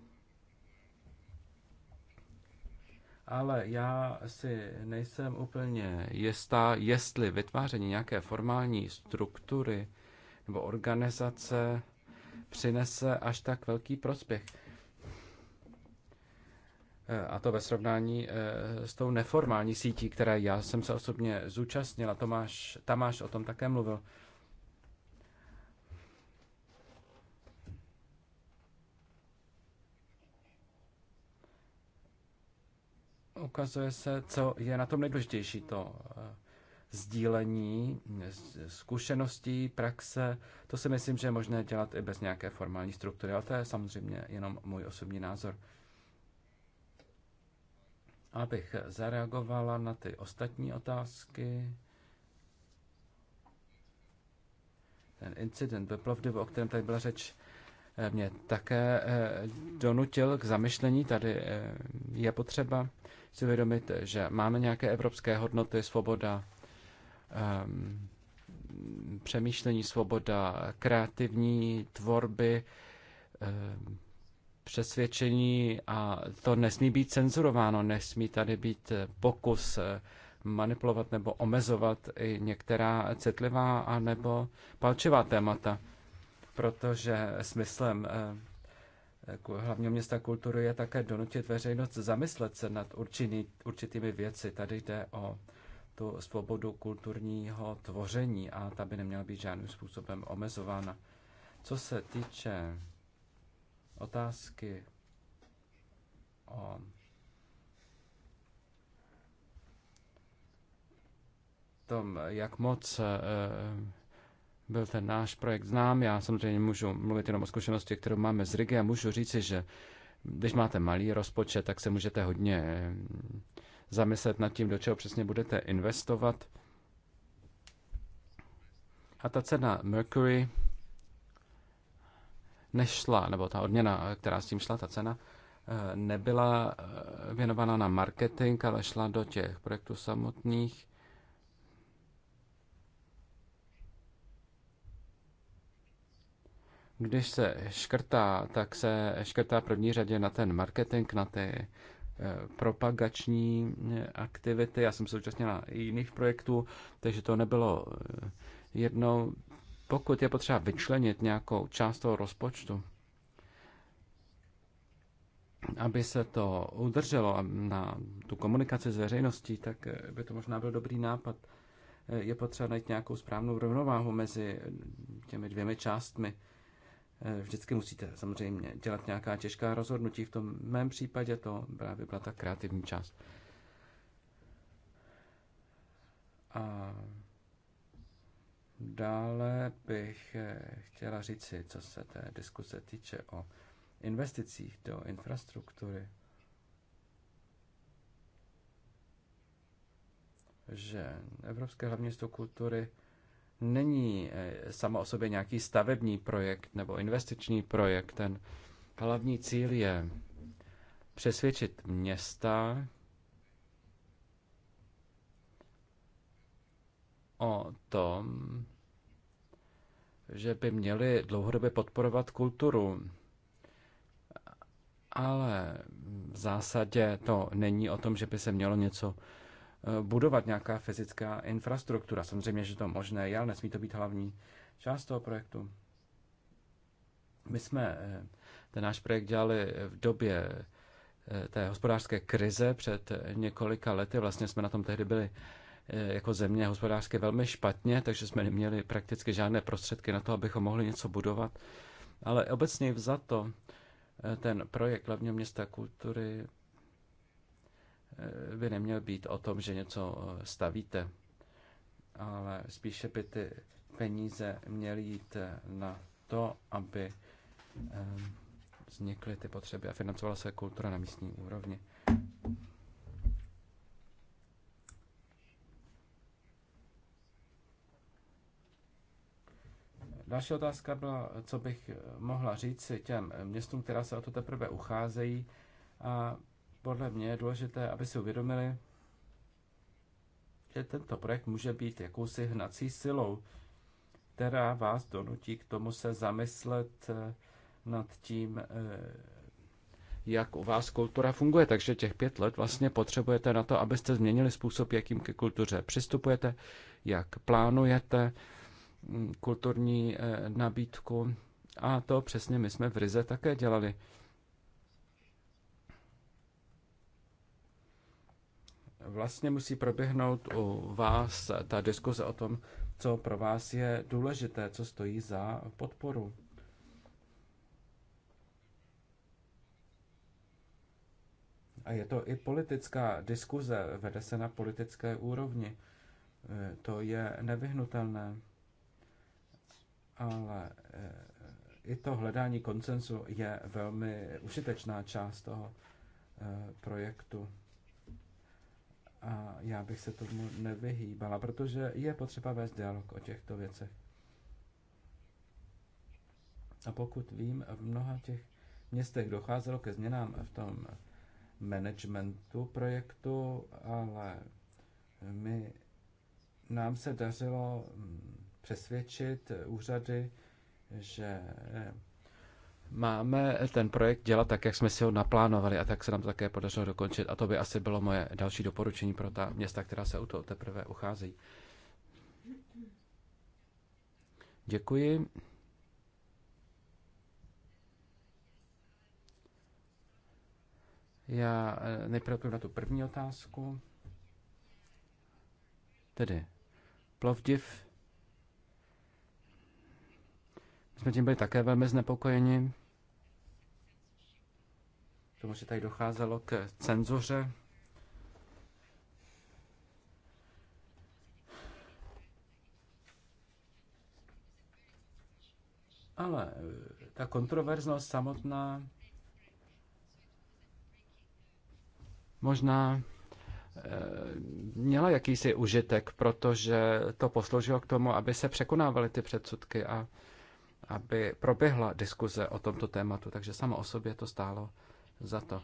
Ale já si nejsem úplně jistá, jestli vytváření nějaké formální struktury nebo organizace přinese až tak velký prospěch. E, a to ve srovnání e, s tou neformální sítí, které já jsem se osobně zúčastnila. Tomáš, Tamáš o tom také mluvil. Ukazuje se, co je na tom nejdůležitější, to e, sdílení zkušeností, praxe. To si myslím, že je možné dělat i bez nějaké formální struktury, ale to je samozřejmě jenom můj osobní názor abych zareagovala na ty ostatní otázky. Ten incident ve Plovdivu, o kterém tady byla řeč, eh, mě také eh, donutil k zamyšlení. Tady eh, je potřeba si uvědomit, že máme nějaké evropské hodnoty, svoboda, ehm, přemýšlení, svoboda kreativní tvorby, ehm, přesvědčení a to nesmí být cenzurováno, nesmí tady být pokus manipulovat nebo omezovat i některá citlivá a nebo palčivá témata, protože smyslem eh, hlavního města kultury je také donutit veřejnost zamyslet se nad určitý, určitými věci. Tady jde o tu svobodu kulturního tvoření a ta by neměla být žádným způsobem omezována. Co se týče otázky o tom, jak moc eh, eh, byl ten náš projekt znám. Já samozřejmě můžu mluvit jenom o zkušenosti, kterou máme z Rigi a můžu říci, že když máte malý rozpočet, tak se můžete hodně eh, zamyslet nad tím, do čeho přesně budete investovat. A ta cena Mercury nešla, nebo ta odměna, která s tím šla, ta cena, eh, nebyla eh, věnovaná na marketing, ale šla do těch projektů samotných. Když se škrtá, tak se škrtá první řadě na ten marketing, na ty eh, propagační aktivity. Já jsem se účastnila i jiných projektů, takže to nebylo jednou pokud je potřeba vyčlenit nějakou část toho rozpočtu, aby se to udrželo na tu komunikaci s veřejností, tak eh, by to možná byl dobrý nápad. Eh, je potřeba najít nějakou správnou rovnováhu mezi těmi dvěmi částmi. Eh, vždycky musíte samozřejmě dělat nějaká těžká rozhodnutí. V tom mém případě to právě byla ta kreativní část. A Dále bych eh, chtěla říci, co se té diskuse týče o investicích do infrastruktury, že Evropské hlavní město kultury není eh, samo o sobě nějaký stavební projekt nebo investiční projekt. Ten hlavní cíl je přesvědčit města, o tom, že by měli dlouhodobě podporovat kulturu. Ale v zásadě to není o tom, že by se mělo něco eh, budovat, nějaká fyzická infrastruktura. Samozřejmě, že to možné je, ale nesmí to být hlavní část toho projektu. My jsme eh, ten náš projekt dělali v době eh, té hospodářské krize před několika lety. Vlastně jsme na tom tehdy byli Eh, jako země hospodářské velmi špatně, takže jsme neměli prakticky žádné prostředky na to, abychom mohli něco budovat. Ale obecně to eh, ten projekt hlavního města kultury eh, by neměl být o tom, že něco stavíte, ale spíše by ty peníze měly jít na to, aby vznikly ty potřeby a financovala se kultura na místní úrovni. Další otázka byla, co bych mohla říct těm městům, která se o to teprve ucházejí. A podle mě je důležité, aby si uvědomili, že tento projekt může být jakousi hnací silou, která vás donutí k tomu se zamyslet eh, nad tím, eh, jak u vás kultura funguje. Takže těch pět let vlastně potřebujete na to, abyste změnili způsob, jakým ke kultuře přistupujete, jak plánujete, Mm, kulturní eh, nabídku. A to přesně my jsme v Rize také dělali. Vlastně musí proběhnout u vás ta diskuze o tom, co pro vás je důležité, co stojí za podporu. A je to i politická diskuze, vede se na politické úrovni. Eh, to je nevyhnutelné ale eh, i to hledání koncenzu je velmi užitečná část toho eh, projektu. A já bych se tomu nevyhýbala, protože je potřeba vést dialog o těchto věcech. A pokud vím, v mnoha těch městech docházelo ke změnám v tom managementu projektu, ale my, nám se dařilo hm, přesvědčit úřady, že eh, máme ten projekt dělat tak, jak jsme si ho naplánovali a tak se nám také podařilo dokončit. A to by asi bylo moje další doporučení pro ta města, která se o to teprve ucházejí. Děkuji. Já eh, nejprve na tu první otázku. Tedy Plovdiv jsme tím byli také velmi znepokojeni. K tomu, že tady docházelo k cenzuře. Ale eh, ta kontroverznost samotná možná eh, měla jakýsi užitek, protože to posloužilo k tomu, aby se překonávaly ty předsudky a aby proběhla diskuze o tomto tématu, takže samo o sobě to stálo za to.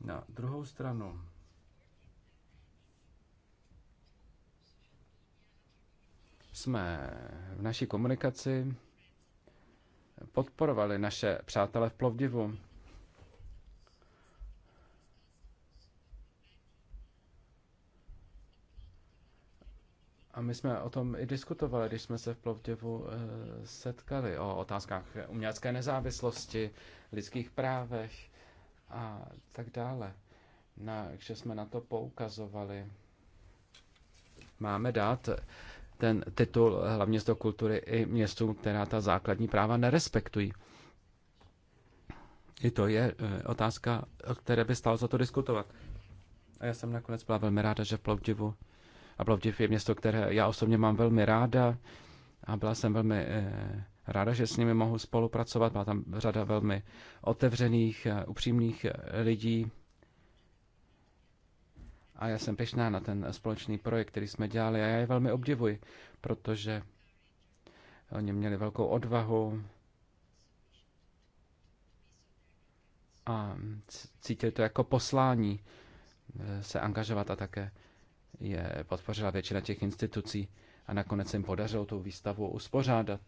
Na druhou stranu, jsme v naší komunikaci podporovali naše přátele v Plovdivu, A my jsme o tom i diskutovali, když jsme se v Plovděvu eh, setkali, o otázkách umělecké nezávislosti, lidských právech a tak dále. Na, že jsme na to poukazovali. Máme dát ten titul eh, hlavně z toho kultury i městům, která ta základní práva nerespektují. I to je eh, otázka, o které by stálo za to diskutovat. A já jsem nakonec byla velmi ráda, že v Plovdivu a Plovdiv je město, které já osobně mám velmi ráda a byla jsem velmi eh, ráda, že s nimi mohu spolupracovat. Má tam řada velmi otevřených, upřímných eh, lidí. A já jsem pěšná na ten společný projekt, který jsme dělali a já je velmi obdivuji, protože oni měli velkou odvahu a cítili to jako poslání eh, se angažovat a také je podpořila většina těch institucí a nakonec jim podařilo tu výstavu uspořádat.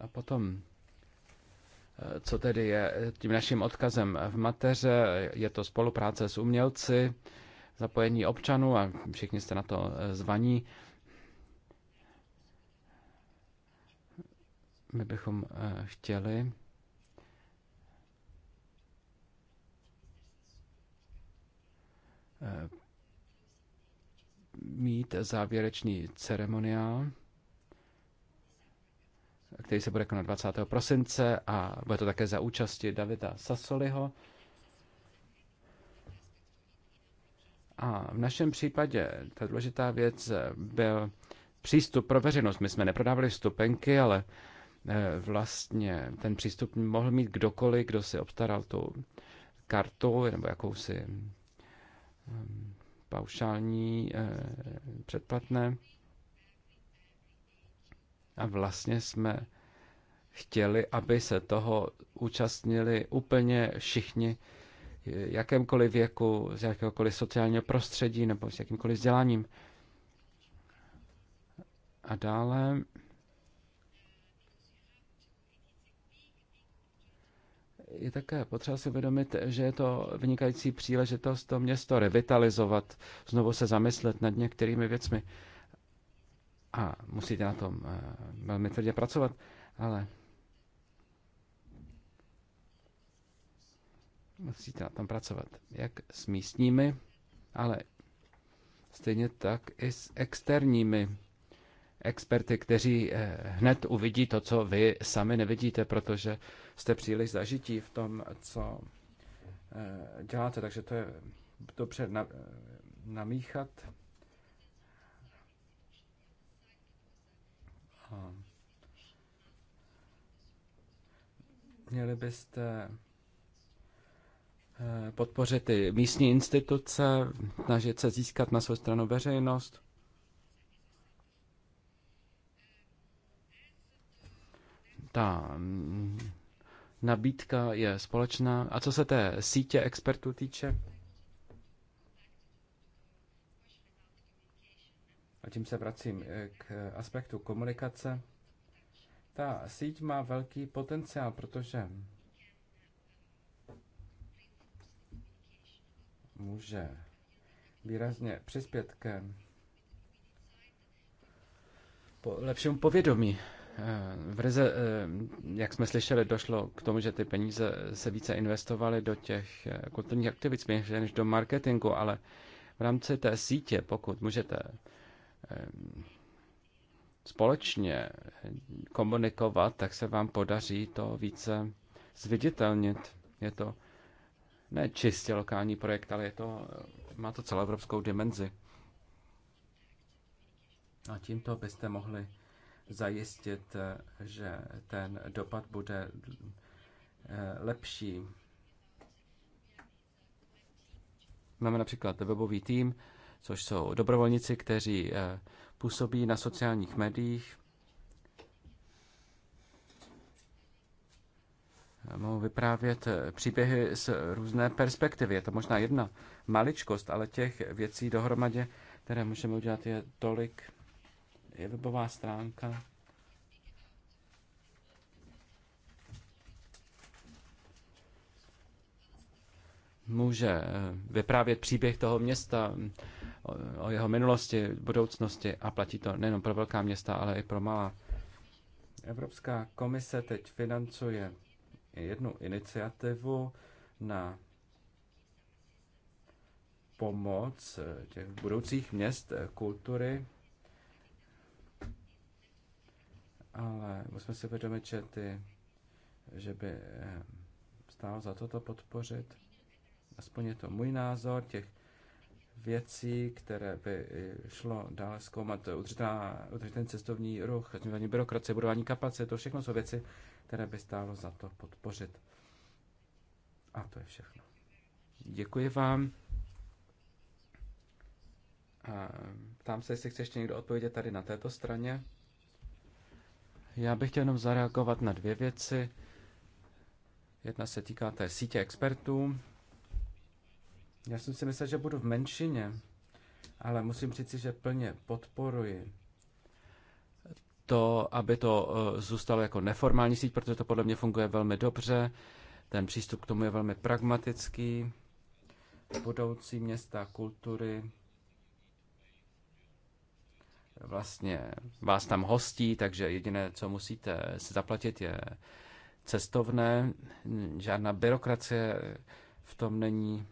A potom, eh, co tedy je tím naším odkazem v mateře, je to spolupráce s umělci, zapojení občanů a všichni jste na to eh, zvaní. My bychom eh, chtěli, eh, mít závěrečný ceremoniál, který se bude konat 20. prosince a bude to také za účasti Davida Sasoliho. A v našem případě ta důležitá věc eh, byl přístup pro veřejnost. My jsme neprodávali vstupenky, ale Eh, vlastně ten přístup mohl mít kdokoliv, kdo si obstaral tu kartu nebo jakousi eh, paušální eh, předplatné. A vlastně jsme chtěli, aby se toho účastnili úplně všichni, jakémkoliv věku, z jakéhokoliv sociálního prostředí nebo s jakýmkoliv vzděláním. A dále je také potřeba si uvědomit, že je to vynikající příležitost to město revitalizovat, znovu se zamyslet nad některými věcmi. A musíte na tom eh, velmi tvrdě pracovat, ale musíte na tom pracovat jak s místními, ale stejně tak i s externími experty, kteří eh, hned uvidí to, co vy sami nevidíte, protože jste příliš zažití v tom, co eh, děláte. Takže to je dobře eh, namíchat. Měli byste podpořit ty místní instituce, snažit se získat na svou stranu veřejnost. ta nabídka je společná. A co se té sítě expertů týče, a tím se vracím eh, k aspektu komunikace, ta síť má velký potenciál, protože může výrazně přispět ke po lepšímu povědomí v Rize, eh, jak jsme slyšeli, došlo k tomu, že ty peníze se více investovaly do těch eh, kulturních aktivit než do marketingu, ale v rámci té sítě, pokud můžete eh, společně komunikovat, tak se vám podaří to více zviditelnit. Je to ne čistě lokální projekt, ale je to, má to celoevropskou dimenzi. A tímto byste mohli zajistit, že ten dopad bude eh, lepší. Máme například webový tým, což jsou dobrovolníci, kteří eh, působí na sociálních médiích. Mohu vyprávět eh, příběhy z různé perspektivy. Je to možná jedna maličkost, ale těch věcí dohromadě, které můžeme udělat, je tolik, je webová stránka. Může eh, vyprávět příběh toho města, o jeho minulosti, budoucnosti a platí to nejen pro velká města, ale i pro malá. Evropská komise teď financuje jednu iniciativu na pomoc eh, těch budoucích měst eh, kultury ale musíme si vědomit, že, ty, že by eh, stálo za toto podpořit. Aspoň je to můj názor těch věcí, které by eh, šlo dále zkoumat. Udržitelný cestovní ruch, snižování byrokracie, budování kapacity, to všechno jsou věci, které by stálo za to podpořit. A to je všechno. Děkuji vám. A eh, ptám se, jestli chce ještě někdo odpovědět tady na této straně. Já bych chtěl jenom zareagovat na dvě věci. Jedna se týká té sítě expertů. Já jsem si myslel, že budu v menšině, ale musím říct, že plně podporuji to, aby to eh, zůstalo jako neformální síť, protože to podle mě funguje velmi dobře. Ten přístup k tomu je velmi pragmatický. Budoucí města kultury vlastně vás tam hostí, takže jediné, co musíte si zaplatit, je cestovné. Žádná byrokracie v tom není,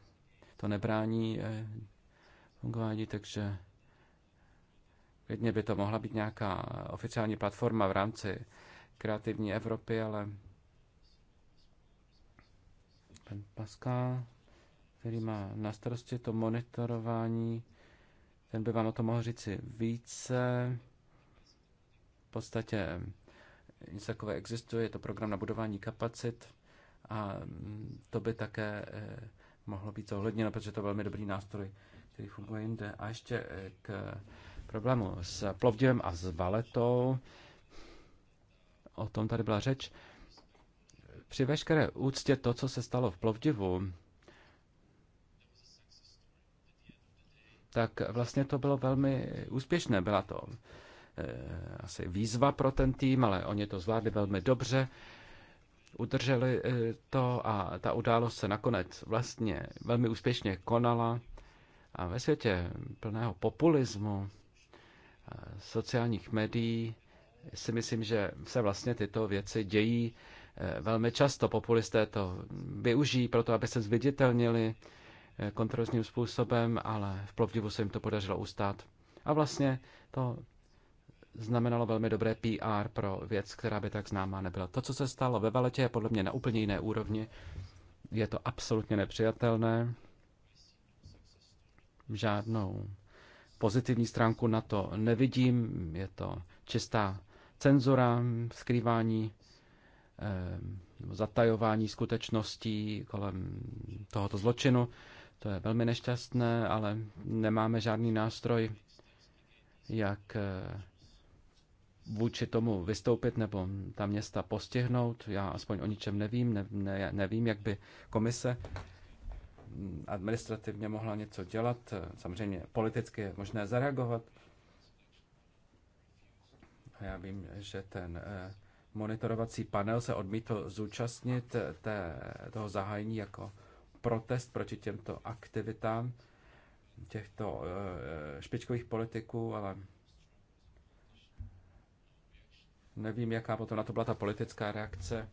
to nebrání eh, fungování, takže klidně by to mohla být nějaká oficiální platforma v rámci kreativní Evropy, ale pan Pascal, který má na starosti to monitorování, ten by vám o tom mohl říci více. V podstatě eh, nic takové existuje, je to program na budování kapacit a mm, to by také eh, mohlo být zohledněno, protože to je velmi dobrý nástroj, který funguje jinde. A ještě eh, k problému s Plovdivem a s Valetou. O tom tady byla řeč. Při veškeré úctě to, co se stalo v Plovdivu, tak vlastně to bylo velmi úspěšné. Byla to eh, asi výzva pro ten tým, ale oni to zvládli velmi dobře. Udrželi eh, to a ta událost se nakonec vlastně velmi úspěšně konala. A ve světě plného populismu, sociálních médií si myslím, že se vlastně tyto věci dějí eh, velmi často. Populisté to využijí proto, aby se zviditelnili, Eh, kontrolním způsobem, ale v plovdivu se jim to podařilo ustát. A vlastně to znamenalo velmi dobré PR pro věc, která by tak známá nebyla. To, co se stalo ve Valetě, je podle mě na úplně jiné úrovni. Je to absolutně nepřijatelné. Žádnou pozitivní stránku na to nevidím. Je to čistá cenzura, skrývání eh, zatajování skutečností kolem tohoto zločinu. To je velmi nešťastné, ale nemáme žádný nástroj, jak eh, vůči tomu vystoupit nebo ta města postihnout. Já aspoň o ničem nevím, ne, ne, nevím, jak by komise administrativně mohla něco dělat. Samozřejmě politicky je možné zareagovat. A já vím, že ten eh, monitorovací panel se odmítl zúčastnit eh, té, toho zahájení jako protest proti těmto aktivitám těchto eh, špičkových politiků, ale nevím, jaká potom na to byla ta politická reakce.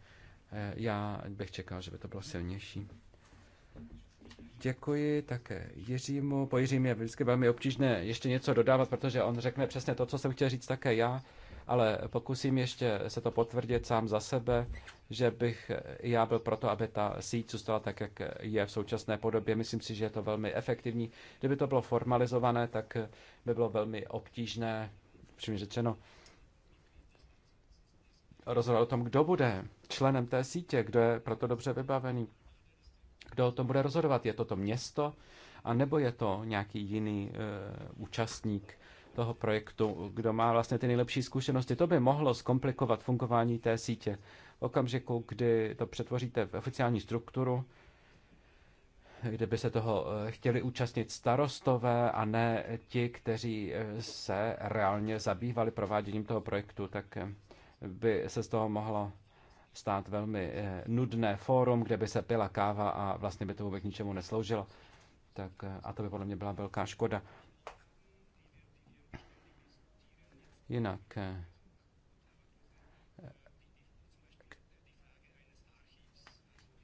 Eh, já bych čekal, že by to bylo silnější. Děkuji také Jiřímu. Po Jiřím je vždycky velmi obtížné ještě něco dodávat, protože on řekne přesně to, co jsem chtěl říct také já ale pokusím ještě se to potvrdit sám za sebe, že bych já byl proto, aby ta síť zůstala tak, jak je v současné podobě. Myslím si, že je to velmi efektivní. Kdyby to bylo formalizované, tak by bylo velmi obtížné, přímě řečeno, rozhodovat o tom, kdo bude členem té sítě, kdo je proto dobře vybavený, kdo o tom bude rozhodovat. Je to to město, a nebo je to nějaký jiný e, účastník toho projektu, kdo má vlastně ty nejlepší zkušenosti. To by mohlo zkomplikovat fungování té sítě. V okamžiku, kdy to přetvoříte v oficiální strukturu, kde by se toho eh, chtěli účastnit starostové a ne ti, kteří eh, se reálně zabývali prováděním toho projektu, tak eh, by se z toho mohlo stát velmi nudné fórum, kde by se pila káva a vlastně by to vůbec ničemu nesloužilo. Tak, a to by podle mě byla velká škoda. Jinak eh,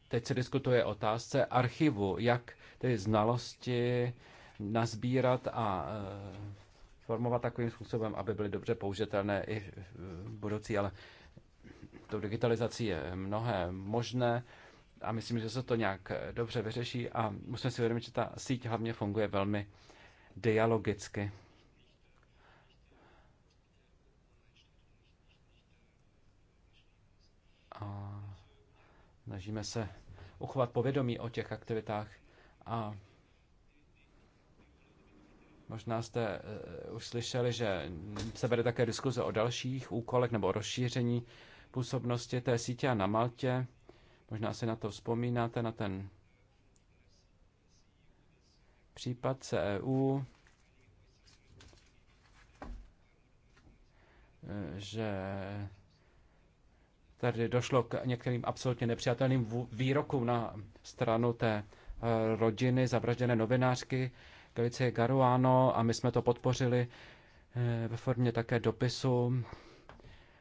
teď se diskutuje o otázce archivu, jak ty znalosti nazbírat a eh, formovat takovým způsobem, aby byly dobře použitelné i v budoucí, ale to digitalizací je mnohé možné a myslím, že se to nějak eh, dobře vyřeší a musíme si uvědomit, že ta síť hlavně funguje velmi dialogicky. Snažíme se uchovat povědomí o těch aktivitách a Možná jste eh, už slyšeli, že se vede také diskuze o dalších úkolech nebo o rozšíření působnosti té sítě a na Maltě. Možná si na to vzpomínáte, na ten případ CEU, eh, že tady došlo k některým absolutně nepřijatelným výrokům na stranu té eh, rodiny zavražděné novinářky Galicie Garuano a my jsme to podpořili eh, ve formě také dopisu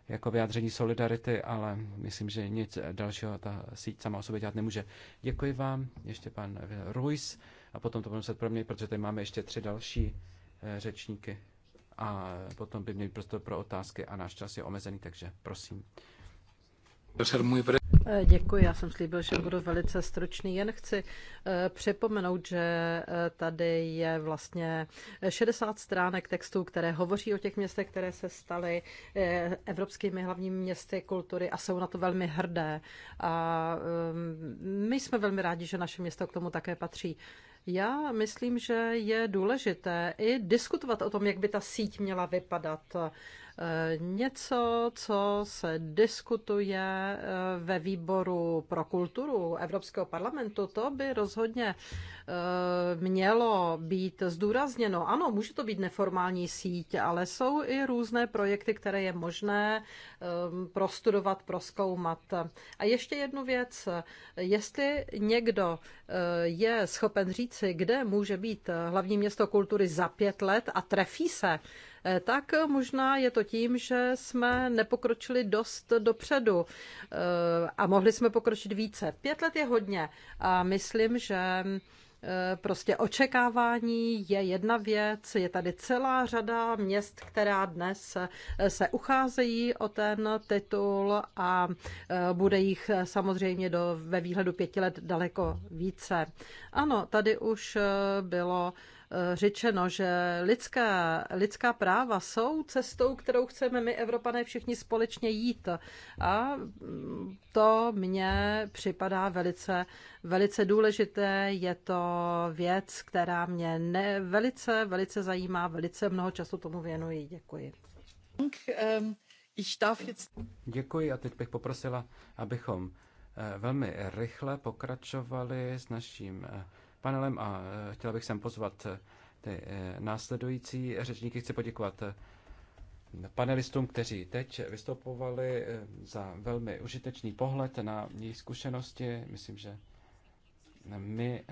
jako vyjádření solidarity, ale myslím, že nic dalšího ta síť sama o sobě dělat nemůže. Děkuji vám, ještě pan eh, Ruiz a potom to budeme muset proměnit, protože tady máme ještě tři další řečníky a potom by měl prostor pro otázky a náš čas je omezený, takže prosím. Eh, děkuji, já jsem slíbil, že budu velice stručný. Jen chci eh, připomenout, že eh, tady je vlastně 60 stránek textů, které hovoří o těch městech, které se staly evropskými hlavními městy kultury a jsou na to velmi hrdé. A ehm, my jsme velmi rádi, že naše město k tomu také patří. Já myslím, že je důležité i diskutovat o tom, jak by ta síť měla vypadat něco, co se diskutuje eh, ve výboru pro kulturu Evropského parlamentu, to by rozhodně eh, mělo být zdůrazněno. Ano, může to být neformální síť, ale jsou i různé projekty, které je možné eh, prostudovat, proskoumat. A ještě jednu věc. Jestli někdo je schopen říci, kde může být hlavní město kultury za pět let a trefí se, Eh, tak možná je to tím, že jsme nepokročili dost dopředu eh, a mohli jsme pokročit více. Pět let je hodně a myslím, že eh, prostě očekávání je jedna věc, je tady celá řada měst, která dnes se ucházejí o ten titul a bude jich samozřejmě do, ve výhledu pěti let daleko více. Ano, tady už bylo Eh, řečeno, že lidská, lidská práva jsou cestou, kterou chceme my, Evropané, všichni společně jít. A to mně připadá velice, velice důležité. Je to věc, která mě ne, velice, velice zajímá, velice mnoho času tomu věnuji. Děkuji. Ehm, Děkuji a teď bych poprosila, abychom eh, velmi rychle pokračovali s naším eh, panelem a e, chtěla bych sem pozvat e, ty e, následující řečníky. Chci poděkovat panelistům, kteří teď vystupovali za velmi užitečný pohled na jejich zkušenosti. Myslím, že my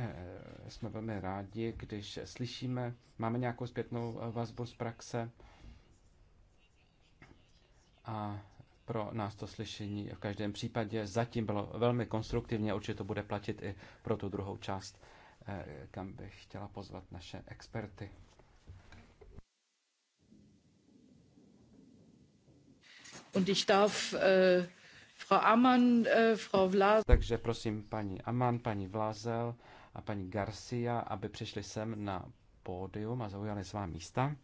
jsme velmi rádi, když slyšíme, máme nějakou zpětnou vazbu z praxe a pro nás to slyšení v každém případě zatím bylo velmi konstruktivně, určitě to bude platit i pro tu druhou část Eh, kam bych chtěla pozvat naše experty. Und ich darf äh, Frau Amann, äh, eh, Frau Vlas... Takže prosím paní Aman, paní Vlázel a paní Garcia, aby přišli sem na pódium a zaujali svá místa.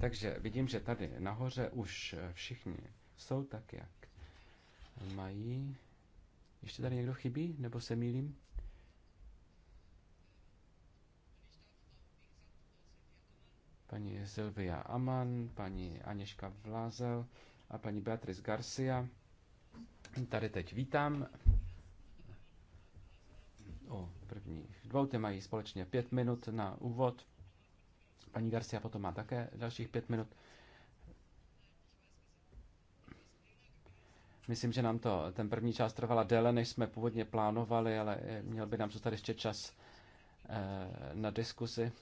Takže vidím, že tady nahoře už eh, všichni jsou tak, jak mají. Ještě tady někdo chybí, nebo se mýlím? Paní Silvia Aman, paní Aněška Vlázel a paní Beatrice Garcia. Tady teď vítám. O, prvních dvou ty mají společně pět minut na úvod. Paní Garcia potom má také dalších pět minut. Myslím, že nám to, ten první část trvala déle, než jsme původně plánovali, ale eh, měl by nám zůstat ještě čas eh, na diskuzi.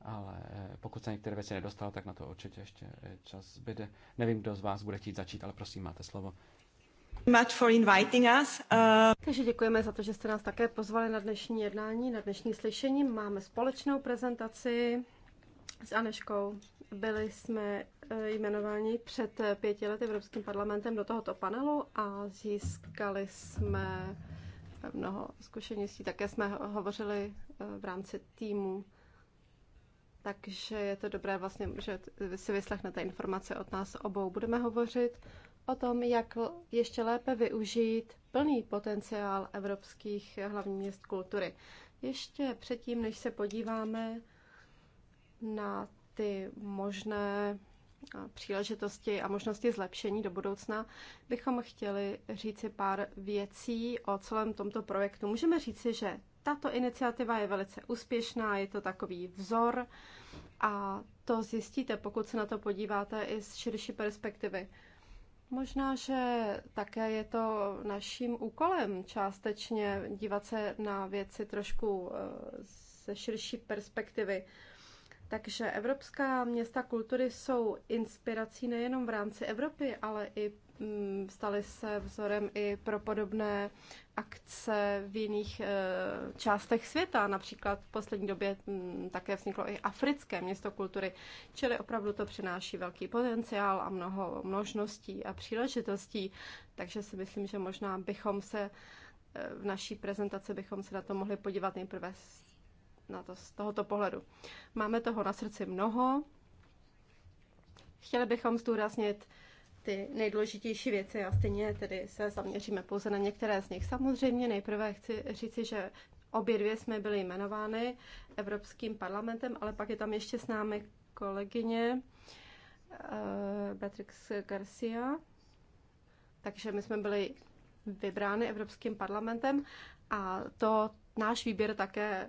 Ale eh, pokud se některé věci nedostalo, tak na to určitě ještě čas bude. Nevím, kdo z vás bude chtít začít, ale prosím, máte slovo. Uh, takže děkujeme za to, že jste nás také pozvali na dnešní jednání, na dnešní slyšení. Máme společnou prezentaci s Aneškou. Byli jsme eh, jmenováni před eh, pěti lety Evropským parlamentem do tohoto panelu a získali jsme eh, mnoho zkušeností. Také jsme hovořili v rámci týmu takže je to dobré vlastně, že si vyslechnete informace od nás obou. Budeme hovořit o tom, jak ještě lépe využít plný potenciál evropských hlavních měst kultury. Ještě předtím, než se podíváme na ty možné příležitosti a možnosti zlepšení do budoucna, bychom chtěli říci pár věcí o celém tomto projektu. Můžeme říci, že tato iniciativa je velice úspěšná, je to takový vzor a to zjistíte, pokud se na to podíváte i z širší perspektivy. Možná, že také je to naším úkolem částečně dívat se na věci trošku eh, ze širší perspektivy. Takže Evropská města kultury jsou inspirací nejenom v rámci Evropy, ale i Mm, staly se vzorem i pro podobné akce v jiných eh, částech světa. Například v poslední době mm, také vzniklo i africké město kultury, čili opravdu to přináší velký potenciál a mnoho možností a příležitostí. Takže si myslím, že možná bychom se eh, v naší prezentaci bychom se na to mohli podívat nejprve na to, z tohoto pohledu. Máme toho na srdci mnoho. Chtěli bychom zdůraznit ty nejdůležitější věci a stejně tedy se zaměříme pouze na některé z nich. Samozřejmě nejprve chci říci, že obě dvě jsme byly jmenovány Evropským parlamentem, ale pak je tam ještě s námi kolegyně eh, Beatrix Garcia, takže my jsme byli vybrány Evropským parlamentem a to náš výběr také eh,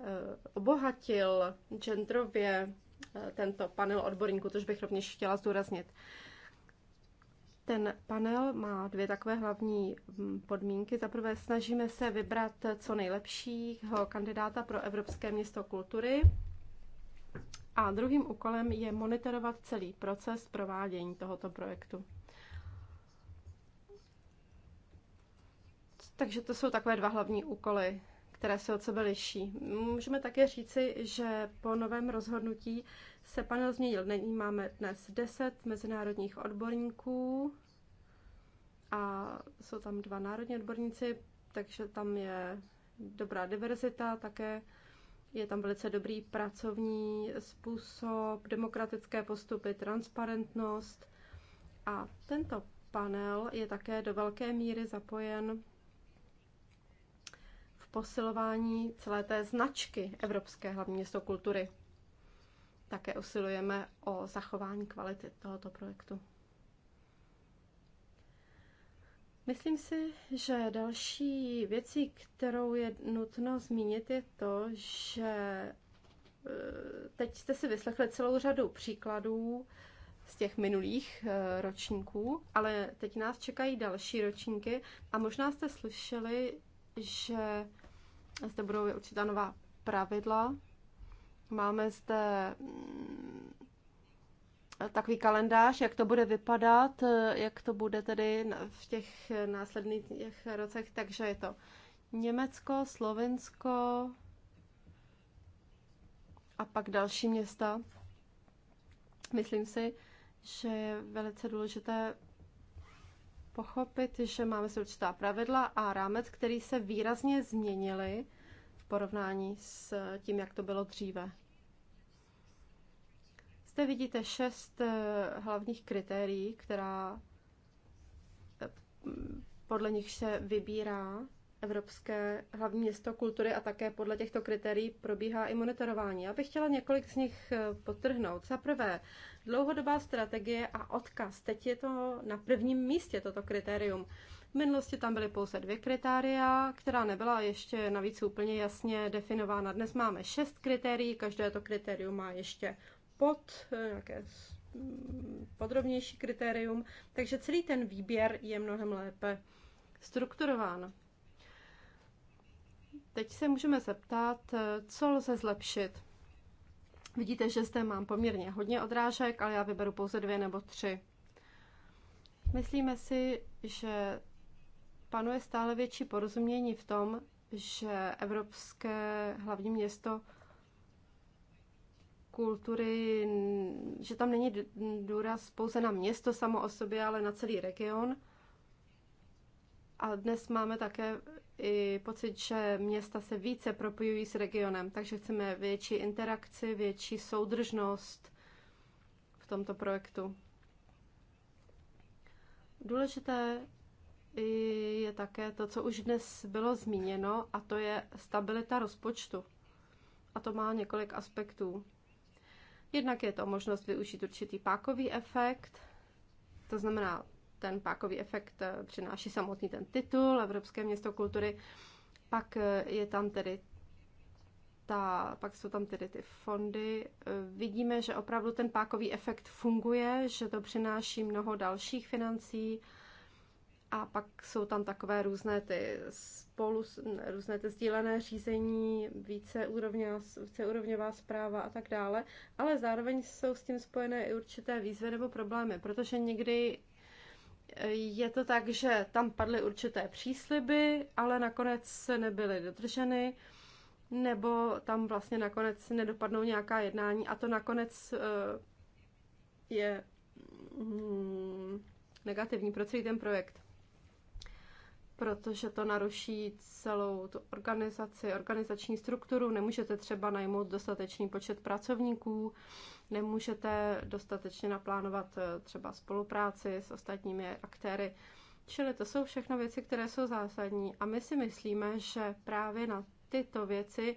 obohatil gendrově eh, tento panel odborníků, což bych rovněž chtěla zdůraznit. Ten panel má dvě takové hlavní mm, podmínky. Za prvé snažíme se vybrat co nejlepšího kandidáta pro Evropské město kultury. A druhým úkolem je monitorovat celý proces provádění tohoto projektu. Takže to jsou takové dva hlavní úkoly, které se od sebe liší. Můžeme také říci, že po novém rozhodnutí se panel změnil. Není máme dnes 10 mezinárodních odborníků a jsou tam dva národní odborníci, takže tam je dobrá diverzita, také je tam velice dobrý pracovní způsob, demokratické postupy, transparentnost. A tento panel je také do velké míry zapojen v posilování celé té značky Evropské hlavní město kultury. Také usilujeme o zachování kvality tohoto projektu. Myslím si, že další věcí, kterou je nutno zmínit, je to, že eh, teď jste si vyslechli celou řadu příkladů z těch minulých eh, ročníků, ale teď nás čekají další ročníky a možná jste slyšeli, že zde budou určitá nová pravidla Máme zde mm, takový kalendář, jak to bude vypadat, jak to bude tedy v těch následných těch rocech, takže je to Německo, Slovensko a pak další města. Myslím si, že je velice důležité pochopit, že máme si určitá pravidla a rámec, který se výrazně změnily porovnání s tím, jak to bylo dříve. Zde vidíte šest eh, hlavních kritérií, která eh, podle nich se vybírá Evropské hlavní město kultury a také podle těchto kritérií probíhá i monitorování. Já bych chtěla několik z nich eh, potrhnout. Za prvé, dlouhodobá strategie a odkaz. Teď je to na prvním místě toto kritérium. V minulosti tam byly pouze dvě kritéria, která nebyla ještě navíc úplně jasně definována. Dnes máme šest kritérií, každé to kritérium má ještě pod eh, nějaké mm, podrobnější kritérium, takže celý ten výběr je mnohem lépe strukturován. Teď se můžeme zeptat, eh, co lze zlepšit. Vidíte, že zde mám poměrně hodně odrážek, ale já vyberu pouze dvě nebo tři. Myslíme si, že panuje stále větší porozumění v tom, že Evropské hlavní město kultury, že tam není důraz pouze na město samo o sobě, ale na celý region. A dnes máme také i pocit, že města se více propojují s regionem, takže chceme větší interakci, větší soudržnost v tomto projektu. Důležité je také to, co už dnes bylo zmíněno, a to je stabilita rozpočtu. A to má několik aspektů. Jednak je to možnost využít určitý pákový efekt, to znamená, ten pákový efekt eh, přináší samotný ten titul Evropské město kultury, pak eh, je tam tedy ta, pak jsou tam tedy ty fondy. Eh, vidíme, že opravdu ten pákový efekt funguje, že to přináší mnoho dalších financí, a pak jsou tam takové různé ty spolu, různé ty sdílené řízení, víceúrovňová, víceúrovňová zpráva a tak dále, ale zároveň jsou s tím spojené i určité výzvy nebo problémy, protože někdy eh, je to tak, že tam padly určité přísliby, ale nakonec nebyly dodrženy, nebo tam vlastně nakonec nedopadnou nějaká jednání a to nakonec eh, je mm, negativní pro celý ten projekt protože to naruší celou tu organizaci, organizační strukturu, nemůžete třeba najmout dostatečný počet pracovníků, nemůžete dostatečně naplánovat eh, třeba spolupráci s ostatními aktéry. Čili to jsou všechno věci, které jsou zásadní a my si myslíme, že právě na tyto věci,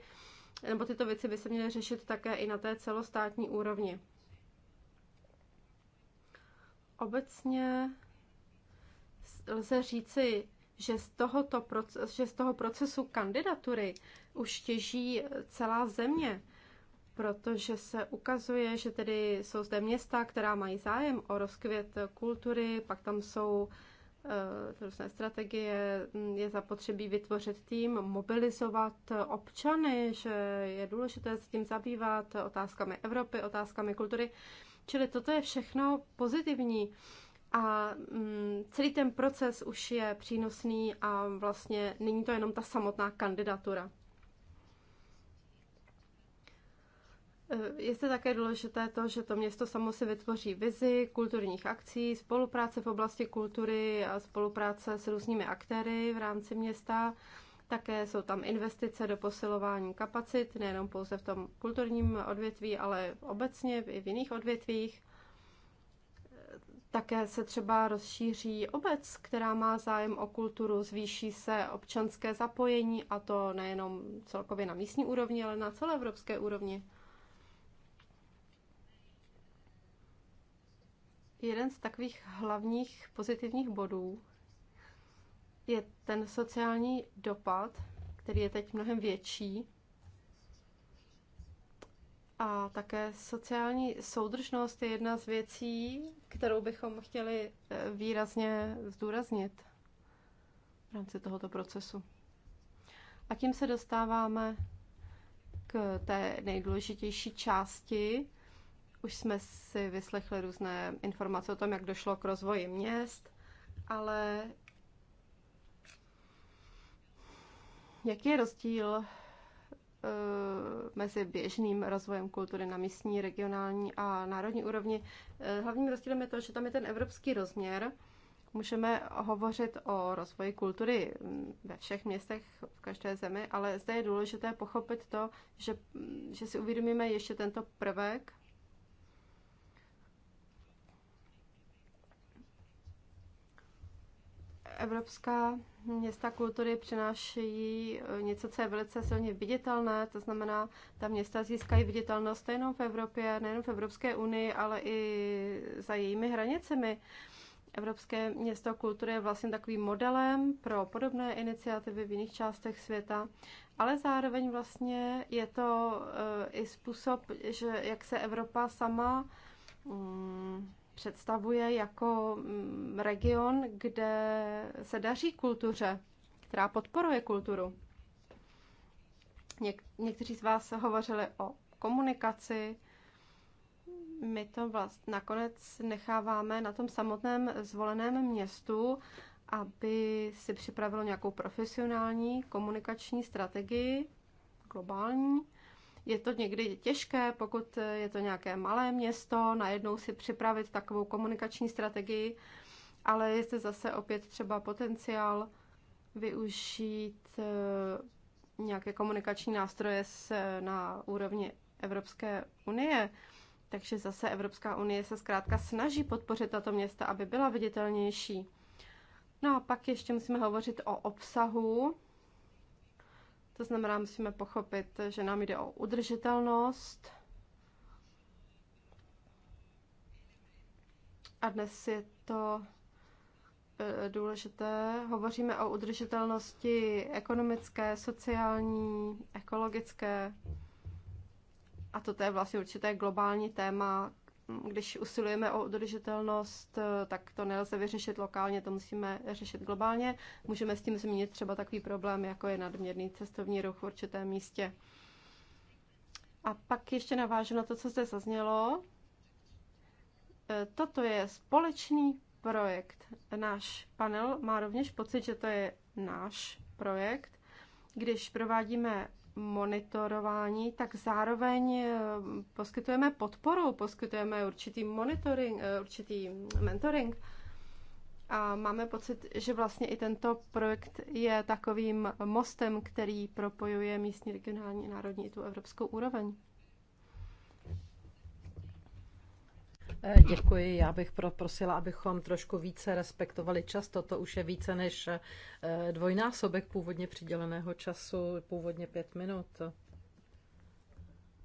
nebo tyto věci by se měly řešit také i na té celostátní úrovni. Obecně lze říci, že z, tohoto proces, že z toho procesu kandidatury už těží celá země, protože se ukazuje, že tedy jsou zde města, která mají zájem o rozkvět kultury, pak tam jsou eh, různé strategie, hm, je zapotřebí vytvořit tým, mobilizovat občany, že je důležité s tím zabývat otázkami Evropy, otázkami kultury. Čili toto je všechno pozitivní. A mm, celý ten proces už je přínosný a vlastně není to jenom ta samotná kandidatura. Eh, je zde také důležité to, že to město samo si vytvoří vizi kulturních akcí, spolupráce v oblasti kultury a spolupráce s různými aktéry v rámci města. Také jsou tam investice do posilování kapacit, nejenom pouze v tom kulturním odvětví, ale obecně i v jiných odvětvích. Také se třeba rozšíří obec, která má zájem o kulturu, zvýší se občanské zapojení a to nejenom celkově na místní úrovni, ale na celé evropské úrovni. Jeden z takových hlavních pozitivních bodů je ten sociální dopad, který je teď mnohem větší a také sociální soudržnost je jedna z věcí, kterou bychom chtěli eh, výrazně zdůraznit v rámci tohoto procesu. A tím se dostáváme k té nejdůležitější části. Už jsme si vyslechli různé informace o tom, jak došlo k rozvoji měst, ale jaký je rozdíl Eh, mezi běžným rozvojem kultury na místní, regionální a národní úrovni. Eh, hlavním rozdílem je to, že tam je ten evropský rozměr. Můžeme hovořit o rozvoji kultury mm, ve všech městech, v každé zemi, ale zde je důležité pochopit to, že, mm, že si uvědomíme ještě tento prvek. Evropská města kultury přinášejí eh, něco, co je velice silně viditelné, to znamená, ta města získají viditelnost nejenom v Evropě, nejenom v Evropské unii, ale i za jejími hranicemi. Evropské město kultury je vlastně takovým modelem pro podobné iniciativy v jiných částech světa, ale zároveň vlastně je to eh, i způsob, že jak se Evropa sama mm, představuje jako mm, region, kde se daří kultuře, která podporuje kulturu. Něk- někteří z vás hovořili o komunikaci. My to vlastně nakonec necháváme na tom samotném zvoleném městu, aby si připravilo nějakou profesionální komunikační strategii, globální, je to někdy těžké, pokud je to nějaké malé město, najednou si připravit takovou komunikační strategii, ale je zase opět třeba potenciál využít eh, nějaké komunikační nástroje eh, na úrovni Evropské unie. Takže zase Evropská unie se zkrátka snaží podpořit tato města, aby byla viditelnější. No a pak ještě musíme hovořit o obsahu to znamená, musíme pochopit, že nám jde o udržitelnost. A dnes je to e, důležité. Hovoříme o udržitelnosti ekonomické, sociální, ekologické. A to je vlastně určité globální téma, když usilujeme o udržitelnost, eh, tak to nelze vyřešit lokálně, to musíme řešit globálně. Můžeme s tím zmínit třeba takový problém, jako je nadměrný cestovní ruch v určitém místě. A pak ještě navážu na to, co zde zaznělo. Eh, toto je společný projekt. Náš panel má rovněž pocit, že to je náš projekt. Když provádíme monitorování, tak zároveň eh, poskytujeme podporu, poskytujeme určitý monitoring, eh, určitý mentoring. A máme pocit, že vlastně i tento projekt je takovým mostem, který propojuje místní, regionální, národní i tu evropskou úroveň. Eh, děkuji. Já bych prosila, abychom trošku více respektovali čas. Toto už je více než eh, dvojnásobek původně přiděleného času, původně pět minut.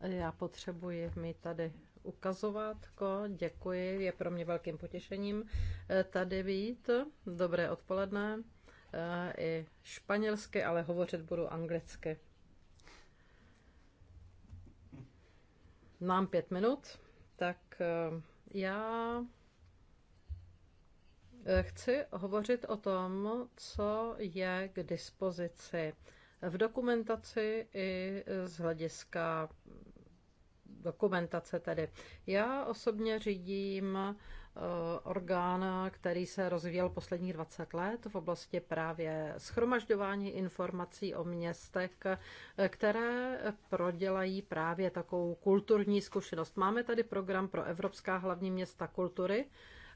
Já potřebuji mi tady ukazovatko. Děkuji, je pro mě velkým potěšením eh, tady být. Dobré odpoledne. I španělsky, ale hovořit budu anglicky. Mám pět minut, tak já eh, chci hovořit o tom, co je k dispozici v dokumentaci i z hlediska dokumentace tedy. Já osobně řídím Eh, orgán, který se rozvíjel posledních 20 let v oblasti právě schromažďování informací o městech, eh, které prodělají právě takovou kulturní zkušenost. Máme tady program pro Evropská hlavní města kultury,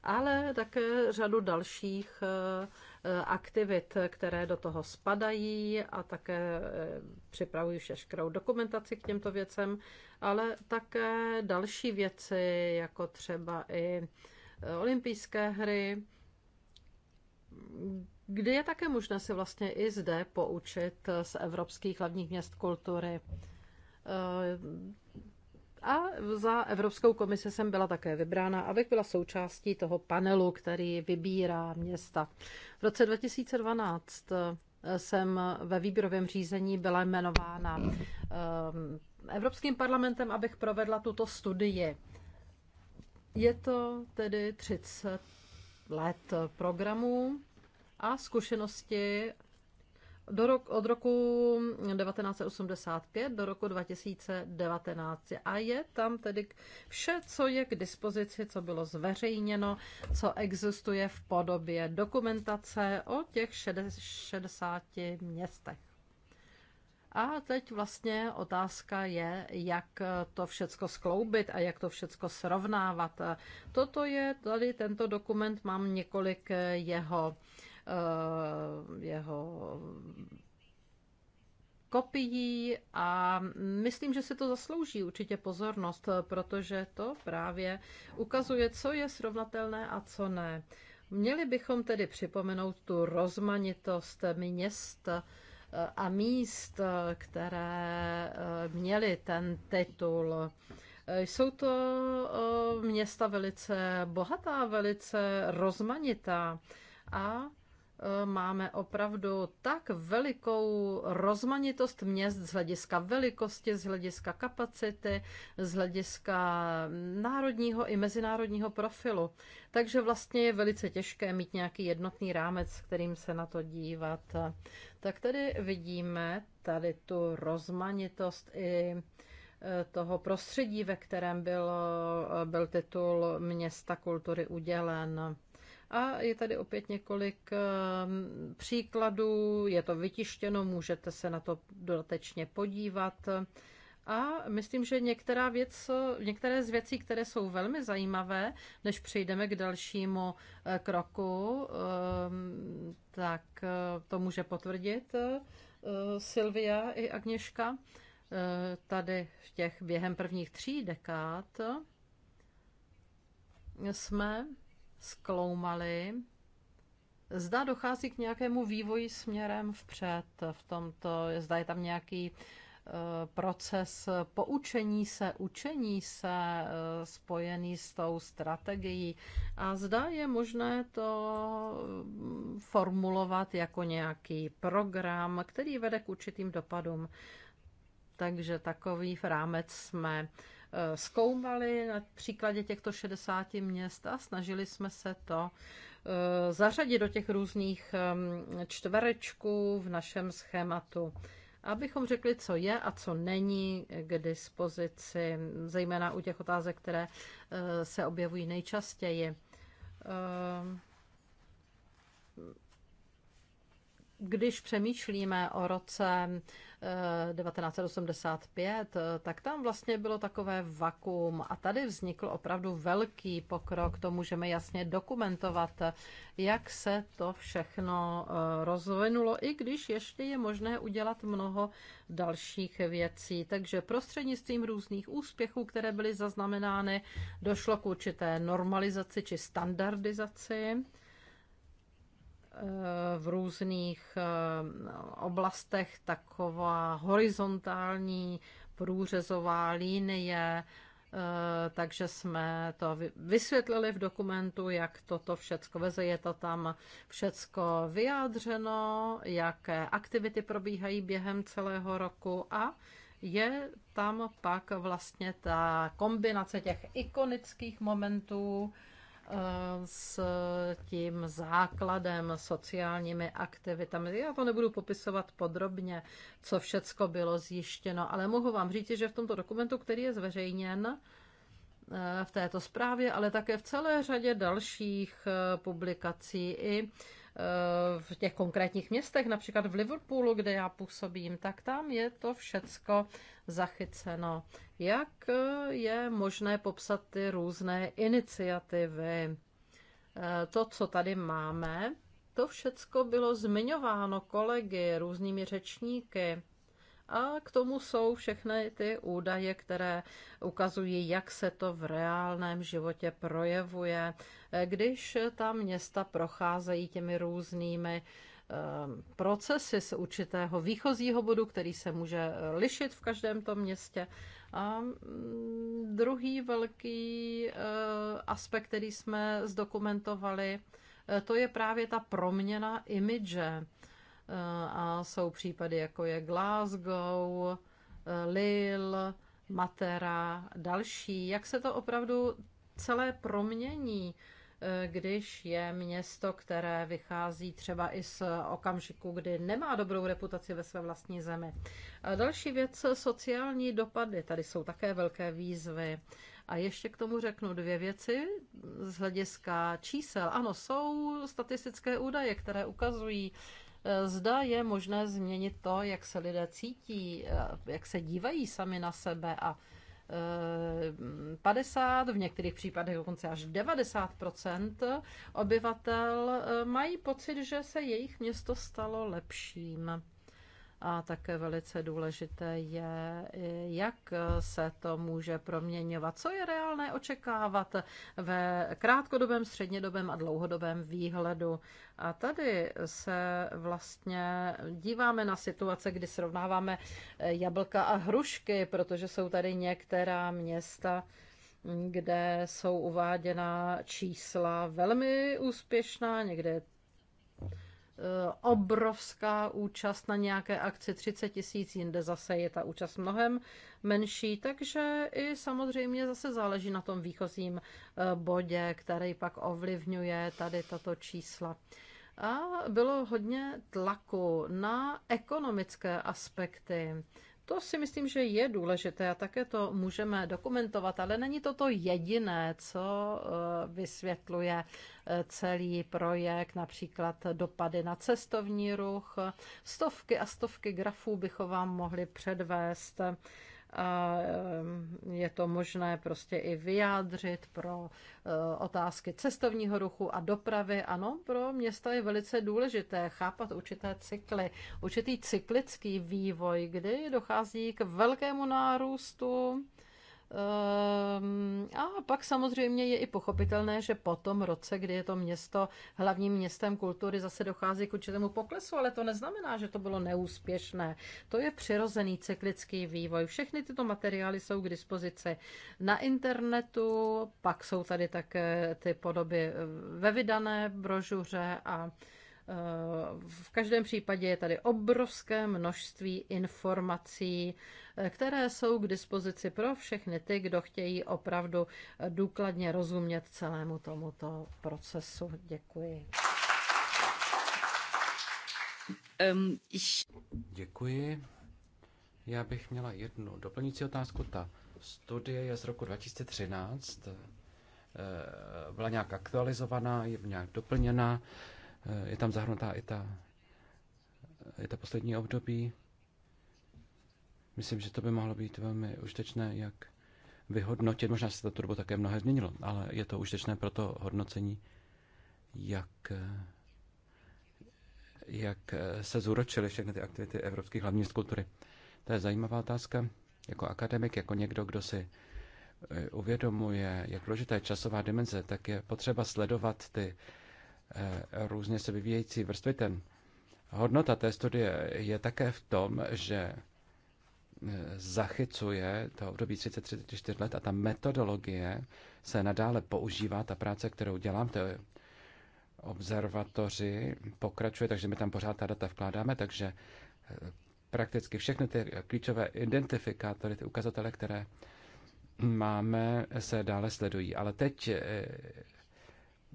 ale také řadu dalších eh, aktivit, které do toho spadají a také připravují všeškrou dokumentaci k těmto věcem, ale také další věci, jako třeba i Eh, olympijské hry, kdy je také možné se vlastně i zde poučit z evropských hlavních měst kultury. Eh, a za Evropskou komisi jsem byla také vybrána, abych byla součástí toho panelu, který vybírá města. V roce 2012 eh, jsem ve výběrovém řízení byla jmenována Evropským parlamentem, abych provedla tuto studii je to tedy 30 let programů a zkušenosti do rok, od roku 1985 do roku 2019. A je tam tedy vše, co je k dispozici, co bylo zveřejněno, co existuje v podobě dokumentace o těch 60 městech. A teď vlastně otázka je, jak to všecko skloubit a jak to všecko srovnávat. Toto je, tady tento dokument, mám několik jeho, eh, jeho kopií a myslím, že si to zaslouží určitě pozornost, protože to právě ukazuje, co je srovnatelné a co ne. Měli bychom tedy připomenout tu rozmanitost měst, a míst, které eh, měly ten titul. Jsou to eh, města velice bohatá, velice rozmanitá a máme opravdu tak velikou rozmanitost měst z hlediska velikosti, z hlediska kapacity, z hlediska národního i mezinárodního profilu. Takže vlastně je velice těžké mít nějaký jednotný rámec, kterým se na to dívat. Tak tady vidíme tady tu rozmanitost i eh, toho prostředí, ve kterém byl, eh, byl titul Města kultury udělen. A je tady opět několik ehm, příkladů, je to vytištěno, můžete se na to dodatečně podívat. A myslím, že některá věc, některé z věcí, které jsou velmi zajímavé, než přejdeme k dalšímu eh, kroku, ehm, tak eh, to může potvrdit eh, Silvia i Agněška. Tady v těch během prvních tří dekád jsme zkloumali, zda dochází k nějakému vývoji směrem vpřed v tomto, zda je tam nějaký eh, proces poučení se, učení se eh, spojený s tou strategií a zda je možné to mm, formulovat jako nějaký program, který vede k určitým dopadům. Takže takový rámec jsme Eh, zkoumali na příkladě těchto 60 měst a snažili jsme se to eh, zařadit do těch různých čtverečků v našem schématu, abychom řekli, co je a co není k dispozici, zejména u těch otázek, které eh, se objevují nejčastěji. Když přemýšlíme o roce 1985, eh, eh, tak tam vlastně bylo takové vakuum a tady vznikl opravdu velký pokrok, to můžeme jasně dokumentovat, jak se to všechno eh, rozvinulo, i když ještě je možné udělat mnoho dalších věcí. Takže prostřednictvím různých úspěchů, které byly zaznamenány, došlo k určité normalizaci či standardizaci v různých eh, oblastech taková horizontální průřezová linie, eh, takže jsme to vysvětlili v dokumentu, jak toto všecko veze, je to tam všecko vyjádřeno, jaké aktivity probíhají během celého roku a je tam pak vlastně ta kombinace těch ikonických momentů, s tím základem, sociálními aktivitami. Já to nebudu popisovat podrobně, co všecko bylo zjištěno, ale mohu vám říct, že v tomto dokumentu, který je zveřejněn, eh, v této zprávě, ale také v celé řadě dalších eh, publikací i eh, v těch konkrétních městech, například v Liverpoolu, kde já působím, tak tam je to všecko zachyceno. Jak eh, je možné popsat ty různé iniciativy? Eh, to, co tady máme, to všecko bylo zmiňováno kolegy, různými řečníky. A k tomu jsou všechny ty údaje, které ukazují, jak se to v reálném životě projevuje, eh, když ta města procházejí těmi různými Ehm, procesy z určitého výchozího bodu, který se může lišit v každém tom městě. A mm, druhý velký eh, aspekt, který jsme zdokumentovali, eh, to je právě ta proměna imidže. Eh, a jsou případy, jako je Glasgow, Lille, Matera, další. Jak se to opravdu celé promění Eh, když je město, které vychází třeba i z okamžiku, kdy nemá dobrou reputaci ve své vlastní zemi. A další věc, sociální dopady. Tady jsou také velké výzvy. A ještě k tomu řeknu dvě věci z hlediska čísel. Ano, jsou statistické údaje, které ukazují, eh, Zda je možné změnit to, jak se lidé cítí, eh, jak se dívají sami na sebe a 50, v některých případech dokonce až 90 obyvatel eh, mají pocit, že se jejich město stalo lepším. A také velice důležité je, jak se to může proměňovat, co je reálné očekávat ve krátkodobém, střednědobém a dlouhodobém výhledu. A tady se vlastně díváme na situace, kdy srovnáváme jablka a hrušky, protože jsou tady některá města, kde jsou uváděna čísla velmi úspěšná, někde je Eh, obrovská účast na nějaké akci 30 tisíc, jinde zase je ta účast mnohem menší, takže i samozřejmě zase záleží na tom výchozím eh, bodě, který pak ovlivňuje tady tato čísla. A bylo hodně tlaku na ekonomické aspekty to si myslím, že je důležité a také to můžeme dokumentovat, ale není to to jediné, co eh, vysvětluje eh, celý projekt, například dopady na cestovní ruch. Stovky a stovky grafů bychom vám mohli předvést a eh, je to možné prostě i vyjádřit pro eh, otázky cestovního ruchu a dopravy. Ano, pro města je velice důležité chápat určité cykly, určitý cyklický vývoj, kdy dochází k velkému nárůstu Ehm, a pak samozřejmě je i pochopitelné, že po tom roce, kdy je to město hlavním městem kultury, zase dochází k určitému poklesu, ale to neznamená, že to bylo neúspěšné. To je přirozený cyklický vývoj. Všechny tyto materiály jsou k dispozici na internetu, pak jsou tady také ty podoby eh, ve vydané brožuře a eh, v každém případě je tady obrovské množství informací které jsou k dispozici pro všechny ty, kdo chtějí opravdu důkladně rozumět celému tomuto procesu. Děkuji. Um, Děkuji. Já bych měla jednu doplňující otázku. Ta studie je z roku 2013. Eh, byla nějak aktualizovaná, je nějak doplněna. Eh, je tam zahrnutá i ta, eh, i ta poslední období. Myslím, že to by mohlo být velmi užitečné, jak vyhodnotit, možná se to turbo také mnohé změnilo, ale je to užitečné pro to hodnocení, jak, jak se zúročily všechny ty aktivity Evropských hlavní kultury. To je zajímavá otázka. Jako akademik, jako někdo, kdo si eh, uvědomuje, jak důležitá je časová dimenze, tak je potřeba sledovat ty eh, různě se vyvíjející vrstvy. Ten hodnota té studie je také v tom, že zachycuje to období 30-34 let a ta metodologie se nadále používá, ta práce, kterou dělám, to je observatoři pokračuje, takže my tam pořád ta data vkládáme, takže eh, prakticky všechny ty klíčové identifikátory, ty ukazatele, které máme, se dále sledují. Ale teď eh,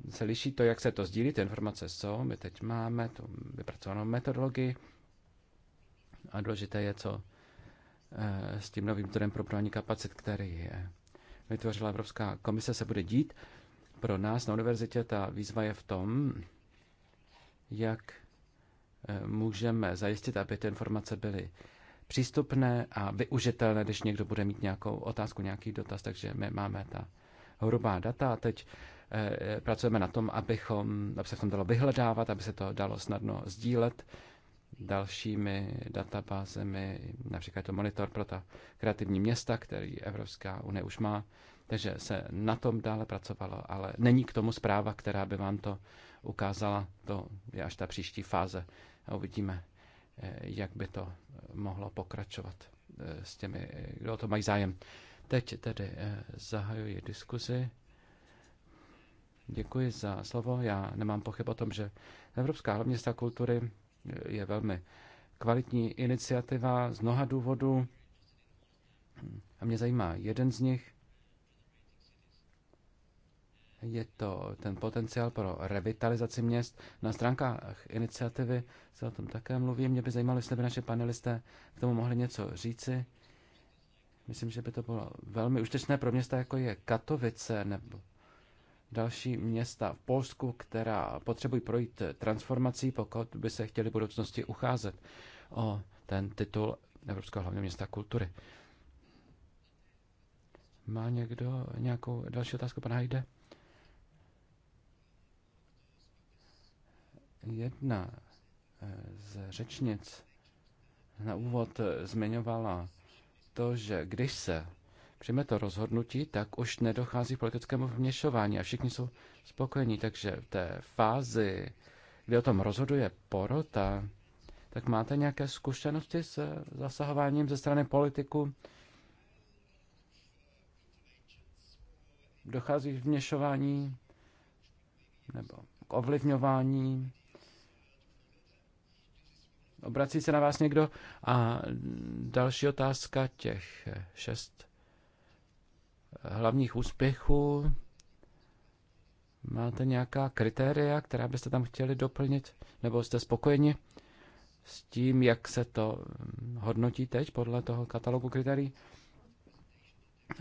se liší to, jak se to sdílí, ty informace jsou, my teď máme tu vypracovanou metodologii a důležité je, co s tím novým trendem pro právní kapacit, který je vytvořila Evropská komise, se bude dít. Pro nás na univerzitě ta výzva je v tom, jak eh, můžeme zajistit, aby ty informace byly přístupné a využitelné, když někdo bude mít nějakou otázku, nějaký dotaz, takže my máme ta hrubá data a teď eh, eh, pracujeme na tom, abychom, aby se v tom dalo vyhledávat, aby se to dalo snadno sdílet dalšími databázemi, například to monitor pro ta kreativní města, který Evropská unie už má. Takže se na tom dále pracovalo, ale není k tomu zpráva, která by vám to ukázala. To je až ta příští fáze a uvidíme, eh, jak by to eh, mohlo pokračovat eh, s těmi, kdo o to mají zájem. Teď tedy zahajuji diskuzi. Děkuji za slovo. Já nemám pochyb o tom, že Evropská hlavní města kultury je velmi kvalitní iniciativa z mnoha důvodů. A mě zajímá jeden z nich. Je to ten potenciál pro revitalizaci měst. Na stránkách iniciativy se o tom také mluví. Mě by zajímalo, jestli by naše panelisté k tomu mohli něco říci. Myslím, že by to bylo velmi užitečné pro města, jako je Katovice nebo další města v Polsku, která potřebují projít transformací, pokud by se chtěli v budoucnosti ucházet o ten titul Evropského hlavního města kultury. Má někdo nějakou další otázku, pan Hajde? Jedna eh, z řečnic na úvod zmiňovala to, že když se přijme to rozhodnutí, tak už nedochází k politickému vměšování a všichni jsou spokojení. Takže v té fázi, kdy o tom rozhoduje porota, tak máte nějaké zkušenosti s zasahováním ze strany politiku? Dochází k vměšování nebo k ovlivňování? Obrací se na vás někdo? A další otázka těch šest hlavních úspěchů? Máte nějaká kritéria, která byste tam chtěli doplnit? Nebo jste spokojeni s tím, jak se to mm, hodnotí teď podle toho katalogu kritérií?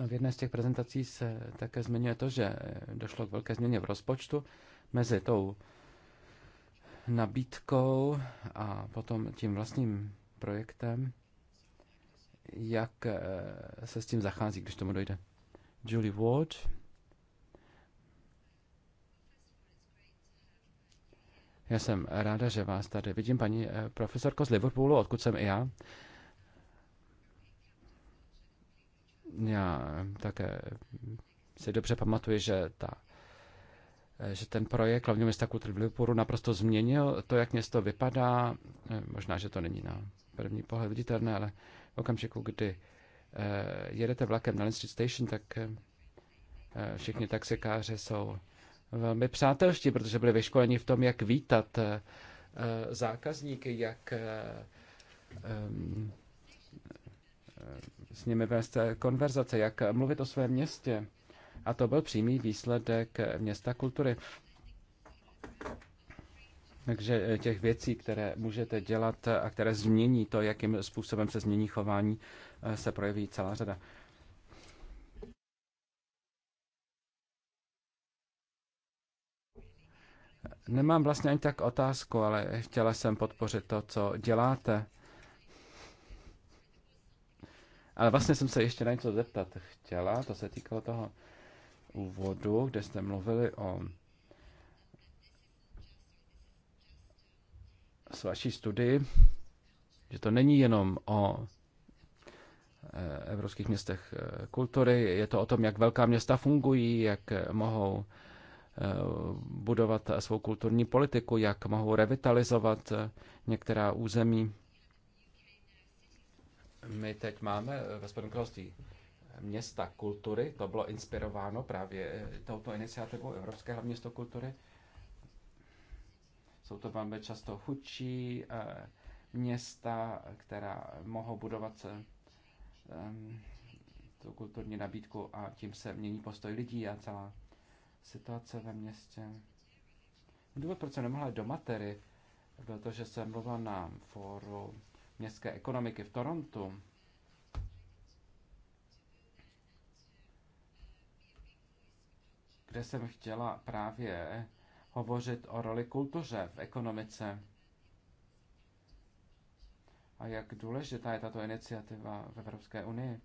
V jedné z těch prezentací se také zmiňuje to, že došlo k velké změně v rozpočtu mezi tou nabídkou a potom tím vlastním projektem. Jak eh, se s tím zachází, když tomu dojde? Julie Ward. Já jsem ráda, že vás tady vidím, paní eh, profesorko z Liverpoolu, odkud jsem i já. Já také si dobře pamatuju, že ta eh, že ten projekt hlavního města kultury v Liverpoolu naprosto změnil to, jak město vypadá. Eh, možná, že to není na první pohled viditelné, ale v okamžiku, kdy Eh, jedete vlakem na Linstead Station, tak eh, všichni taxikáři jsou velmi přátelští, protože byli vyškoleni v tom, jak vítat eh, zákazníky, jak s nimi vést konverzace, jak mluvit o svém městě. A to byl přímý výsledek města kultury. Takže těch věcí, které můžete dělat a které změní to, jakým způsobem se změní chování Eh, se projeví celá řada Nemám vlastně ani tak otázku, ale chtěla jsem podpořit to, co děláte. Ale vlastně jsem se ještě na něco zeptat chtěla, to se týkalo toho úvodu, kde jste mluvili o s vaší studii, že to není jenom o Eh, evropských městech eh, kultury. Je to o tom, jak velká města fungují, jak mohou eh, budovat svou kulturní politiku, jak mohou revitalizovat některá území. My teď máme ve Spojeném království města kultury, to bylo inspirováno právě touto iniciativou Evropské hlavní město kultury. Jsou to velmi často chudší města, která mohou budovat se tu kulturní nabídku a tím se mění postoj lidí a celá situace ve městě. Důvod, proč jsem nemohla jít do Matery, byl to, že jsem mluvila na fóru městské ekonomiky v Torontu. kde jsem chtěla právě hovořit o roli kultuře v ekonomice a jak důležitá je tato iniciativa v Evropské unii.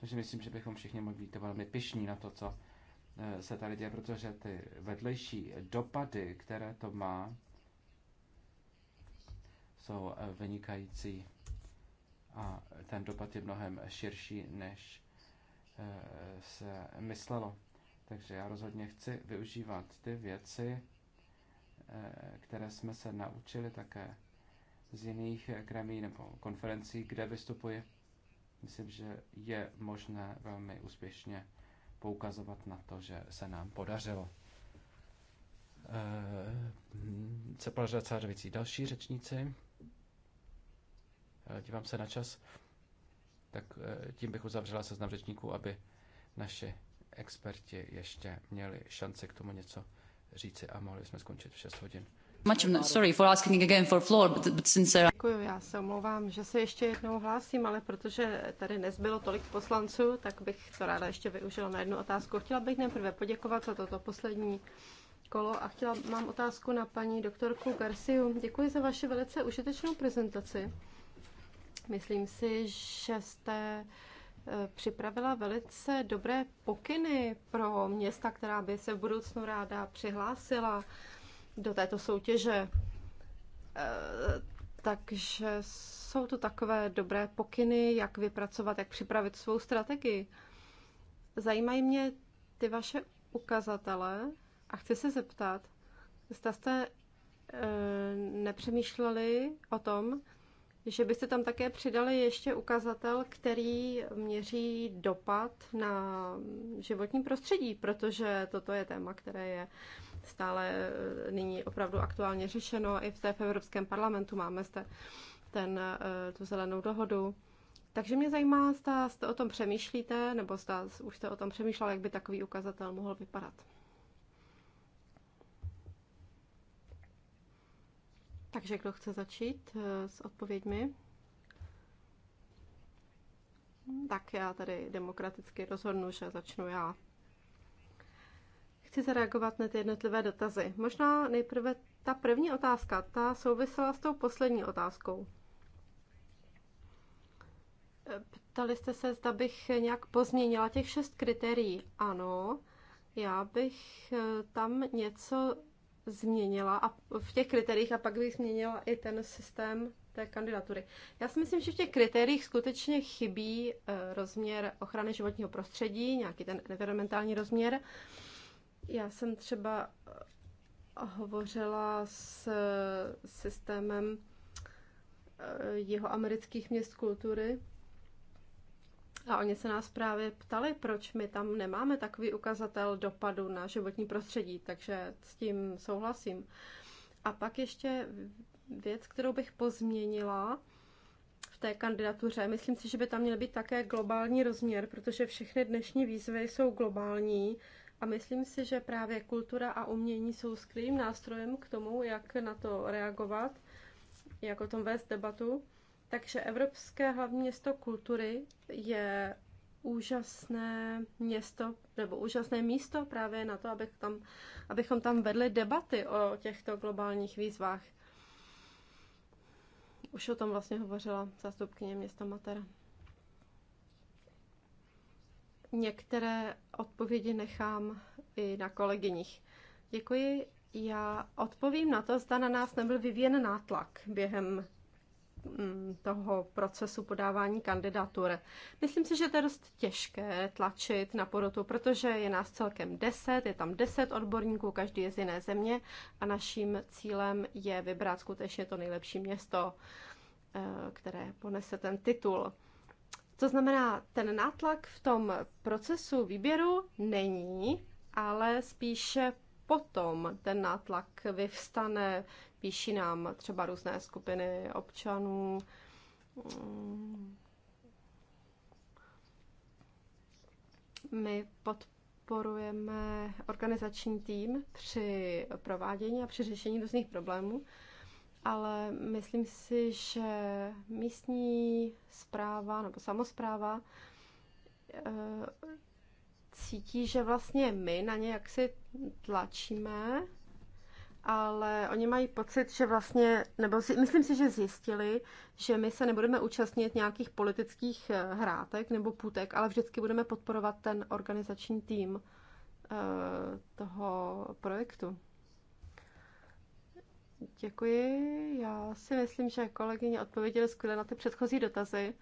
Takže myslím, že bychom všichni mohli být velmi pišní na to, co eh, se tady děje, protože ty vedlejší dopady, které to má, jsou eh, vynikající a ten dopad je mnohem širší, než eh, se myslelo. Takže já rozhodně chci využívat ty věci, které jsme se naučili také z jiných gremí nebo konferencí, kde vystupuji, myslím, že je možné velmi úspěšně poukazovat na to, že se nám podařilo. Uh, podařila celá další řečníci. Eh, dívám se na čas. Tak eh, tím bych uzavřela seznam řečníků, aby naši experti ještě měli šanci k tomu něco říci a mohli jsme skončit v 6 hodin. Much, sorry for asking again for floor, but, but since... Uh, Děkuji, já se omlouvám, že se ještě jednou hlásím, ale protože tady nezbylo tolik poslanců, tak bych to ráda ještě využila na jednu otázku. Chtěla bych nejprve poděkovat za toto poslední kolo a chtěla, mám otázku na paní doktorku Garciu. Děkuji za vaši velice užitečnou prezentaci. Myslím si, že jste eh, připravila velice dobré pokyny pro města, která by se v budoucnu ráda přihlásila do této soutěže. E, takže jsou to takové dobré pokyny, jak vypracovat, jak připravit svou strategii. Zajímají mě ty vaše ukazatele a chci se zeptat, zda jste e, nepřemýšleli o tom, že byste tam také přidali ještě ukazatel, který měří dopad na životní prostředí, protože toto je téma, které je stále eh, nyní opravdu aktuálně řešeno. I v té v Evropském parlamentu máme zde ten, eh, tu zelenou dohodu. Takže mě zajímá, zda jste o tom přemýšlíte, nebo zda už jste o tom přemýšlel, jak by takový ukazatel mohl vypadat. Takže kdo chce začít eh, s odpověďmi? Tak já tady demokraticky rozhodnu, že začnu já. Chci zareagovat na ty jednotlivé dotazy. Možná nejprve ta první otázka, ta souvisela s tou poslední otázkou. Eh, ptali jste se, zda bych nějak pozměnila těch šest kritérií. Ano, já bych eh, tam něco změnila a v těch kritériích a pak bych změnila i ten systém té kandidatury. Já si myslím, že v těch kritériích skutečně chybí eh, rozměr ochrany životního prostředí, nějaký ten environmentální rozměr. Já jsem třeba eh, hovořila s eh, systémem jeho amerických měst kultury a oni se nás právě ptali, proč my tam nemáme takový ukazatel dopadu na životní prostředí, takže s tím souhlasím. A pak ještě věc, kterou bych pozměnila v té kandidatuře. Myslím si, že by tam měl být také globální rozměr, protože všechny dnešní výzvy jsou globální a myslím si, že právě kultura a umění jsou skvělým nástrojem k tomu, jak na to reagovat, jak o tom vést debatu. Takže Evropské hlavní město kultury je úžasné město nebo úžasné místo právě na to, abych tam, abychom tam vedli debaty o těchto globálních výzvách. Už o tom vlastně hovořila zástupkyně města Matera. Některé odpovědi nechám i na kolegyních. Děkuji. Já odpovím na to, zda na nás nebyl vyvíjen nátlak během Mm, toho procesu podávání kandidatur. Myslím si, že to je dost těžké tlačit na porotu, protože je nás celkem deset, je tam deset odborníků, každý je z jiné země a naším cílem je vybrat skutečně to nejlepší město, eh, které ponese ten titul. To znamená, ten nátlak v tom procesu výběru není, ale spíše potom ten nátlak vyvstane Píší nám třeba různé skupiny občanů. My podporujeme organizační tým při provádění a při řešení různých problémů ale myslím si, že místní zpráva nebo samozpráva eh, cítí, že vlastně my na ně jaksi tlačíme ale oni mají pocit, že vlastně, nebo si, myslím si, že zjistili, že my se nebudeme účastnit nějakých politických eh, hrátek nebo putek, ale vždycky budeme podporovat ten organizační tým eh, toho projektu. Děkuji. Já si myslím, že kolegyně odpověděly skvěle na ty předchozí dotazy.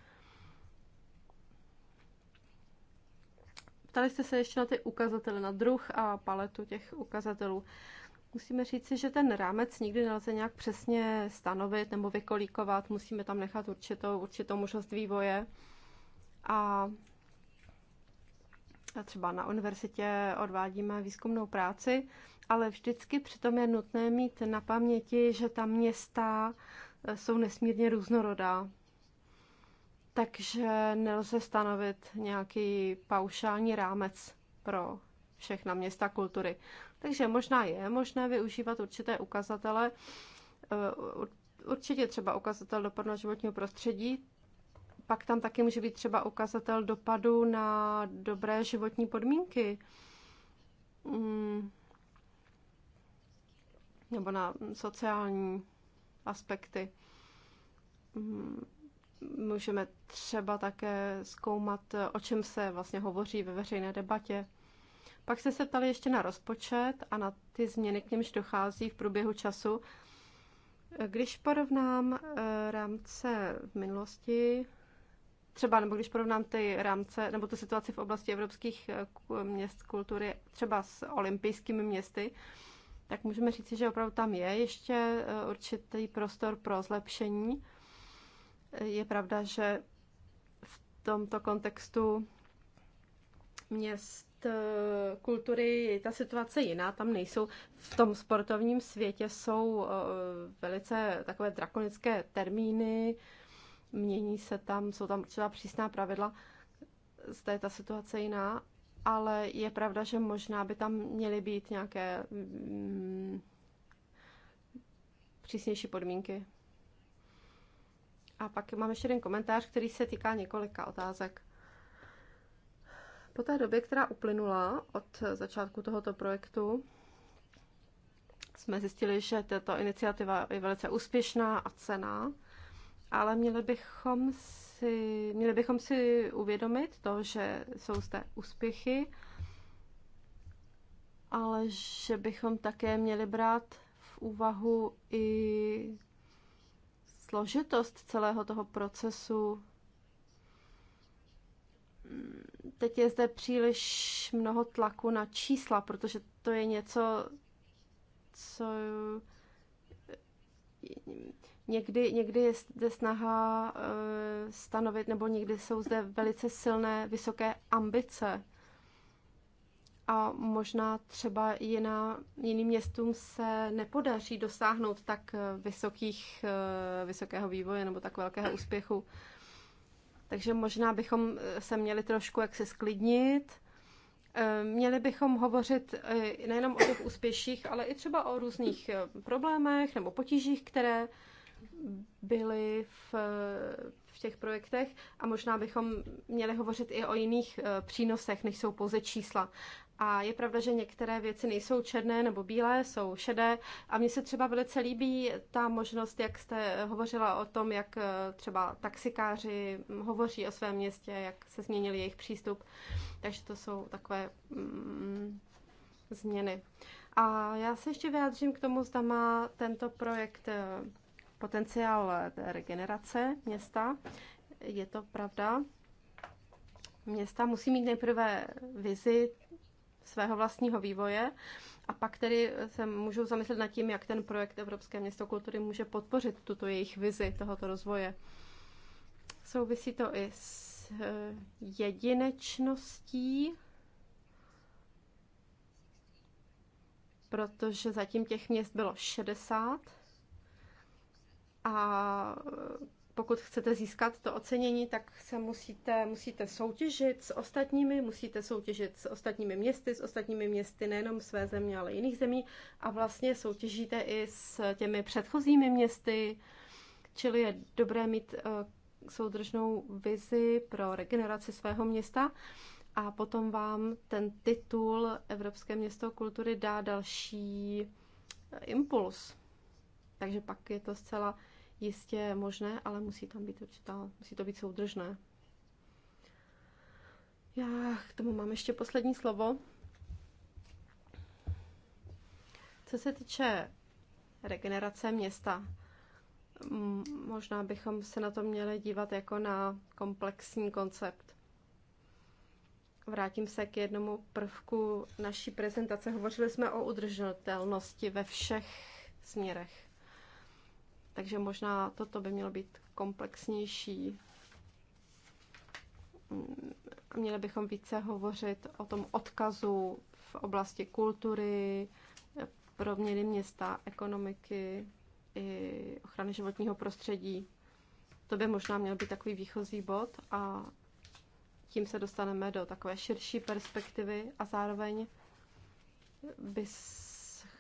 Ptali jste se ještě na ty ukazatele, na druh a paletu těch ukazatelů. Musíme říci, že ten rámec nikdy nelze nějak přesně stanovit nebo vykolíkovat, musíme tam nechat určitou, určitou možnost vývoje. A třeba na univerzitě odvádíme výzkumnou práci, ale vždycky přitom je nutné mít na paměti, že ta města eh, jsou nesmírně různorodá. Takže nelze stanovit nějaký paušální rámec pro všechna města kultury. Takže možná je možné využívat určité ukazatele, eh, určitě třeba ukazatel dopadu na životního prostředí, pak tam taky může být třeba ukazatel dopadu na dobré životní podmínky. Mm. Nebo na sociální aspekty. Mm. Můžeme třeba také zkoumat, o čem se vlastně hovoří ve veřejné debatě. Pak jste se ptali ještě na rozpočet a na ty změny, k němž dochází v průběhu času. Když porovnám eh, rámce v minulosti, třeba, nebo když porovnám ty rámce, nebo tu situaci v oblasti evropských eh, měst kultury, třeba s olympijskými městy, tak můžeme říci, že opravdu tam je ještě eh, určitý prostor pro zlepšení. Je pravda, že v tomto kontextu měst Eh, kultury je ta situace jiná, tam nejsou, v tom sportovním světě jsou eh, velice takové drakonické termíny, mění se tam, jsou tam třeba přísná pravidla, zde je ta situace jiná, ale je pravda, že možná by tam měly být nějaké mm, přísnější podmínky. A pak mám ještě jeden komentář, který se týká několika otázek. Po té době, která uplynula od začátku tohoto projektu, jsme zjistili, že tato iniciativa je velice úspěšná a cená, ale měli bychom si, měli bychom si uvědomit to, že jsou zde úspěchy, ale že bychom také měli brát v úvahu i složitost celého toho procesu teď je zde příliš mnoho tlaku na čísla, protože to je něco, co někdy, někdy je zde snaha eh, stanovit, nebo někdy jsou zde velice silné, vysoké ambice. A možná třeba jiná, jiným městům se nepodaří dosáhnout tak eh, vysokých, eh, vysokého vývoje nebo tak velkého úspěchu. Takže možná bychom eh, se měli trošku jak se sklidnit. Eh, měli bychom hovořit eh, nejenom o těch úspěších, ale i třeba o různých problémech nebo potížích, které byly v, v těch projektech a možná bychom měli hovořit i o jiných přínosech, než jsou pouze čísla. A je pravda, že některé věci nejsou černé nebo bílé, jsou šedé. A mně se třeba velice líbí ta možnost, jak jste hovořila o tom, jak eh, třeba taxikáři hm, hovoří o svém městě, jak se změnil jejich přístup. Takže to jsou takové mm, změny. A já se ještě vyjádřím k tomu, zda má tento projekt eh, potenciál eh, regenerace města. Je to pravda. Města musí mít nejprve vizi svého vlastního vývoje a pak tedy se můžou zamyslet nad tím, jak ten projekt Evropské město kultury může podpořit tuto jejich vizi tohoto rozvoje. Souvisí to i s eh, jedinečností, protože zatím těch měst bylo 60 a pokud chcete získat to ocenění, tak se musíte, musíte soutěžit s ostatními, musíte soutěžit s ostatními městy, s ostatními městy nejenom své země, ale jiných zemí a vlastně soutěžíte i s těmi předchozími městy, čili je dobré mít eh, soudržnou vizi pro regeneraci svého města a potom vám ten titul Evropské město kultury dá další eh, impuls. Takže pak je to zcela jistě možné, ale musí tam být určitá, musí to být soudržné. Já k tomu mám ještě poslední slovo. Co se týče regenerace města, možná bychom se na to měli dívat jako na komplexní koncept. Vrátím se k jednomu prvku naší prezentace. Hovořili jsme o udržitelnosti ve všech směrech. Takže možná toto by mělo být komplexnější. Mm, měli bychom více hovořit o tom odkazu v oblasti kultury, proměny města, ekonomiky i ochrany životního prostředí. To by možná měl být takový výchozí bod a tím se dostaneme do takové širší perspektivy a zároveň by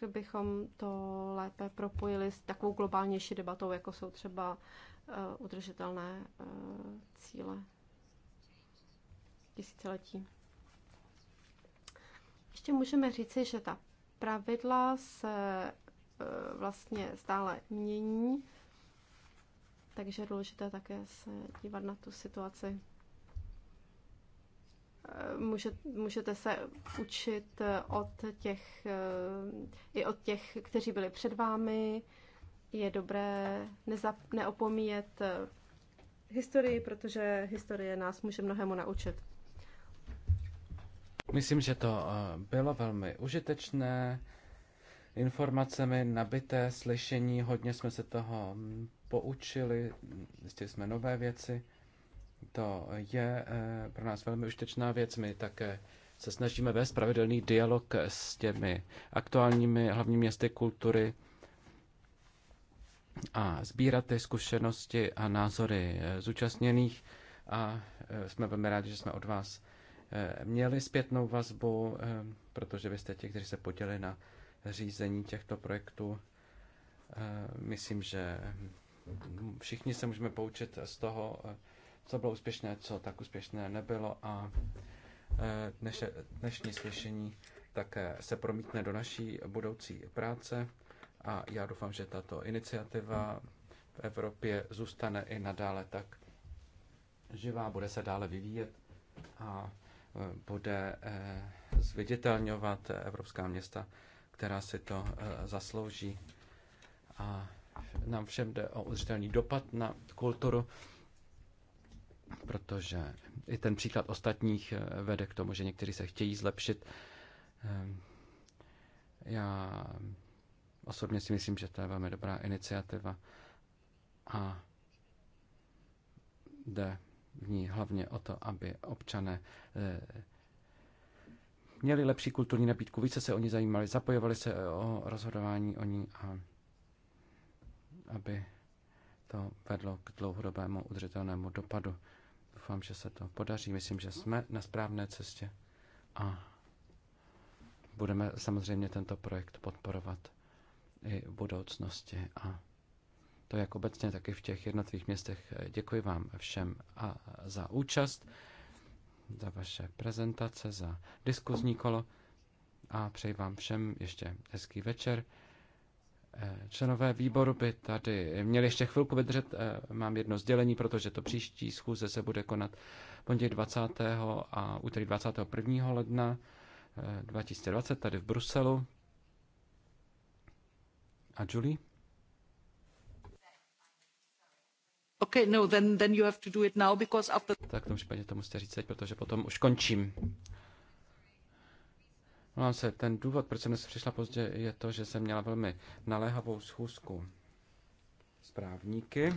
bychom to lépe propojili s takovou globálnější debatou, jako jsou třeba eh, udržitelné eh, cíle tisíciletí. Ještě můžeme říci, že ta pravidla se eh, vlastně stále mění, takže je důležité také se dívat na tu situaci můžete, se učit eh, od těch, eh, i od těch, kteří byli před vámi. Je dobré neopomíjet eh, historii, protože historie nás může mnohému naučit. Myslím, že to bylo velmi užitečné informacemi nabité slyšení, hodně jsme se toho hm, poučili, zjistili jsme nové věci. To je eh, pro nás velmi užitečná věc. My také se snažíme vést pravidelný dialog s těmi aktuálními hlavními městy kultury a sbírat ty zkušenosti a názory eh, zúčastněných. A eh, jsme velmi rádi, že jsme od vás měli zpětnou vazbu, protože vy jste ti, kteří se podělili na řízení těchto projektů. Myslím, že hm, všichni se můžeme poučit z toho, co bylo úspěšné, co tak úspěšné nebylo a eh, dneš, dnešní slyšení také se promítne do naší budoucí práce a já doufám, že tato iniciativa v Evropě zůstane i nadále tak živá, bude se dále vyvíjet a eh, bude eh, zviditelňovat evropská města, která si to zaslouží. A nám všem jde o udržitelný dopad na kulturu protože i ten příklad ostatních eh, vede k tomu, že někteří se chtějí zlepšit. Eh, já osobně si myslím, že to je velmi dobrá iniciativa a jde v ní hlavně o to, aby občané eh, měli lepší kulturní nabídku, více se o ní zajímali, zapojovali se o rozhodování o ní a aby to vedlo k dlouhodobému udržitelnému dopadu. Doufám, že se to podaří. Myslím, že jsme na správné cestě a budeme samozřejmě tento projekt podporovat i v budoucnosti a to jak obecně, tak i v těch jednotlivých městech. Děkuji vám všem a za účast, za vaše prezentace, za diskuzní kolo a přeji vám všem ještě hezký večer. Členové výboru by tady měli ještě chvilku vydržet. Eh, mám jedno sdělení, protože to příští schůze se bude konat pondělí 20. a úterý 21. ledna 2020 eh, tady v Bruselu. A Julie? Okay, no, then, then you have to do it now, because after... Tak v tom případě to musíte říct protože potom už končím. Mám se, ten důvod, proč jsem dnes přišla pozdě, je to, že jsem měla velmi naléhavou schůzku s právníky.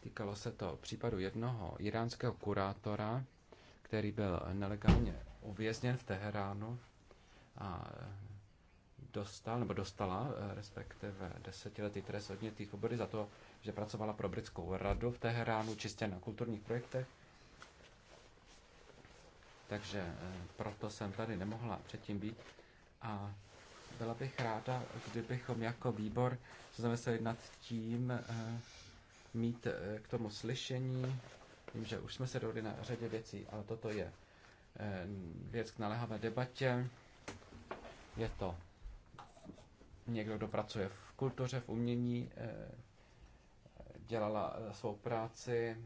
Týkalo se to případu jednoho iránského kurátora, který byl nelegálně uvězněn v Teheránu a dostal, nebo dostala respektive desetiletý trest odnětý svobody za to, že pracovala pro britskou radu v Teheránu čistě na kulturních projektech takže eh, proto jsem tady nemohla předtím být. A byla bych ráda, kdybychom jako výbor se zamysleli nad tím eh, mít eh, k tomu slyšení. Vím, že už jsme se dohodli na řadě věcí, ale toto je věc k naléhavé debatě. Je to někdo, kdo pracuje v kultuře, v umění, dělala svou práci,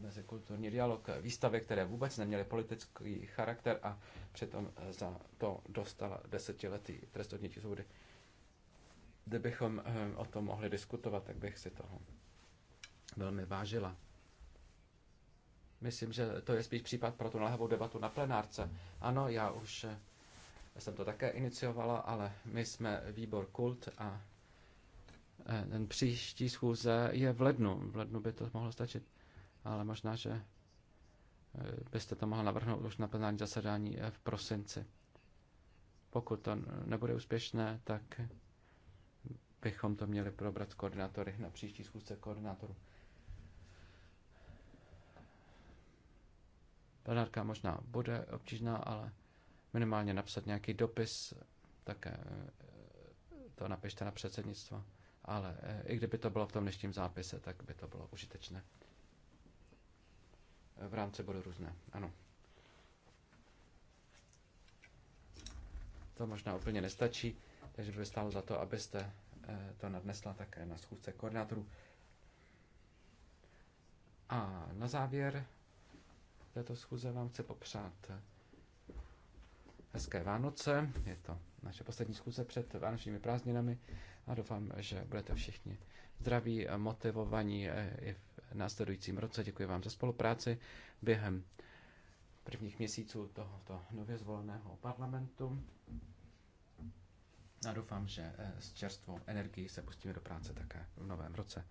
mezikulturní dialog výstavy, které vůbec neměly politický charakter a přitom za to dostala desetiletý trest odnětí svobody. Kdybychom eh, o tom mohli diskutovat, tak bych si toho velmi vážila. Myslím, že to je spíš případ pro tu naléhavou debatu na plenárce. Ano, já už eh, jsem to také iniciovala, ale my jsme výbor kult a eh, ten příští schůze je v lednu. V lednu by to mohlo stačit ale možná, že eh, byste to mohl navrhnout už na plenární zasedání eh, v prosinci. Pokud to nebude úspěšné, tak bychom to měli probrat koordinátory na příští schůzce koordinátorů. Plenárka možná bude obtížná, ale minimálně napsat nějaký dopis, tak eh, to napište na předsednictvo. Ale i kdyby to bylo v tom dnešním zápise, tak by to bylo užitečné v rámci bodu různé. Ano. To možná úplně nestačí, takže by stálo za to, abyste eh, to nadnesla také na schůzce koordinátorů. A na závěr této schůze vám chci popřát eh, hezké Vánoce. Je to naše poslední schůze před vánočními prázdninami a doufám, že budete všichni zdraví, motivovaní eh, i v následujícím roce. Děkuji vám za spolupráci během prvních měsíců tohoto nově zvoleného parlamentu. A doufám, že eh, s čerstvou energií se pustíme do práce také v novém roce.